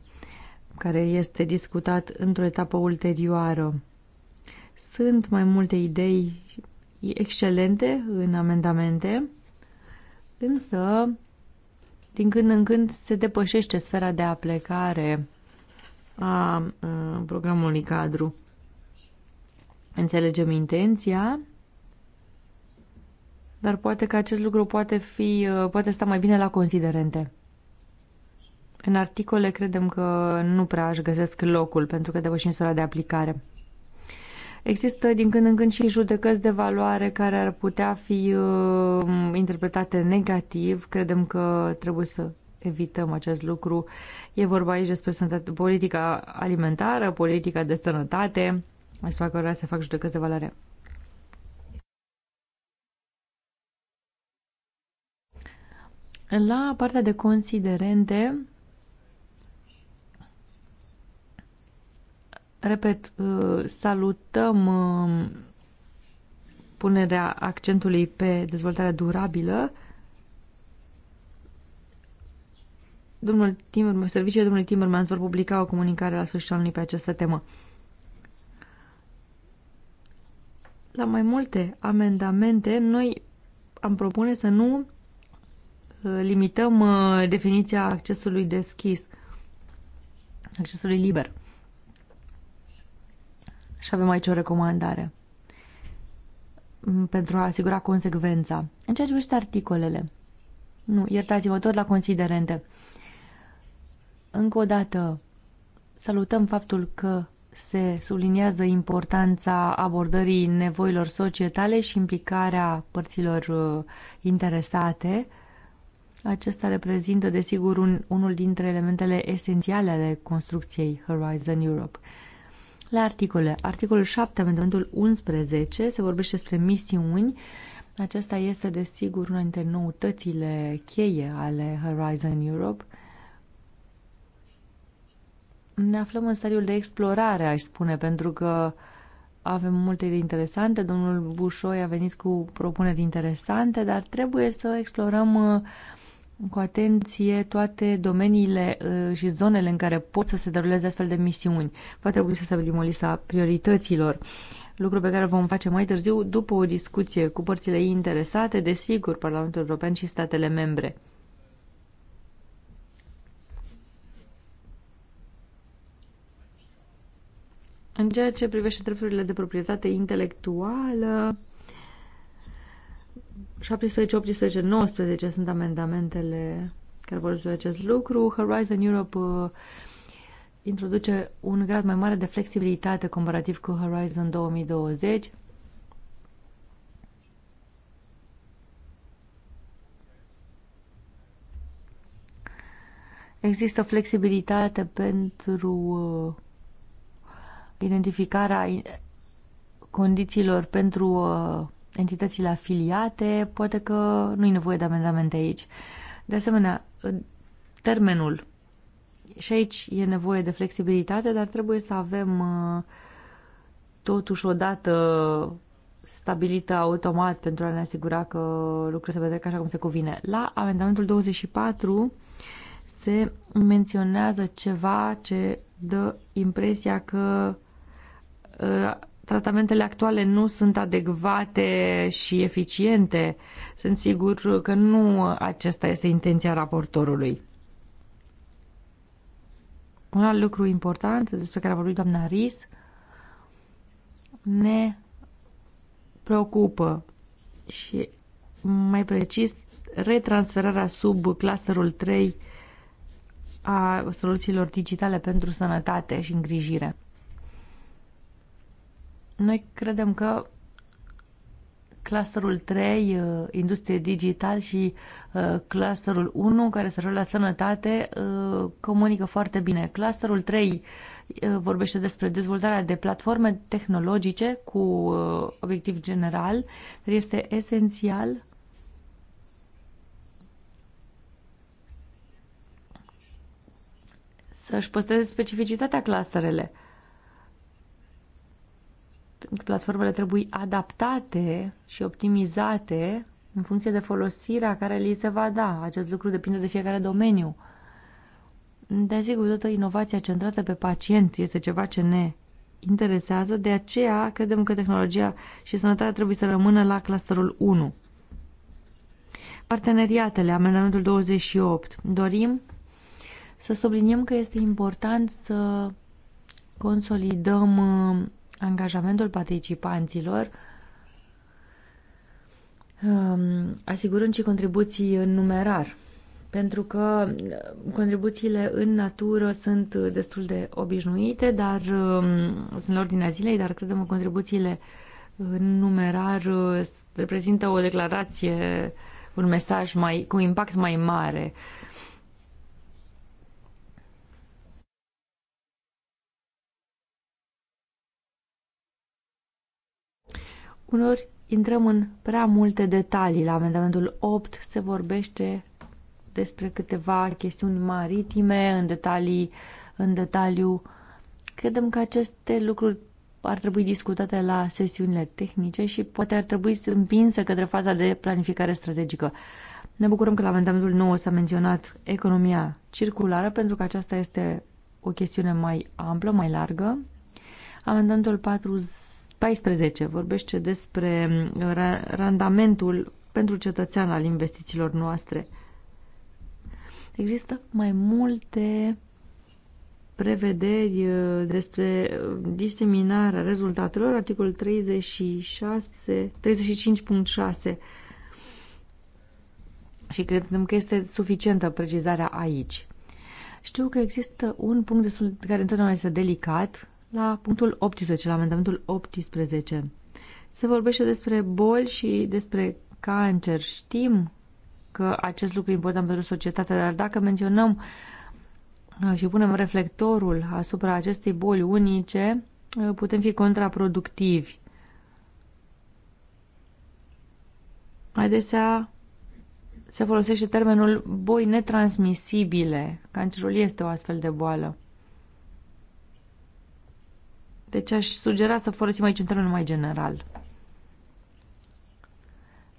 care este discutat într-o etapă ulterioară. Sunt mai multe idei excelente în amendamente, însă din când în când se depășește sfera de aplicare a programului cadru. Înțelegem intenția, dar poate că acest lucru poate, fi, uh, poate sta mai bine la considerente. În articole credem că nu prea aș găsesc locul pentru că depășim sora de aplicare. Există din când în când și judecăți de valoare care ar putea fi uh, interpretate negativ. Credem că trebuie să evităm acest lucru. E vorba aici despre sănătate, politica alimentară, politica de sănătate, asupra cărora să fac judecăți de valoare. La partea de considerente, repet, uh, salutăm uh, punerea accentului pe dezvoltarea durabilă. Domnul Timmermans, serviciul domnului Timmermans vor publica o comunicare la sfârșitul anului pe această temă. La mai multe amendamente, noi am propune să nu limităm uh, definiția accesului deschis, accesului liber. Și avem aici o recomandare mm, pentru a asigura consecvența. În ceea ce privește articolele, nu, iertați-mă, tot la considerente. Încă o dată, salutăm faptul că se subliniază importanța abordării nevoilor societale și implicarea părților uh, interesate acesta reprezintă, desigur, un, unul dintre elementele esențiale ale construcției Horizon Europe. La articole, articolul 7, amendamentul 11, se vorbește despre misiuni. Acesta este, desigur, una dintre noutățile cheie ale Horizon Europe. Ne aflăm în stadiul de explorare, aș spune, pentru că avem multe idei interesante. Domnul Bușoi a venit cu propuneri interesante, dar trebuie să explorăm uh, cu atenție toate domeniile uh, și zonele în care pot să se deruleze astfel de misiuni. Va trebui să stabilim o listă priorităților, lucru pe care vom face mai târziu după o discuție cu părțile interesate, desigur, Parlamentul European și statele membre. În ceea ce privește drepturile de proprietate intelectuală, 17, 18, 19 sunt amendamentele care vor de acest lucru. Horizon Europe uh, introduce un grad mai mare de flexibilitate comparativ cu Horizon 2020. Există flexibilitate pentru uh, identificarea condițiilor pentru uh, entitățile afiliate, poate că nu e nevoie de amendamente aici. De asemenea, termenul. Și aici e nevoie de flexibilitate, dar trebuie să avem uh, totuși o dată stabilită automat pentru a ne asigura că lucrurile se petrec așa cum se cuvine. La amendamentul 24 se menționează ceva ce dă impresia că uh, tratamentele actuale nu sunt adecvate și eficiente. Sunt sigur că nu acesta este intenția raportorului. Un alt lucru important despre care a vorbit doamna Ris ne preocupă și mai precis retransferarea sub clusterul 3 a soluțiilor digitale pentru sănătate și îngrijire. Noi credem că clusterul 3, uh, industrie digital și uh, clusterul 1, care se referă la sănătate, uh, comunică foarte bine. Clusterul 3 vorbește despre dezvoltarea de platforme tehnologice cu obiectiv general, dar este esențial să-și păstreze specificitatea clusterele platformele trebuie adaptate și optimizate în funcție de folosirea care li se va da. Acest lucru depinde de fiecare domeniu. Desigur, toată inovația centrată pe pacient este ceva ce ne interesează, de aceea credem că tehnologia și sănătatea trebuie să rămână la clusterul 1. Parteneriatele, amendamentul 28. Dorim să subliniem că este important să consolidăm uh, angajamentul participanților, um, asigurând și contribuții în numerar, pentru că uh, contribuțiile în natură sunt destul de obișnuite, dar um, sunt la ordinea zilei, dar credem că contribuțiile în numerar uh, reprezintă o declarație, un mesaj mai, cu impact mai mare uh, Unor intrăm în prea multe detalii. La amendamentul 8 se vorbește despre câteva chestiuni maritime, în detalii, în detaliu. Credem că aceste lucruri ar trebui discutate la sesiunile tehnice și poate ar trebui împinsă către faza de planificare strategică. Ne bucurăm că la amendamentul 9 s-a menționat economia circulară, pentru că aceasta este o chestiune mai amplă, mai largă. Amendamentul 40 14 vorbește despre mm, randamentul pentru cetățean al investițiilor noastre. Există mai multe prevederi uh, despre uh, diseminarea rezultatelor, articolul 36, 35.6 și credem că este suficientă precizarea aici. Știu că există un punct destul, care întotdeauna este delicat, la punctul 18, la amendamentul 18. Se vorbește despre boli și despre cancer. Știm că acest lucru e important pentru societate, dar dacă menționăm uh, și punem reflectorul asupra acestei boli unice, uh, putem fi contraproductivi. Adesea se folosește termenul boi netransmisibile. Cancerul este o astfel de boală. Deci aș sugera să folosim aici un termen mai general.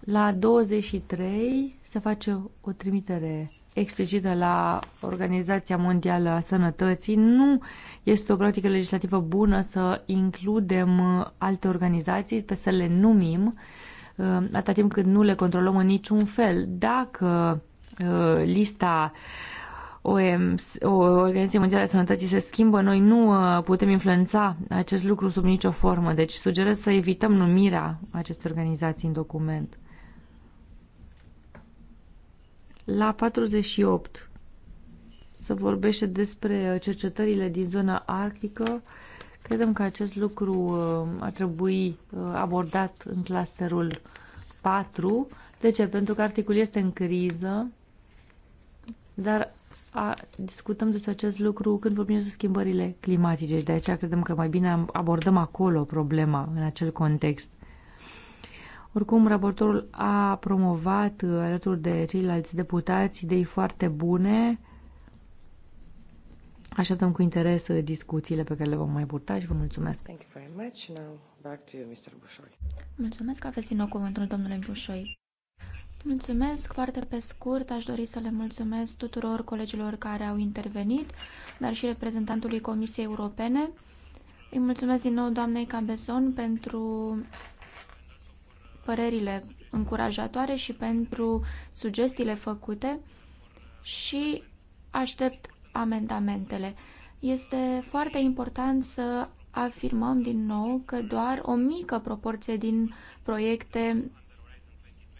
La 23 se face o trimitere explicită la Organizația Mondială a Sănătății. Nu este o practică legislativă bună să includem alte organizații, pe să le numim, ă, atâta timp cât nu le controlăm în niciun fel. Dacă ă, lista OMS, o Organizație Mondială a Sănătății se schimbă, noi nu uh, putem influența acest lucru sub nicio formă. Deci sugerez să evităm numirea acestei organizații în document. La 48 se vorbește despre uh, cercetările din zona arctică. Credem că acest lucru uh, ar trebui abordat în clusterul 4. De ce? Pentru că Arcticul este în criză, dar a, discutăm despre acest lucru când vorbim despre schimbările climatice și de aceea credem că mai bine abordăm acolo problema, în acel context. Oricum, raportorul a promovat uh, alături de ceilalți deputați idei foarte bune. Așteptăm cu interes uh, discuțiile pe care le vom mai purta și vă mulțumesc. Thank you very much. Now back to you, Mr. Mulțumesc că aveți din nou cuvântul, domnule Bușoi. Mulțumesc. Foarte pe scurt, aș dori să le mulțumesc tuturor colegilor care au intervenit, dar și reprezentantului Comisiei Europene. Îi mulțumesc din nou doamnei Cambeson pentru părerile încurajatoare și pentru sugestiile făcute și aștept amendamentele. Este foarte important să afirmăm din nou că doar o mică proporție din proiecte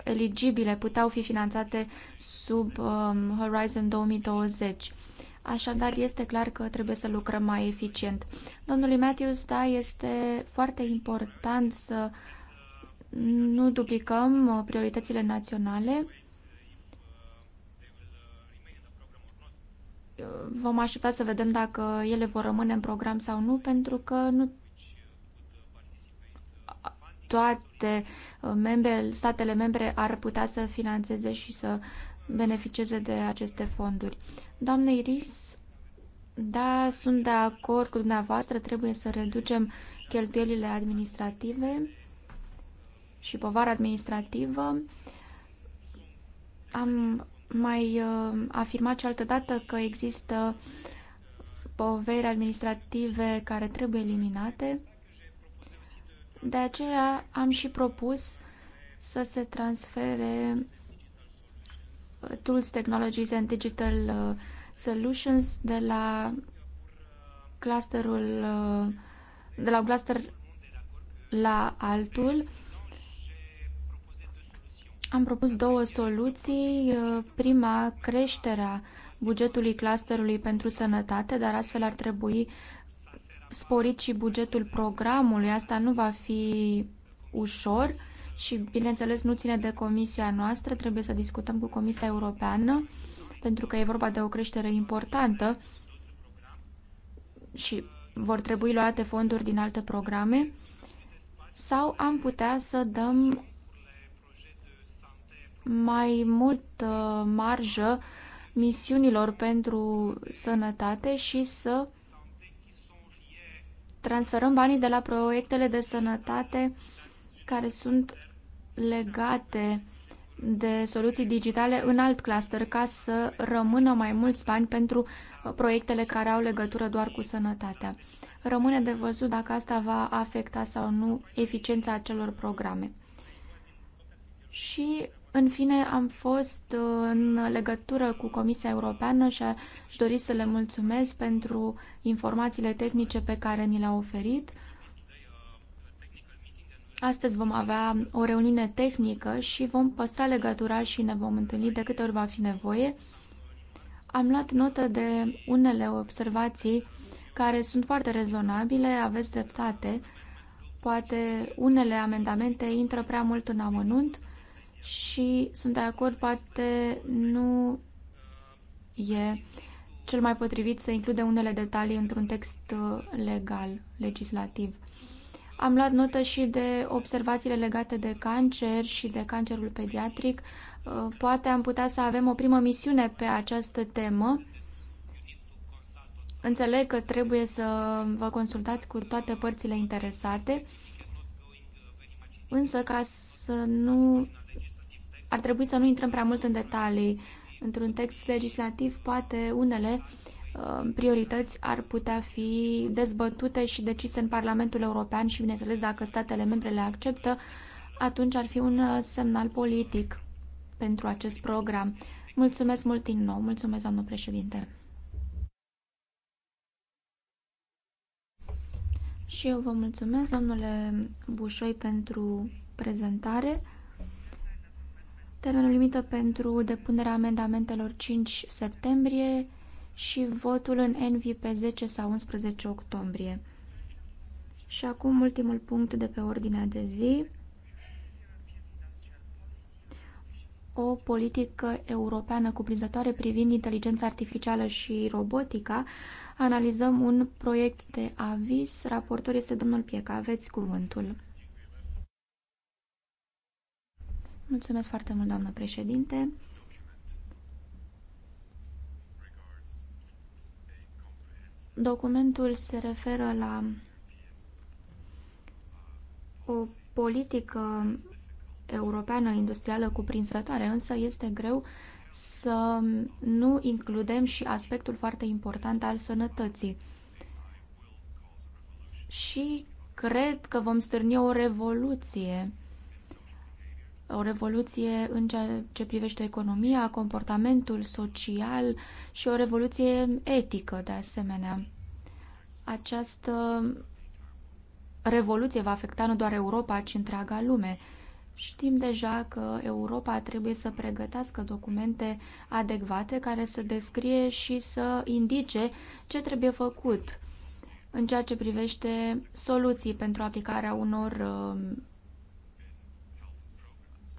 eligibile puteau fi finanțate sub um, Horizon 2020. Așadar, este clar că trebuie să lucrăm mai eficient. Domnului Matthews, da, este foarte important să nu duplicăm uh, prioritățile naționale. Uh, vom aștepta să vedem dacă ele vor rămâne în program sau nu, pentru că nu toate uh, membre, statele membre ar putea să financeze și să beneficieze de aceste fonduri. Doamne Iris, da, sunt de acord cu dumneavoastră, trebuie să reducem cheltuielile administrative și povara administrativă. Am mai uh, afirmat și altă dată că există poveri administrative care trebuie eliminate de aceea am și propus să se transfere uh, Tools, Technologies and Digital uh, Solutions de la clusterul uh, de la un cluster la altul. Am propus două soluții. Prima, creșterea bugetului clusterului pentru sănătate, dar astfel ar trebui sporit și bugetul programului. Asta nu va fi ușor și, bineînțeles, nu ține de comisia noastră. Trebuie să discutăm cu Comisia Europeană pentru că e vorba de o creștere importantă și vor trebui luate fonduri din alte programe sau am putea să dăm mai mult uh, marjă misiunilor pentru sănătate și să transferăm banii de la proiectele de sănătate care sunt legate de soluții digitale în alt cluster ca să rămână mai mulți bani pentru uh, proiectele care au legătură doar cu sănătatea. Rămâne de văzut dacă asta va afecta sau nu eficiența acelor programe. Și în fine, am fost uh, în legătură cu Comisia Europeană și aș dori să le mulțumesc pentru informațiile tehnice pe care ni le-au oferit. Astăzi vom avea o reuniune tehnică și vom păstra legătura și ne vom întâlni de câte ori va fi nevoie. Am luat notă de unele observații care sunt foarte rezonabile, aveți dreptate. Poate unele amendamente intră prea mult în amănunt, și sunt de acord, poate nu e cel mai potrivit să include unele detalii într-un text uh, legal, legislativ. Am luat notă și de observațiile legate de cancer și de cancerul pediatric. Uh, poate am putea să avem o primă misiune pe această temă. Înțeleg că trebuie să vă consultați cu toate părțile interesate, însă ca să nu ar trebui să nu intrăm prea mult în detalii. Într-un text legislativ, poate unele uh, priorități ar putea fi dezbătute și decise în Parlamentul European și, bineînțeles, dacă statele membre le acceptă, atunci ar fi un uh, semnal politic pentru acest program. Mulțumesc mult din nou. Mulțumesc, doamnă președinte. Și eu vă mulțumesc, domnule Bușoi, pentru prezentare. Termenul limită pentru depunerea amendamentelor 5 septembrie și votul în Envi pe 10 sau 11 octombrie. Și acum ultimul punct de pe ordinea de zi. o politică europeană cuprinzătoare privind inteligența artificială și robotica, analizăm un proiect de aviz. Raportor este domnul Pieca. Aveți cuvântul. Mulțumesc foarte mult, doamnă președinte. Documentul se referă la o politică europeană industrială cuprinzătoare, însă este greu să nu includem și aspectul foarte important al sănătății. Și cred că vom stârni o revoluție o revoluție în ceea ce privește economia, comportamentul social și o revoluție etică, de asemenea. Această revoluție va afecta nu doar Europa, ci întreaga lume. Știm deja că Europa trebuie să pregătească documente adecvate care să descrie și să indice ce trebuie făcut în ceea ce privește soluții pentru aplicarea unor uh,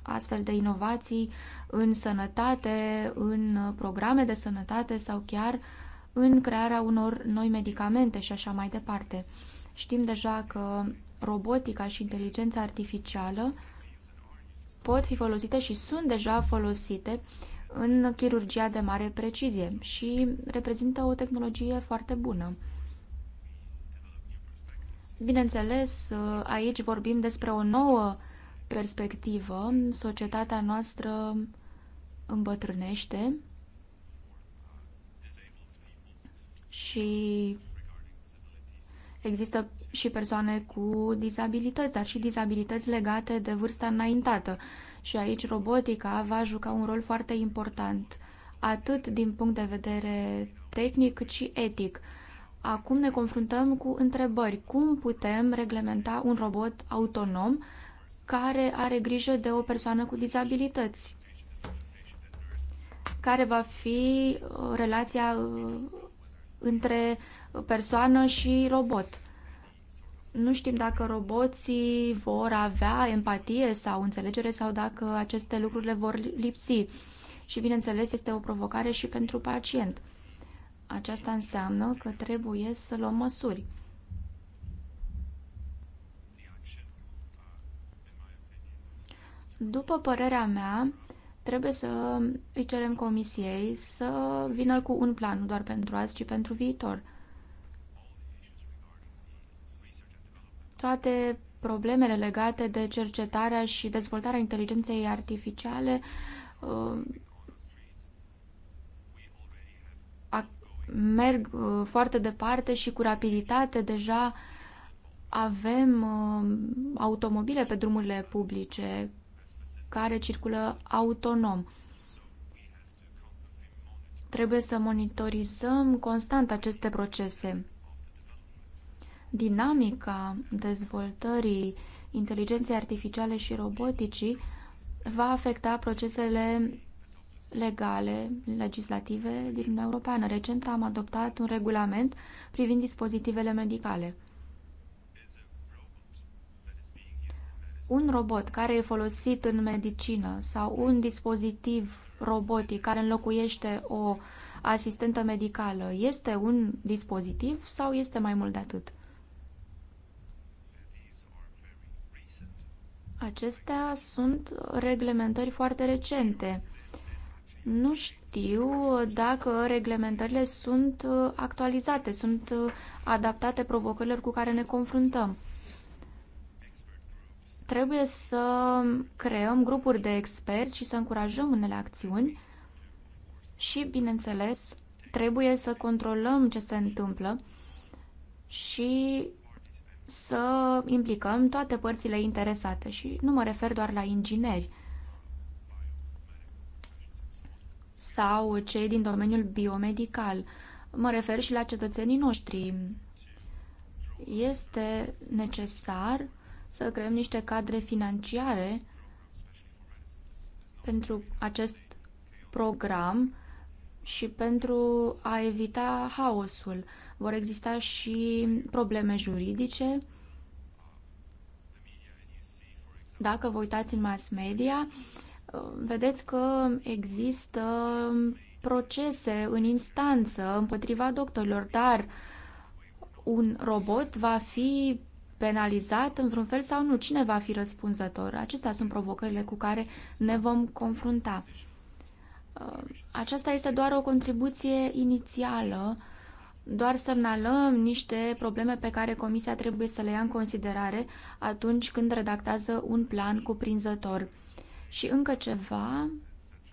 astfel de inovații în sănătate, în programe de sănătate sau chiar în crearea unor noi medicamente și așa mai departe. Știm deja că robotica și inteligența artificială pot fi folosite și sunt deja folosite în chirurgia de mare precizie și reprezintă o tehnologie foarte bună. Bineînțeles, aici vorbim despre o nouă perspectivă, societatea noastră îmbătrânește și există și persoane cu dizabilități, dar și dizabilități legate de vârsta înaintată. Și aici robotica va juca un rol foarte important, atât din punct de vedere tehnic cât și etic. Acum ne confruntăm cu întrebări. Cum putem reglementa un robot autonom care are grijă de o persoană cu dizabilități. Care va fi uh, relația uh, între persoană și robot? Nu știm dacă roboții vor avea empatie sau înțelegere sau dacă aceste lucruri le vor lipsi. Și, bineînțeles, este o provocare și pentru pacient. Aceasta înseamnă că trebuie să luăm măsuri. După părerea mea, trebuie să îi cerem comisiei să vină cu un plan, nu doar pentru azi, ci pentru viitor. Toate problemele legate de cercetarea și dezvoltarea inteligenței artificiale uh, merg uh, foarte departe și cu rapiditate deja avem uh, automobile pe drumurile publice care circulă autonom. Trebuie să monitorizăm constant aceste procese. Dinamica dezvoltării inteligenței artificiale și roboticii va afecta procesele legale, legislative din Uniunea Europeană. Recent am adoptat un regulament privind dispozitivele medicale. un robot care e folosit în medicină sau un dispozitiv robotic care înlocuiește o asistentă medicală este un dispozitiv sau este mai mult de atât? Acestea sunt reglementări foarte recente. Nu știu dacă reglementările sunt actualizate, sunt adaptate provocărilor cu care ne confruntăm. Trebuie să creăm grupuri de experți și să încurajăm unele acțiuni și, bineînțeles, trebuie să controlăm ce se întâmplă și să implicăm toate părțile interesate și nu mă refer doar la ingineri sau cei din domeniul biomedical. Mă refer și la cetățenii noștri. Este necesar să creăm niște cadre financiare pentru acest program și pentru a evita haosul. Vor exista și probleme juridice. Dacă vă uitați în mass media, vedeți că există procese în instanță împotriva doctorilor, dar un robot va fi penalizat în vreun fel sau nu? Cine va fi răspunzător? Acestea sunt provocările cu care ne vom confrunta. Uh, aceasta este doar o contribuție inițială, doar semnalăm niște probleme pe care Comisia trebuie să le ia în considerare atunci când redactează un plan cuprinzător. Și încă ceva,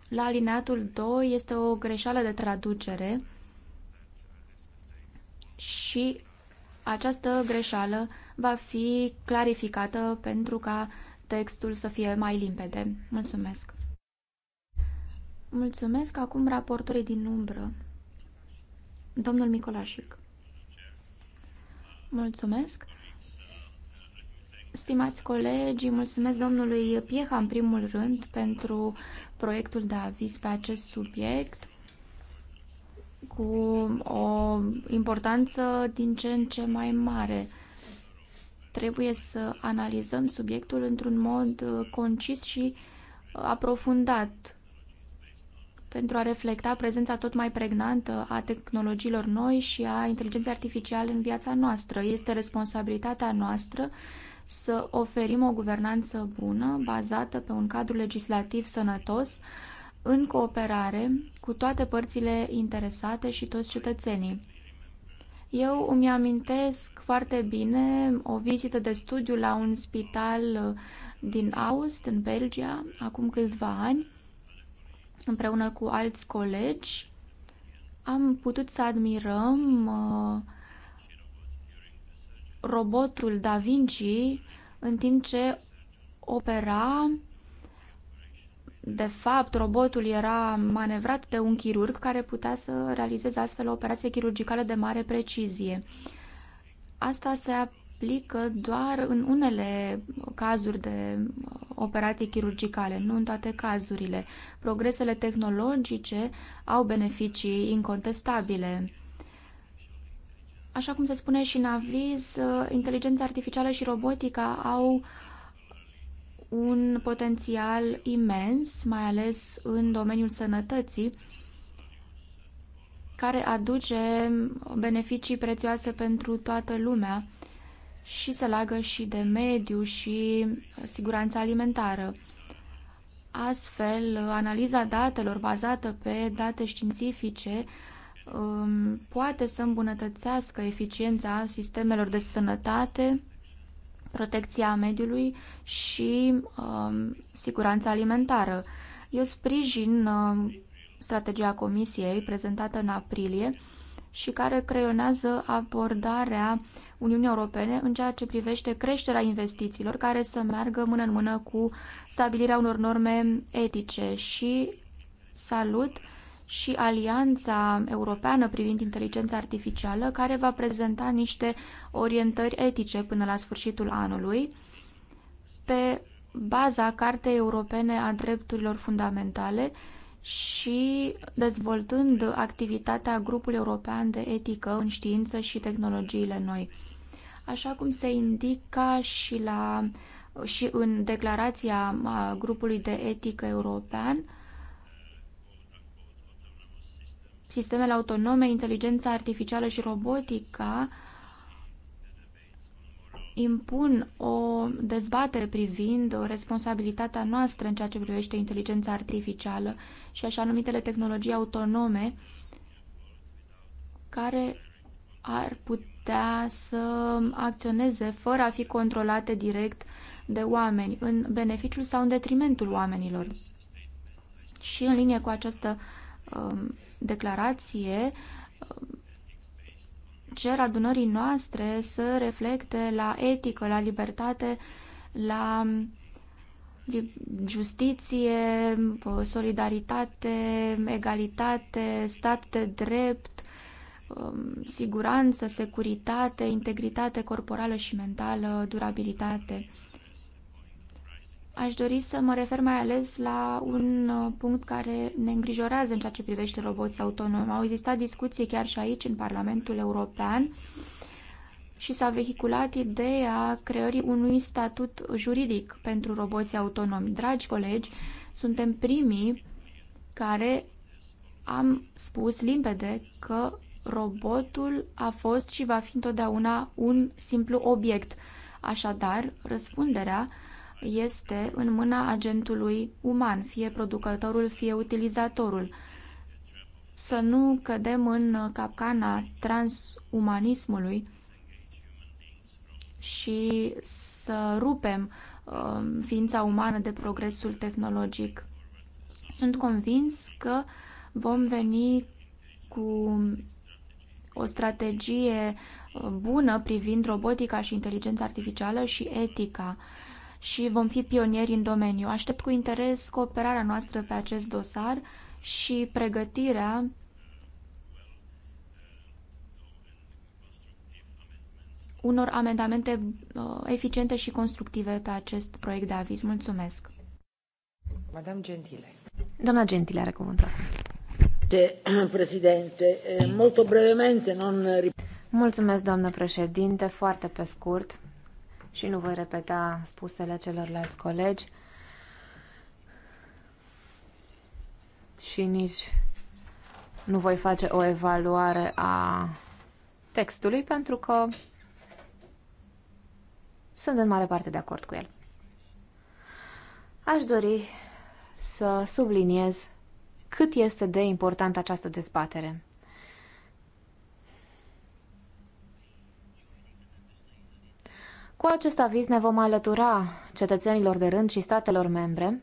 la alineatul 2 este o greșeală de traducere și această greșeală va fi clarificată pentru ca textul să fie mai limpede. Mulțumesc! Mulțumesc acum raportorii din umbră. Domnul Micolașic. Mulțumesc! Stimați colegi, mulțumesc domnului Pieha în primul rând pentru proiectul de aviz pe acest subiect cu o importanță din ce în ce mai mare. Trebuie să analizăm subiectul într-un mod uh, concis și uh, aprofundat pentru a reflecta prezența tot mai pregnantă a tehnologiilor noi și a inteligenței artificiale în viața noastră. Este responsabilitatea noastră să oferim o guvernanță bună, bazată pe un cadru legislativ sănătos, în cooperare cu toate părțile interesate și toți cetățenii. Eu îmi amintesc foarte bine o vizită de studiu la un spital uh, din Aust, în Belgia, acum câțiva ani, împreună cu alți colegi. Am putut să admirăm uh, robotul Da Vinci în timp ce opera de fapt, robotul era manevrat de un chirurg care putea să realizeze astfel o operație chirurgicală de mare precizie. Asta se aplică doar în unele cazuri de uh, operații chirurgicale, nu în toate cazurile. Progresele tehnologice au beneficii incontestabile. Așa cum se spune și în aviz, uh, inteligența artificială și robotica au un potențial imens, mai ales în domeniul sănătății, care aduce beneficii prețioase pentru toată lumea și se leagă și de mediu și siguranța alimentară. Astfel, analiza datelor bazată pe date științifice um, poate să îmbunătățească eficiența sistemelor de sănătate protecția mediului și uh, siguranța alimentară. Eu sprijin uh, strategia Comisiei prezentată în aprilie și care creionează abordarea Uniunii Europene în ceea ce privește creșterea investițiilor care să meargă mână în mână cu stabilirea unor norme etice și salut uh, și Alianța Europeană privind inteligența artificială, care va prezenta niște orientări etice până la sfârșitul anului pe baza Cartei Europene a Drepturilor Fundamentale și dezvoltând activitatea Grupului European de Etică în Știință și Tehnologiile Noi. Așa cum se indica și, la, și în declarația grupului de etică european, sistemele autonome, inteligența artificială și robotica impun o dezbatere privind responsabilitatea noastră în ceea ce privește inteligența artificială și așa numitele tehnologii autonome care ar putea să acționeze fără a fi controlate direct de oameni, în beneficiul sau în detrimentul oamenilor. Și în linie cu această uh, Um, declarație um, cer adunării noastre să reflecte la etică, la libertate, la um, justiție, uh, solidaritate, egalitate, stat de drept, siguranță, securitate, integritate corporală și mentală, durabilitate. Aș dori să mă refer mai ales la un uh, punct care ne îngrijorează în ceea ce privește roboții autonomi. Au existat discuții chiar și aici, în Parlamentul European, și s-a vehiculat ideea creării unui statut juridic pentru roboții autonomi. Dragi colegi, suntem primii care am spus limpede că robotul a fost și va fi întotdeauna un simplu obiect. Așadar, răspunderea este în mâna agentului uman, fie producătorul, fie utilizatorul. Să nu cădem în capcana transumanismului și să rupem um, ființa umană de progresul tehnologic. Sunt convins că vom veni cu o strategie uh, bună privind robotica și inteligența artificială și etica și vom fi pionieri în domeniu. Aștept cu interes cooperarea noastră pe acest dosar și pregătirea unor amendamente uh, eficiente și constructive pe acest proiect de aviz. Mulțumesc! Madame Gentile. Doamna Gentile are cuvântul acum. Presidente, eh, molto brevemente, non... Mulțumesc, doamnă președinte, foarte pe scurt și nu voi repeta spusele celorlalți colegi și nici nu voi face o evaluare a textului pentru că sunt în mare parte de acord cu el. Aș dori să subliniez cât este de importantă această dezbatere. Cu acest aviz ne vom alătura cetățenilor de rând și statelor membre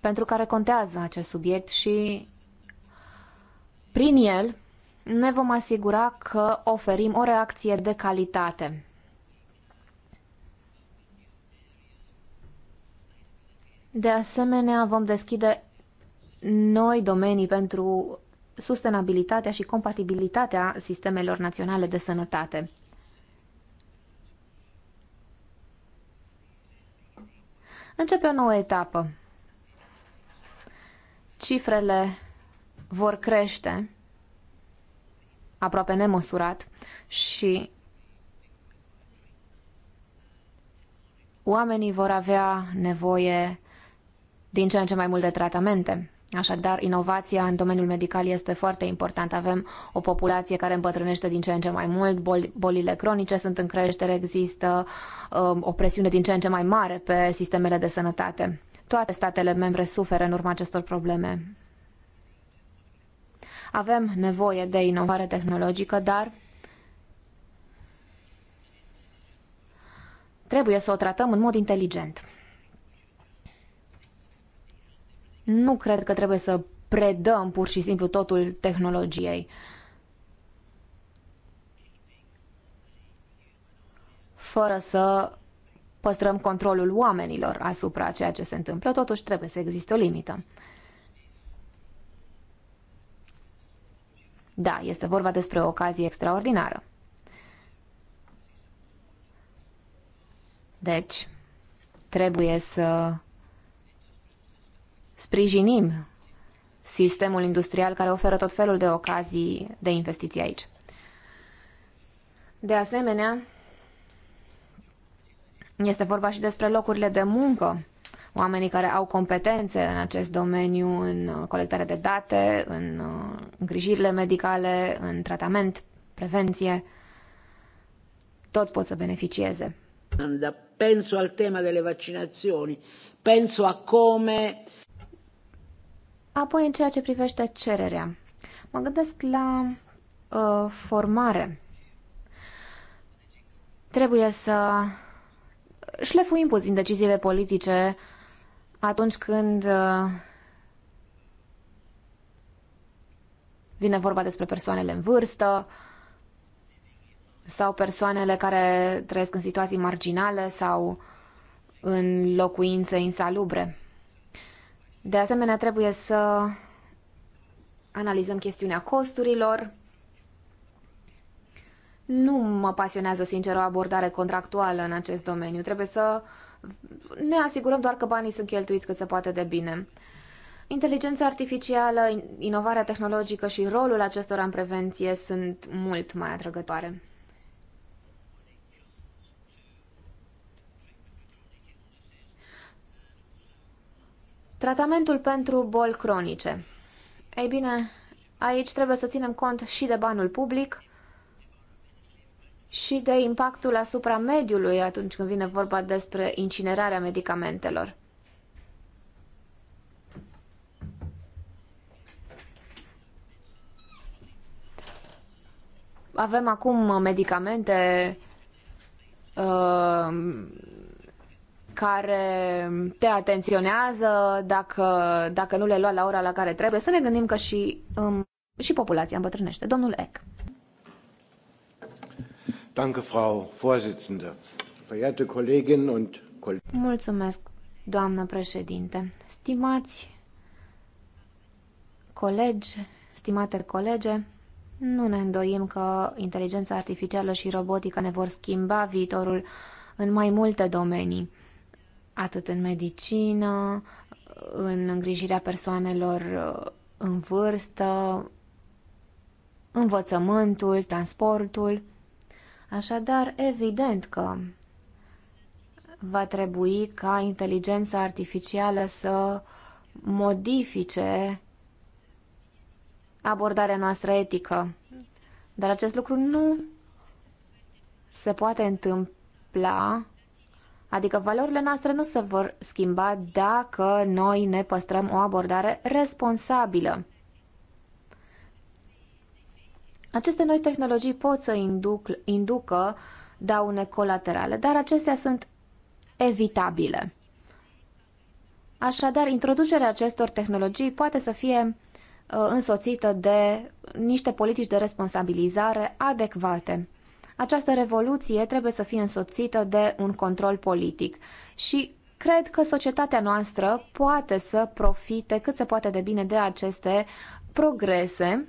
pentru care contează acest subiect și prin el ne vom asigura că oferim o reacție de calitate. De asemenea, vom deschide noi domenii pentru sustenabilitatea și compatibilitatea sistemelor naționale de sănătate. Începe o nouă etapă. Cifrele vor crește aproape nemăsurat și oamenii vor avea nevoie din ce în ce mai mult de tratamente. Așadar, inovația în domeniul medical este foarte importantă. Avem o populație care îmbătrânește din ce în ce mai mult, bolile cronice sunt în creștere, există um, o presiune din ce în ce mai mare pe sistemele de sănătate. Toate statele membre suferă în urma acestor probleme. Avem nevoie de inovare tehnologică, dar trebuie să o tratăm în mod inteligent. Nu cred că trebuie să predăm pur și simplu totul tehnologiei. Fără să păstrăm controlul oamenilor asupra ceea ce se întâmplă, totuși trebuie să existe o limită. Da, este vorba despre o ocazie extraordinară. Deci, trebuie să sprijinim sistemul industrial care oferă tot felul de ocazii de investiții aici. De asemenea, este vorba și despre locurile de muncă, oamenii care au competențe în acest domeniu, în uh, colectarea de date, în uh, îngrijirile medicale, în tratament, prevenție, tot pot să beneficieze. Da, penso al tema delle vaccinazioni, penso a come Apoi, în ceea ce privește cererea, mă gândesc la uh, formare. Trebuie să șlefuim puțin deciziile politice atunci când uh, vine vorba despre persoanele în vârstă sau persoanele care trăiesc în situații marginale sau în locuințe insalubre. De asemenea, trebuie să analizăm chestiunea costurilor. Nu mă pasionează, sincer, o abordare contractuală în acest domeniu. Trebuie să ne asigurăm doar că banii sunt cheltuiți cât se poate de bine. Inteligența artificială, inovarea tehnologică și rolul acestora în prevenție sunt mult mai atrăgătoare. Tratamentul pentru boli cronice. Ei bine, aici trebuie să ținem cont și de banul public și de impactul asupra mediului atunci când vine vorba despre incinerarea medicamentelor. Avem acum medicamente uh, care te atenționează dacă, dacă nu le lua la ora la care trebuie, să ne gândim că și, um, și populația îmbătrânește. Domnul Eck. Danke, Frau Vorsitzende. Verehrte Kolleginnen und Kollegen. Mulțumesc, doamnă președinte. Stimați colegi, stimate colege, nu ne îndoim că inteligența artificială și robotica ne vor schimba viitorul în mai multe domenii atât în medicină, în îngrijirea persoanelor uh, în vârstă, învățământul, transportul. Așadar, evident că va trebui ca inteligența artificială să modifice abordarea noastră etică. Dar acest lucru nu se poate întâmpla Adică valorile noastre nu se vor schimba dacă noi ne păstrăm o abordare responsabilă. Aceste noi tehnologii pot să induc, inducă daune colaterale, dar acestea sunt evitabile. Așadar, introducerea acestor tehnologii poate să fie uh, însoțită de niște politici de responsabilizare adecvate. Această revoluție trebuie să fie însoțită de un control politic și cred că societatea noastră poate să profite cât se poate de bine de aceste progrese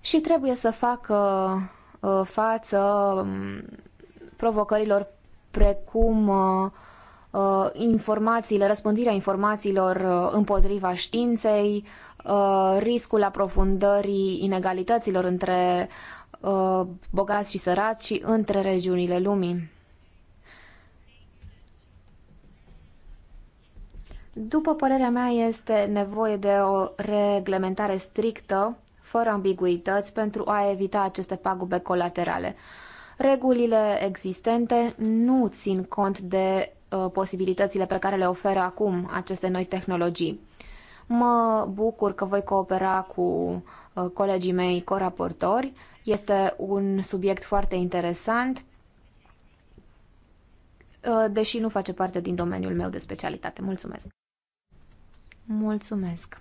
și trebuie să facă uh, față um, provocărilor precum uh, uh, informațiile, răspândirea informațiilor împotriva științei, Uh, riscul aprofundării inegalităților între uh, bogați și săraci și între regiunile lumii. După părerea mea, este nevoie de o reglementare strictă, fără ambiguități, pentru a evita aceste pagube colaterale. Regulile existente nu țin cont de uh, posibilitățile pe care le oferă acum aceste noi tehnologii. Mă bucur că voi coopera cu uh, colegii mei coraportori. Este un subiect foarte interesant, uh, deși nu face parte din domeniul meu de specialitate. Mulțumesc! Mulțumesc!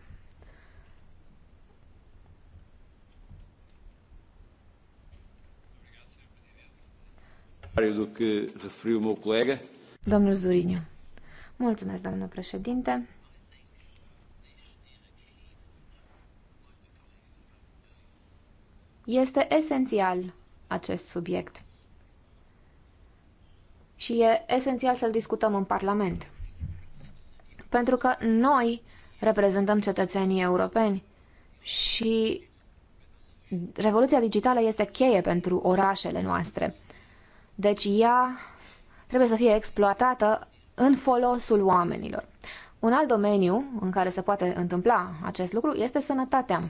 do meu colega. Domnul Zuriniu. Mulțumesc, domnul președinte. Este esențial acest subiect. Și e esențial să-l discutăm în Parlament. Pentru că noi reprezentăm cetățenii europeni și revoluția digitală este cheie pentru orașele noastre. Deci ea trebuie să fie exploatată în folosul oamenilor. Un alt domeniu în care se poate întâmpla acest lucru este sănătatea.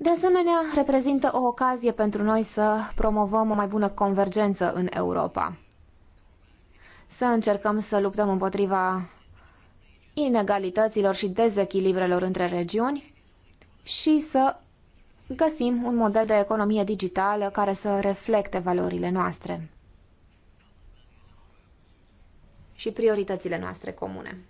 De asemenea, reprezintă o ocazie pentru noi să promovăm o mai bună convergență în Europa. Să încercăm să luptăm împotriva inegalităților și dezechilibrelor între regiuni și să găsim un model de economie digitală care să reflecte valorile noastre și prioritățile noastre comune.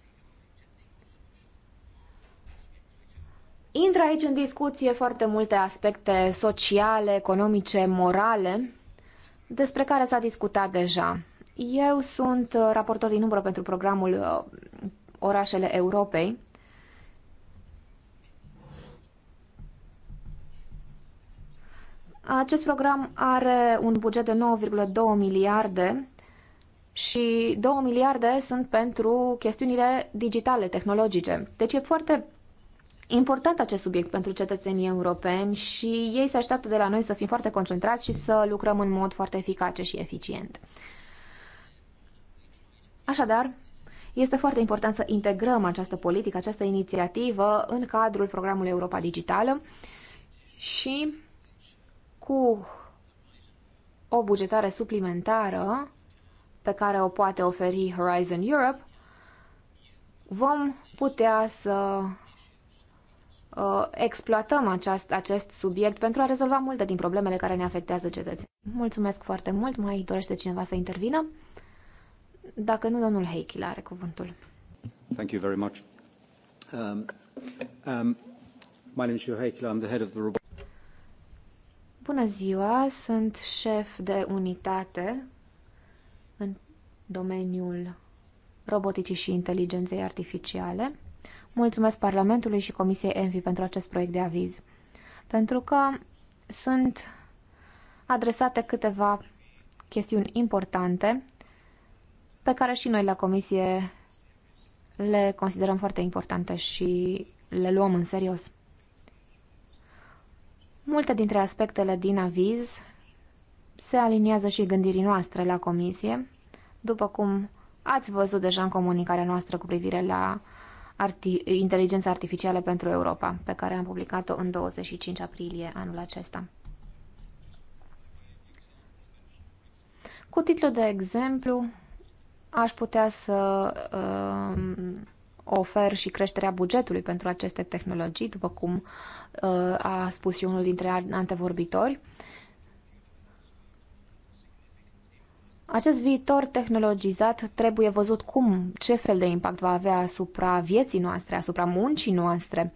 Intră aici în discuție foarte multe aspecte sociale, economice, morale, despre care s-a discutat deja. Eu sunt uh, raportor din umbră pentru programul uh, Orașele Europei. Acest program are un buget de 9,2 miliarde și 2 miliarde sunt pentru chestiunile digitale, tehnologice. Deci e foarte important acest subiect pentru cetățenii europeni și ei se așteaptă de la noi să fim foarte concentrați și să lucrăm în mod foarte eficace și eficient. Așadar, este foarte important să integrăm această politică, această inițiativă în cadrul programului Europa Digitală și cu o bugetare suplimentară pe care o poate oferi Horizon Europe, vom putea să uh, exploatăm aceast, acest subiect pentru a rezolva multe din problemele care ne afectează cetățenii. Mulțumesc foarte mult. Mai dorește cineva să intervină? Dacă nu, domnul Heichel are cuvântul. Thank you very much. Um, um, my name is Heichel. I'm the head of the Bună ziua, sunt șef de unitate în domeniul roboticii și inteligenței artificiale Mulțumesc Parlamentului și Comisiei Envi pentru acest proiect de aviz, pentru că sunt adresate câteva chestiuni importante pe care și noi la Comisie le considerăm foarte importante și le luăm în serios. Multe dintre aspectele din aviz se aliniază și gândirii noastre la comisie, după cum ați văzut deja în comunicarea noastră cu privire la arti- Inteligența Artificială pentru Europa, pe care am publicat-o în 25 aprilie anul acesta. Cu titlul de exemplu, aș putea să uh, ofer și creșterea bugetului pentru aceste tehnologii, după cum uh, a spus și unul dintre antevorbitori. Uh, Acest viitor tehnologizat trebuie văzut cum, ce fel de impact va avea asupra vieții noastre, asupra muncii noastre.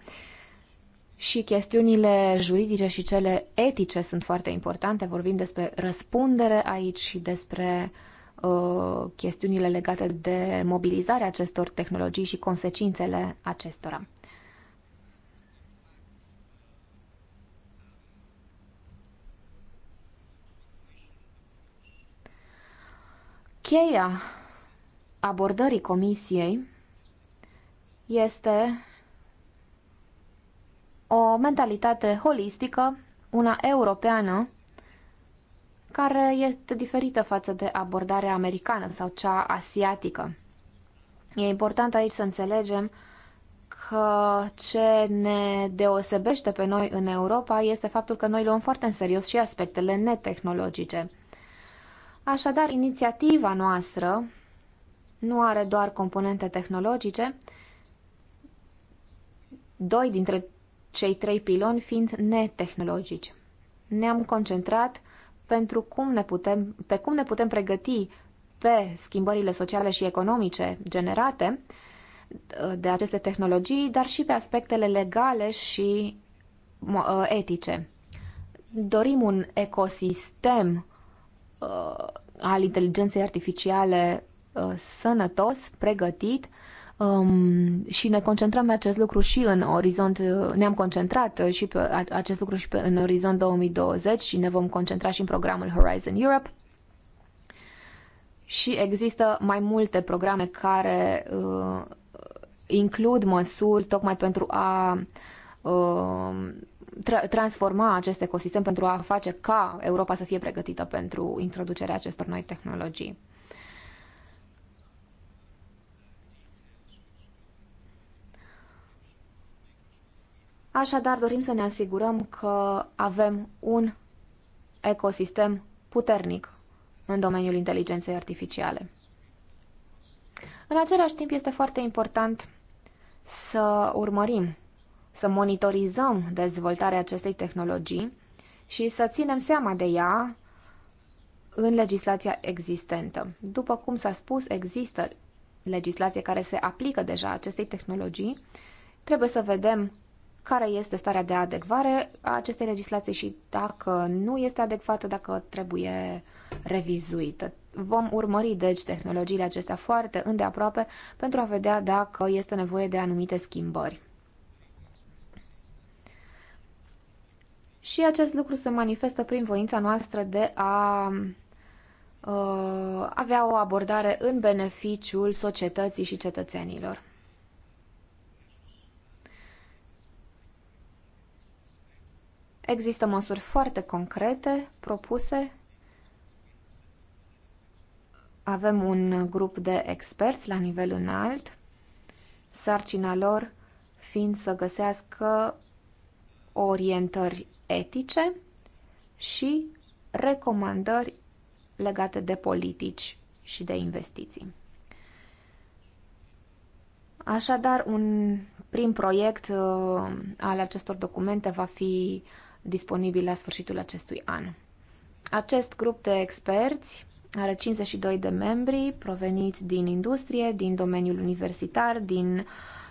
Și chestiunile juridice și cele etice sunt foarte importante. Vorbim despre răspundere aici și despre uh, chestiunile legate de mobilizarea acestor tehnologii și consecințele acestora. Cheia abordării comisiei este o mentalitate holistică, una europeană, care este diferită față de abordarea americană sau cea asiatică. E important aici să înțelegem că ce ne deosebește pe noi în Europa este faptul că noi luăm foarte în serios și aspectele netehnologice – Așadar, inițiativa noastră nu are doar componente tehnologice, doi dintre cei trei piloni fiind netehnologici. Ne-am concentrat pentru cum ne putem, pe cum ne putem pregăti pe schimbările sociale și economice generate uh, de aceste tehnologii, dar și pe aspectele legale și uh, etice. Dorim un ecosistem Uh, al inteligenței artificiale uh, sănătos, pregătit um, și ne concentrăm pe acest lucru și în orizont, uh, ne-am concentrat și pe acest lucru și pe, în orizont 2020 și ne vom concentra și în programul Horizon Europe. Și există mai multe programe care uh, includ măsuri tocmai pentru a uh, transforma acest ecosistem pentru a face ca Europa să fie pregătită pentru introducerea acestor noi tehnologii. Așadar, dorim să ne asigurăm că avem un ecosistem puternic în domeniul inteligenței artificiale. În același timp, este foarte important să urmărim să monitorizăm dezvoltarea acestei tehnologii și să ținem seama de ea în legislația existentă. După cum s-a spus, există legislație care se aplică deja acestei tehnologii. Trebuie să vedem care este starea de adecvare a acestei legislații și dacă nu este adecvată, dacă trebuie revizuită. Vom urmări, deci, tehnologiile acestea foarte îndeaproape pentru a vedea dacă este nevoie de anumite schimbări. și acest lucru se manifestă prin voința noastră de a uh, avea o abordare în beneficiul societății și cetățenilor. Există măsuri foarte concrete propuse. Avem un grup de experți la nivel înalt, sarcina lor fiind să găsească orientări etice și recomandări legate de politici și de investiții. Așadar, un prim proiect uh, al acestor documente va fi disponibil la sfârșitul acestui an. Acest grup de experți are 52 de membri proveniți din industrie, din domeniul universitar, din uh,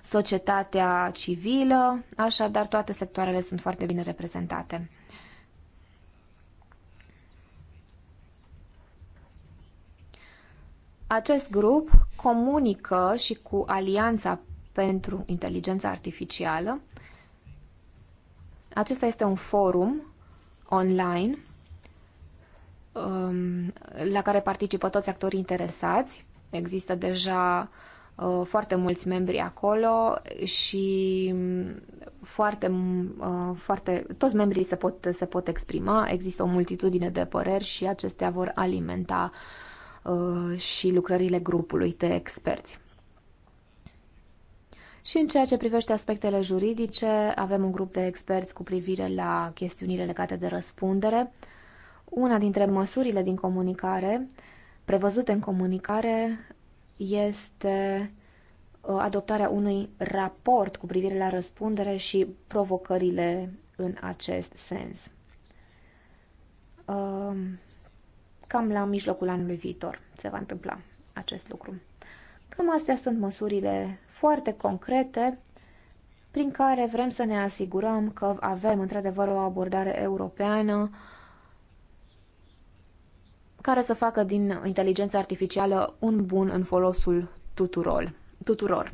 societatea civilă, așadar toate sectoarele sunt foarte bine reprezentate. Acest grup comunică și cu Alianța pentru Inteligența Artificială. Acesta este un forum online um, la care participă toți actorii interesați. Există deja Uh, foarte mulți membri acolo și mm, foarte, uh, foarte, toți membrii se pot, se pot exprima, există o multitudine de păreri și acestea vor alimenta uh, și lucrările grupului de experți. Și în ceea ce privește aspectele juridice, avem un grup de experți cu privire la chestiunile legate de răspundere. Una dintre măsurile din comunicare, prevăzute în comunicare, este uh, adoptarea unui raport cu privire la răspundere și provocările în acest sens. Uh, cam la mijlocul anului viitor se va întâmpla acest lucru. Cam astea sunt măsurile foarte concrete prin care vrem să ne asigurăm că avem într-adevăr o abordare europeană care să facă din inteligența artificială un bun în folosul tuturor. tuturor.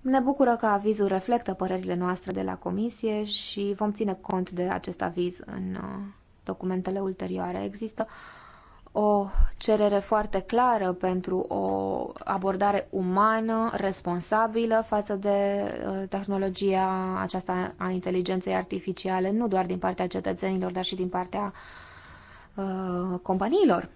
Ne bucură că avizul reflectă părerile noastre de la comisie și vom ține cont de acest aviz în uh, documentele ulterioare. Există o cerere foarte clară pentru o abordare umană, responsabilă față de uh, tehnologia aceasta a inteligenței artificiale, nu doar din partea cetățenilor, dar și din partea uh, companiilor.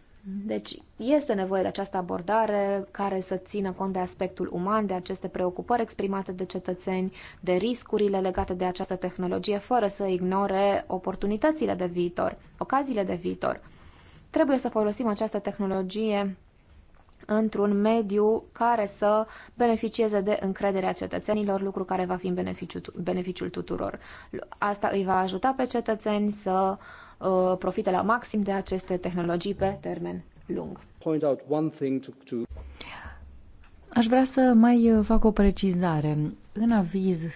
Deci este nevoie de această abordare care să țină cont de aspectul uman, de aceste preocupări exprimate de cetățeni, de riscurile legate de această tehnologie, fără să ignore oportunitățile de viitor, ocaziile de viitor. Trebuie să folosim această tehnologie într-un mediu care să beneficieze de încrederea cetățenilor, lucru care va fi în beneficiul, beneficiul tuturor. Asta îi va ajuta pe cetățeni să uh, Uh, profite la maxim de aceste tehnologii pe termen lung. Aș vrea să mai uh, fac o precizare. În aviz,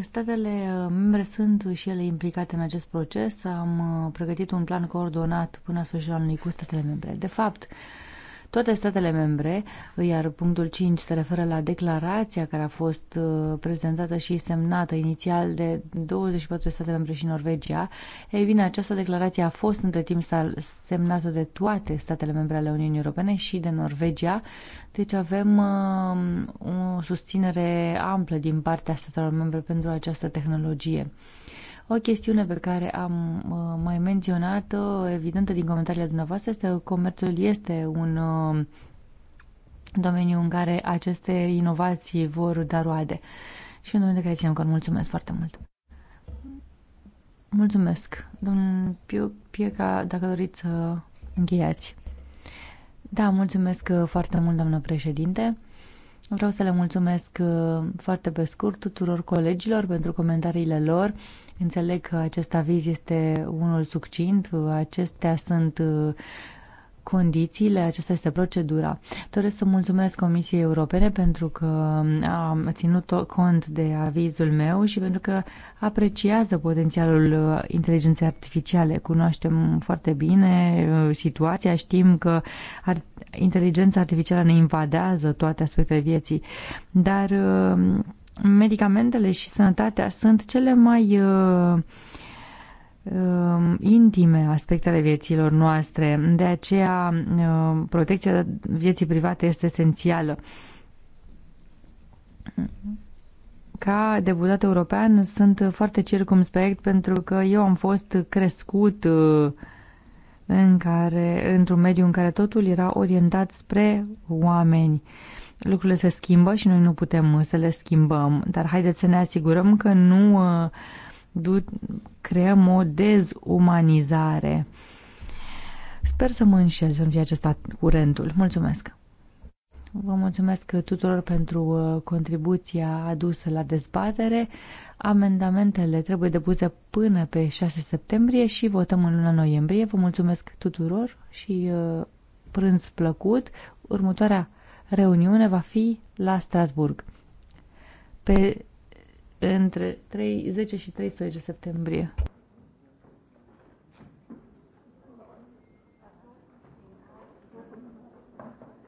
statele uh, membre sunt și ele implicate în acest proces. Am pregătit un plan coordonat până la sfârșitul anului cu statele membre. De fapt, uh, toate statele membre, iar punctul 5 se referă la declarația care a fost uh, prezentată și semnată inițial de 24 de state membre și Norvegia. Ei bine, această declarație a fost între timp semnată de toate statele membre ale Uniunii Europene și de Norvegia, deci avem uh, o susținere amplă din partea statelor membre pentru această tehnologie. O chestiune pe care am uh, mai menționat-o, evidentă din comentariile dumneavoastră, este că comerțul este un uh, domeniu în care aceste inovații vor da roade și un domeniu de care ținem că Mulțumesc foarte mult! Mulțumesc! Domnul Pieca, dacă doriți să încheiați. Da, mulțumesc foarte mult, doamnă președinte. Vreau să le mulțumesc uh, foarte pe scurt tuturor colegilor pentru comentariile lor. Înțeleg că acest aviz este unul succint. Acestea sunt uh, condițiile, acesta este procedura. Doresc să mulțumesc Comisiei Europene pentru că a ținut cont de avizul meu și pentru că apreciază potențialul inteligenței artificiale. Cunoaștem foarte bine uh, situația, știm că inteligența artificială ne invadează toate aspectele vieții, dar uh, medicamentele și sănătatea sunt cele mai uh, Um, intime aspecte ale vieților noastre. De aceea, um, protecția vieții private este esențială. Ca deputat european sunt foarte circumspect pentru că eu am fost crescut uh, în care, într-un mediu în care totul era orientat spre oameni. Lucrurile se schimbă și noi nu putem să le schimbăm, dar haideți să ne asigurăm că nu uh, creăm o dezumanizare. Sper să mă înșel să-mi fie acesta curentul. Mulțumesc! Vă mulțumesc tuturor pentru uh, contribuția adusă la dezbatere. Amendamentele trebuie depuse până pe 6 septembrie și votăm în luna noiembrie. Vă mulțumesc tuturor și uh, prânz plăcut. Următoarea reuniune va fi la Strasburg pe între 3, 10 și 13 septembrie.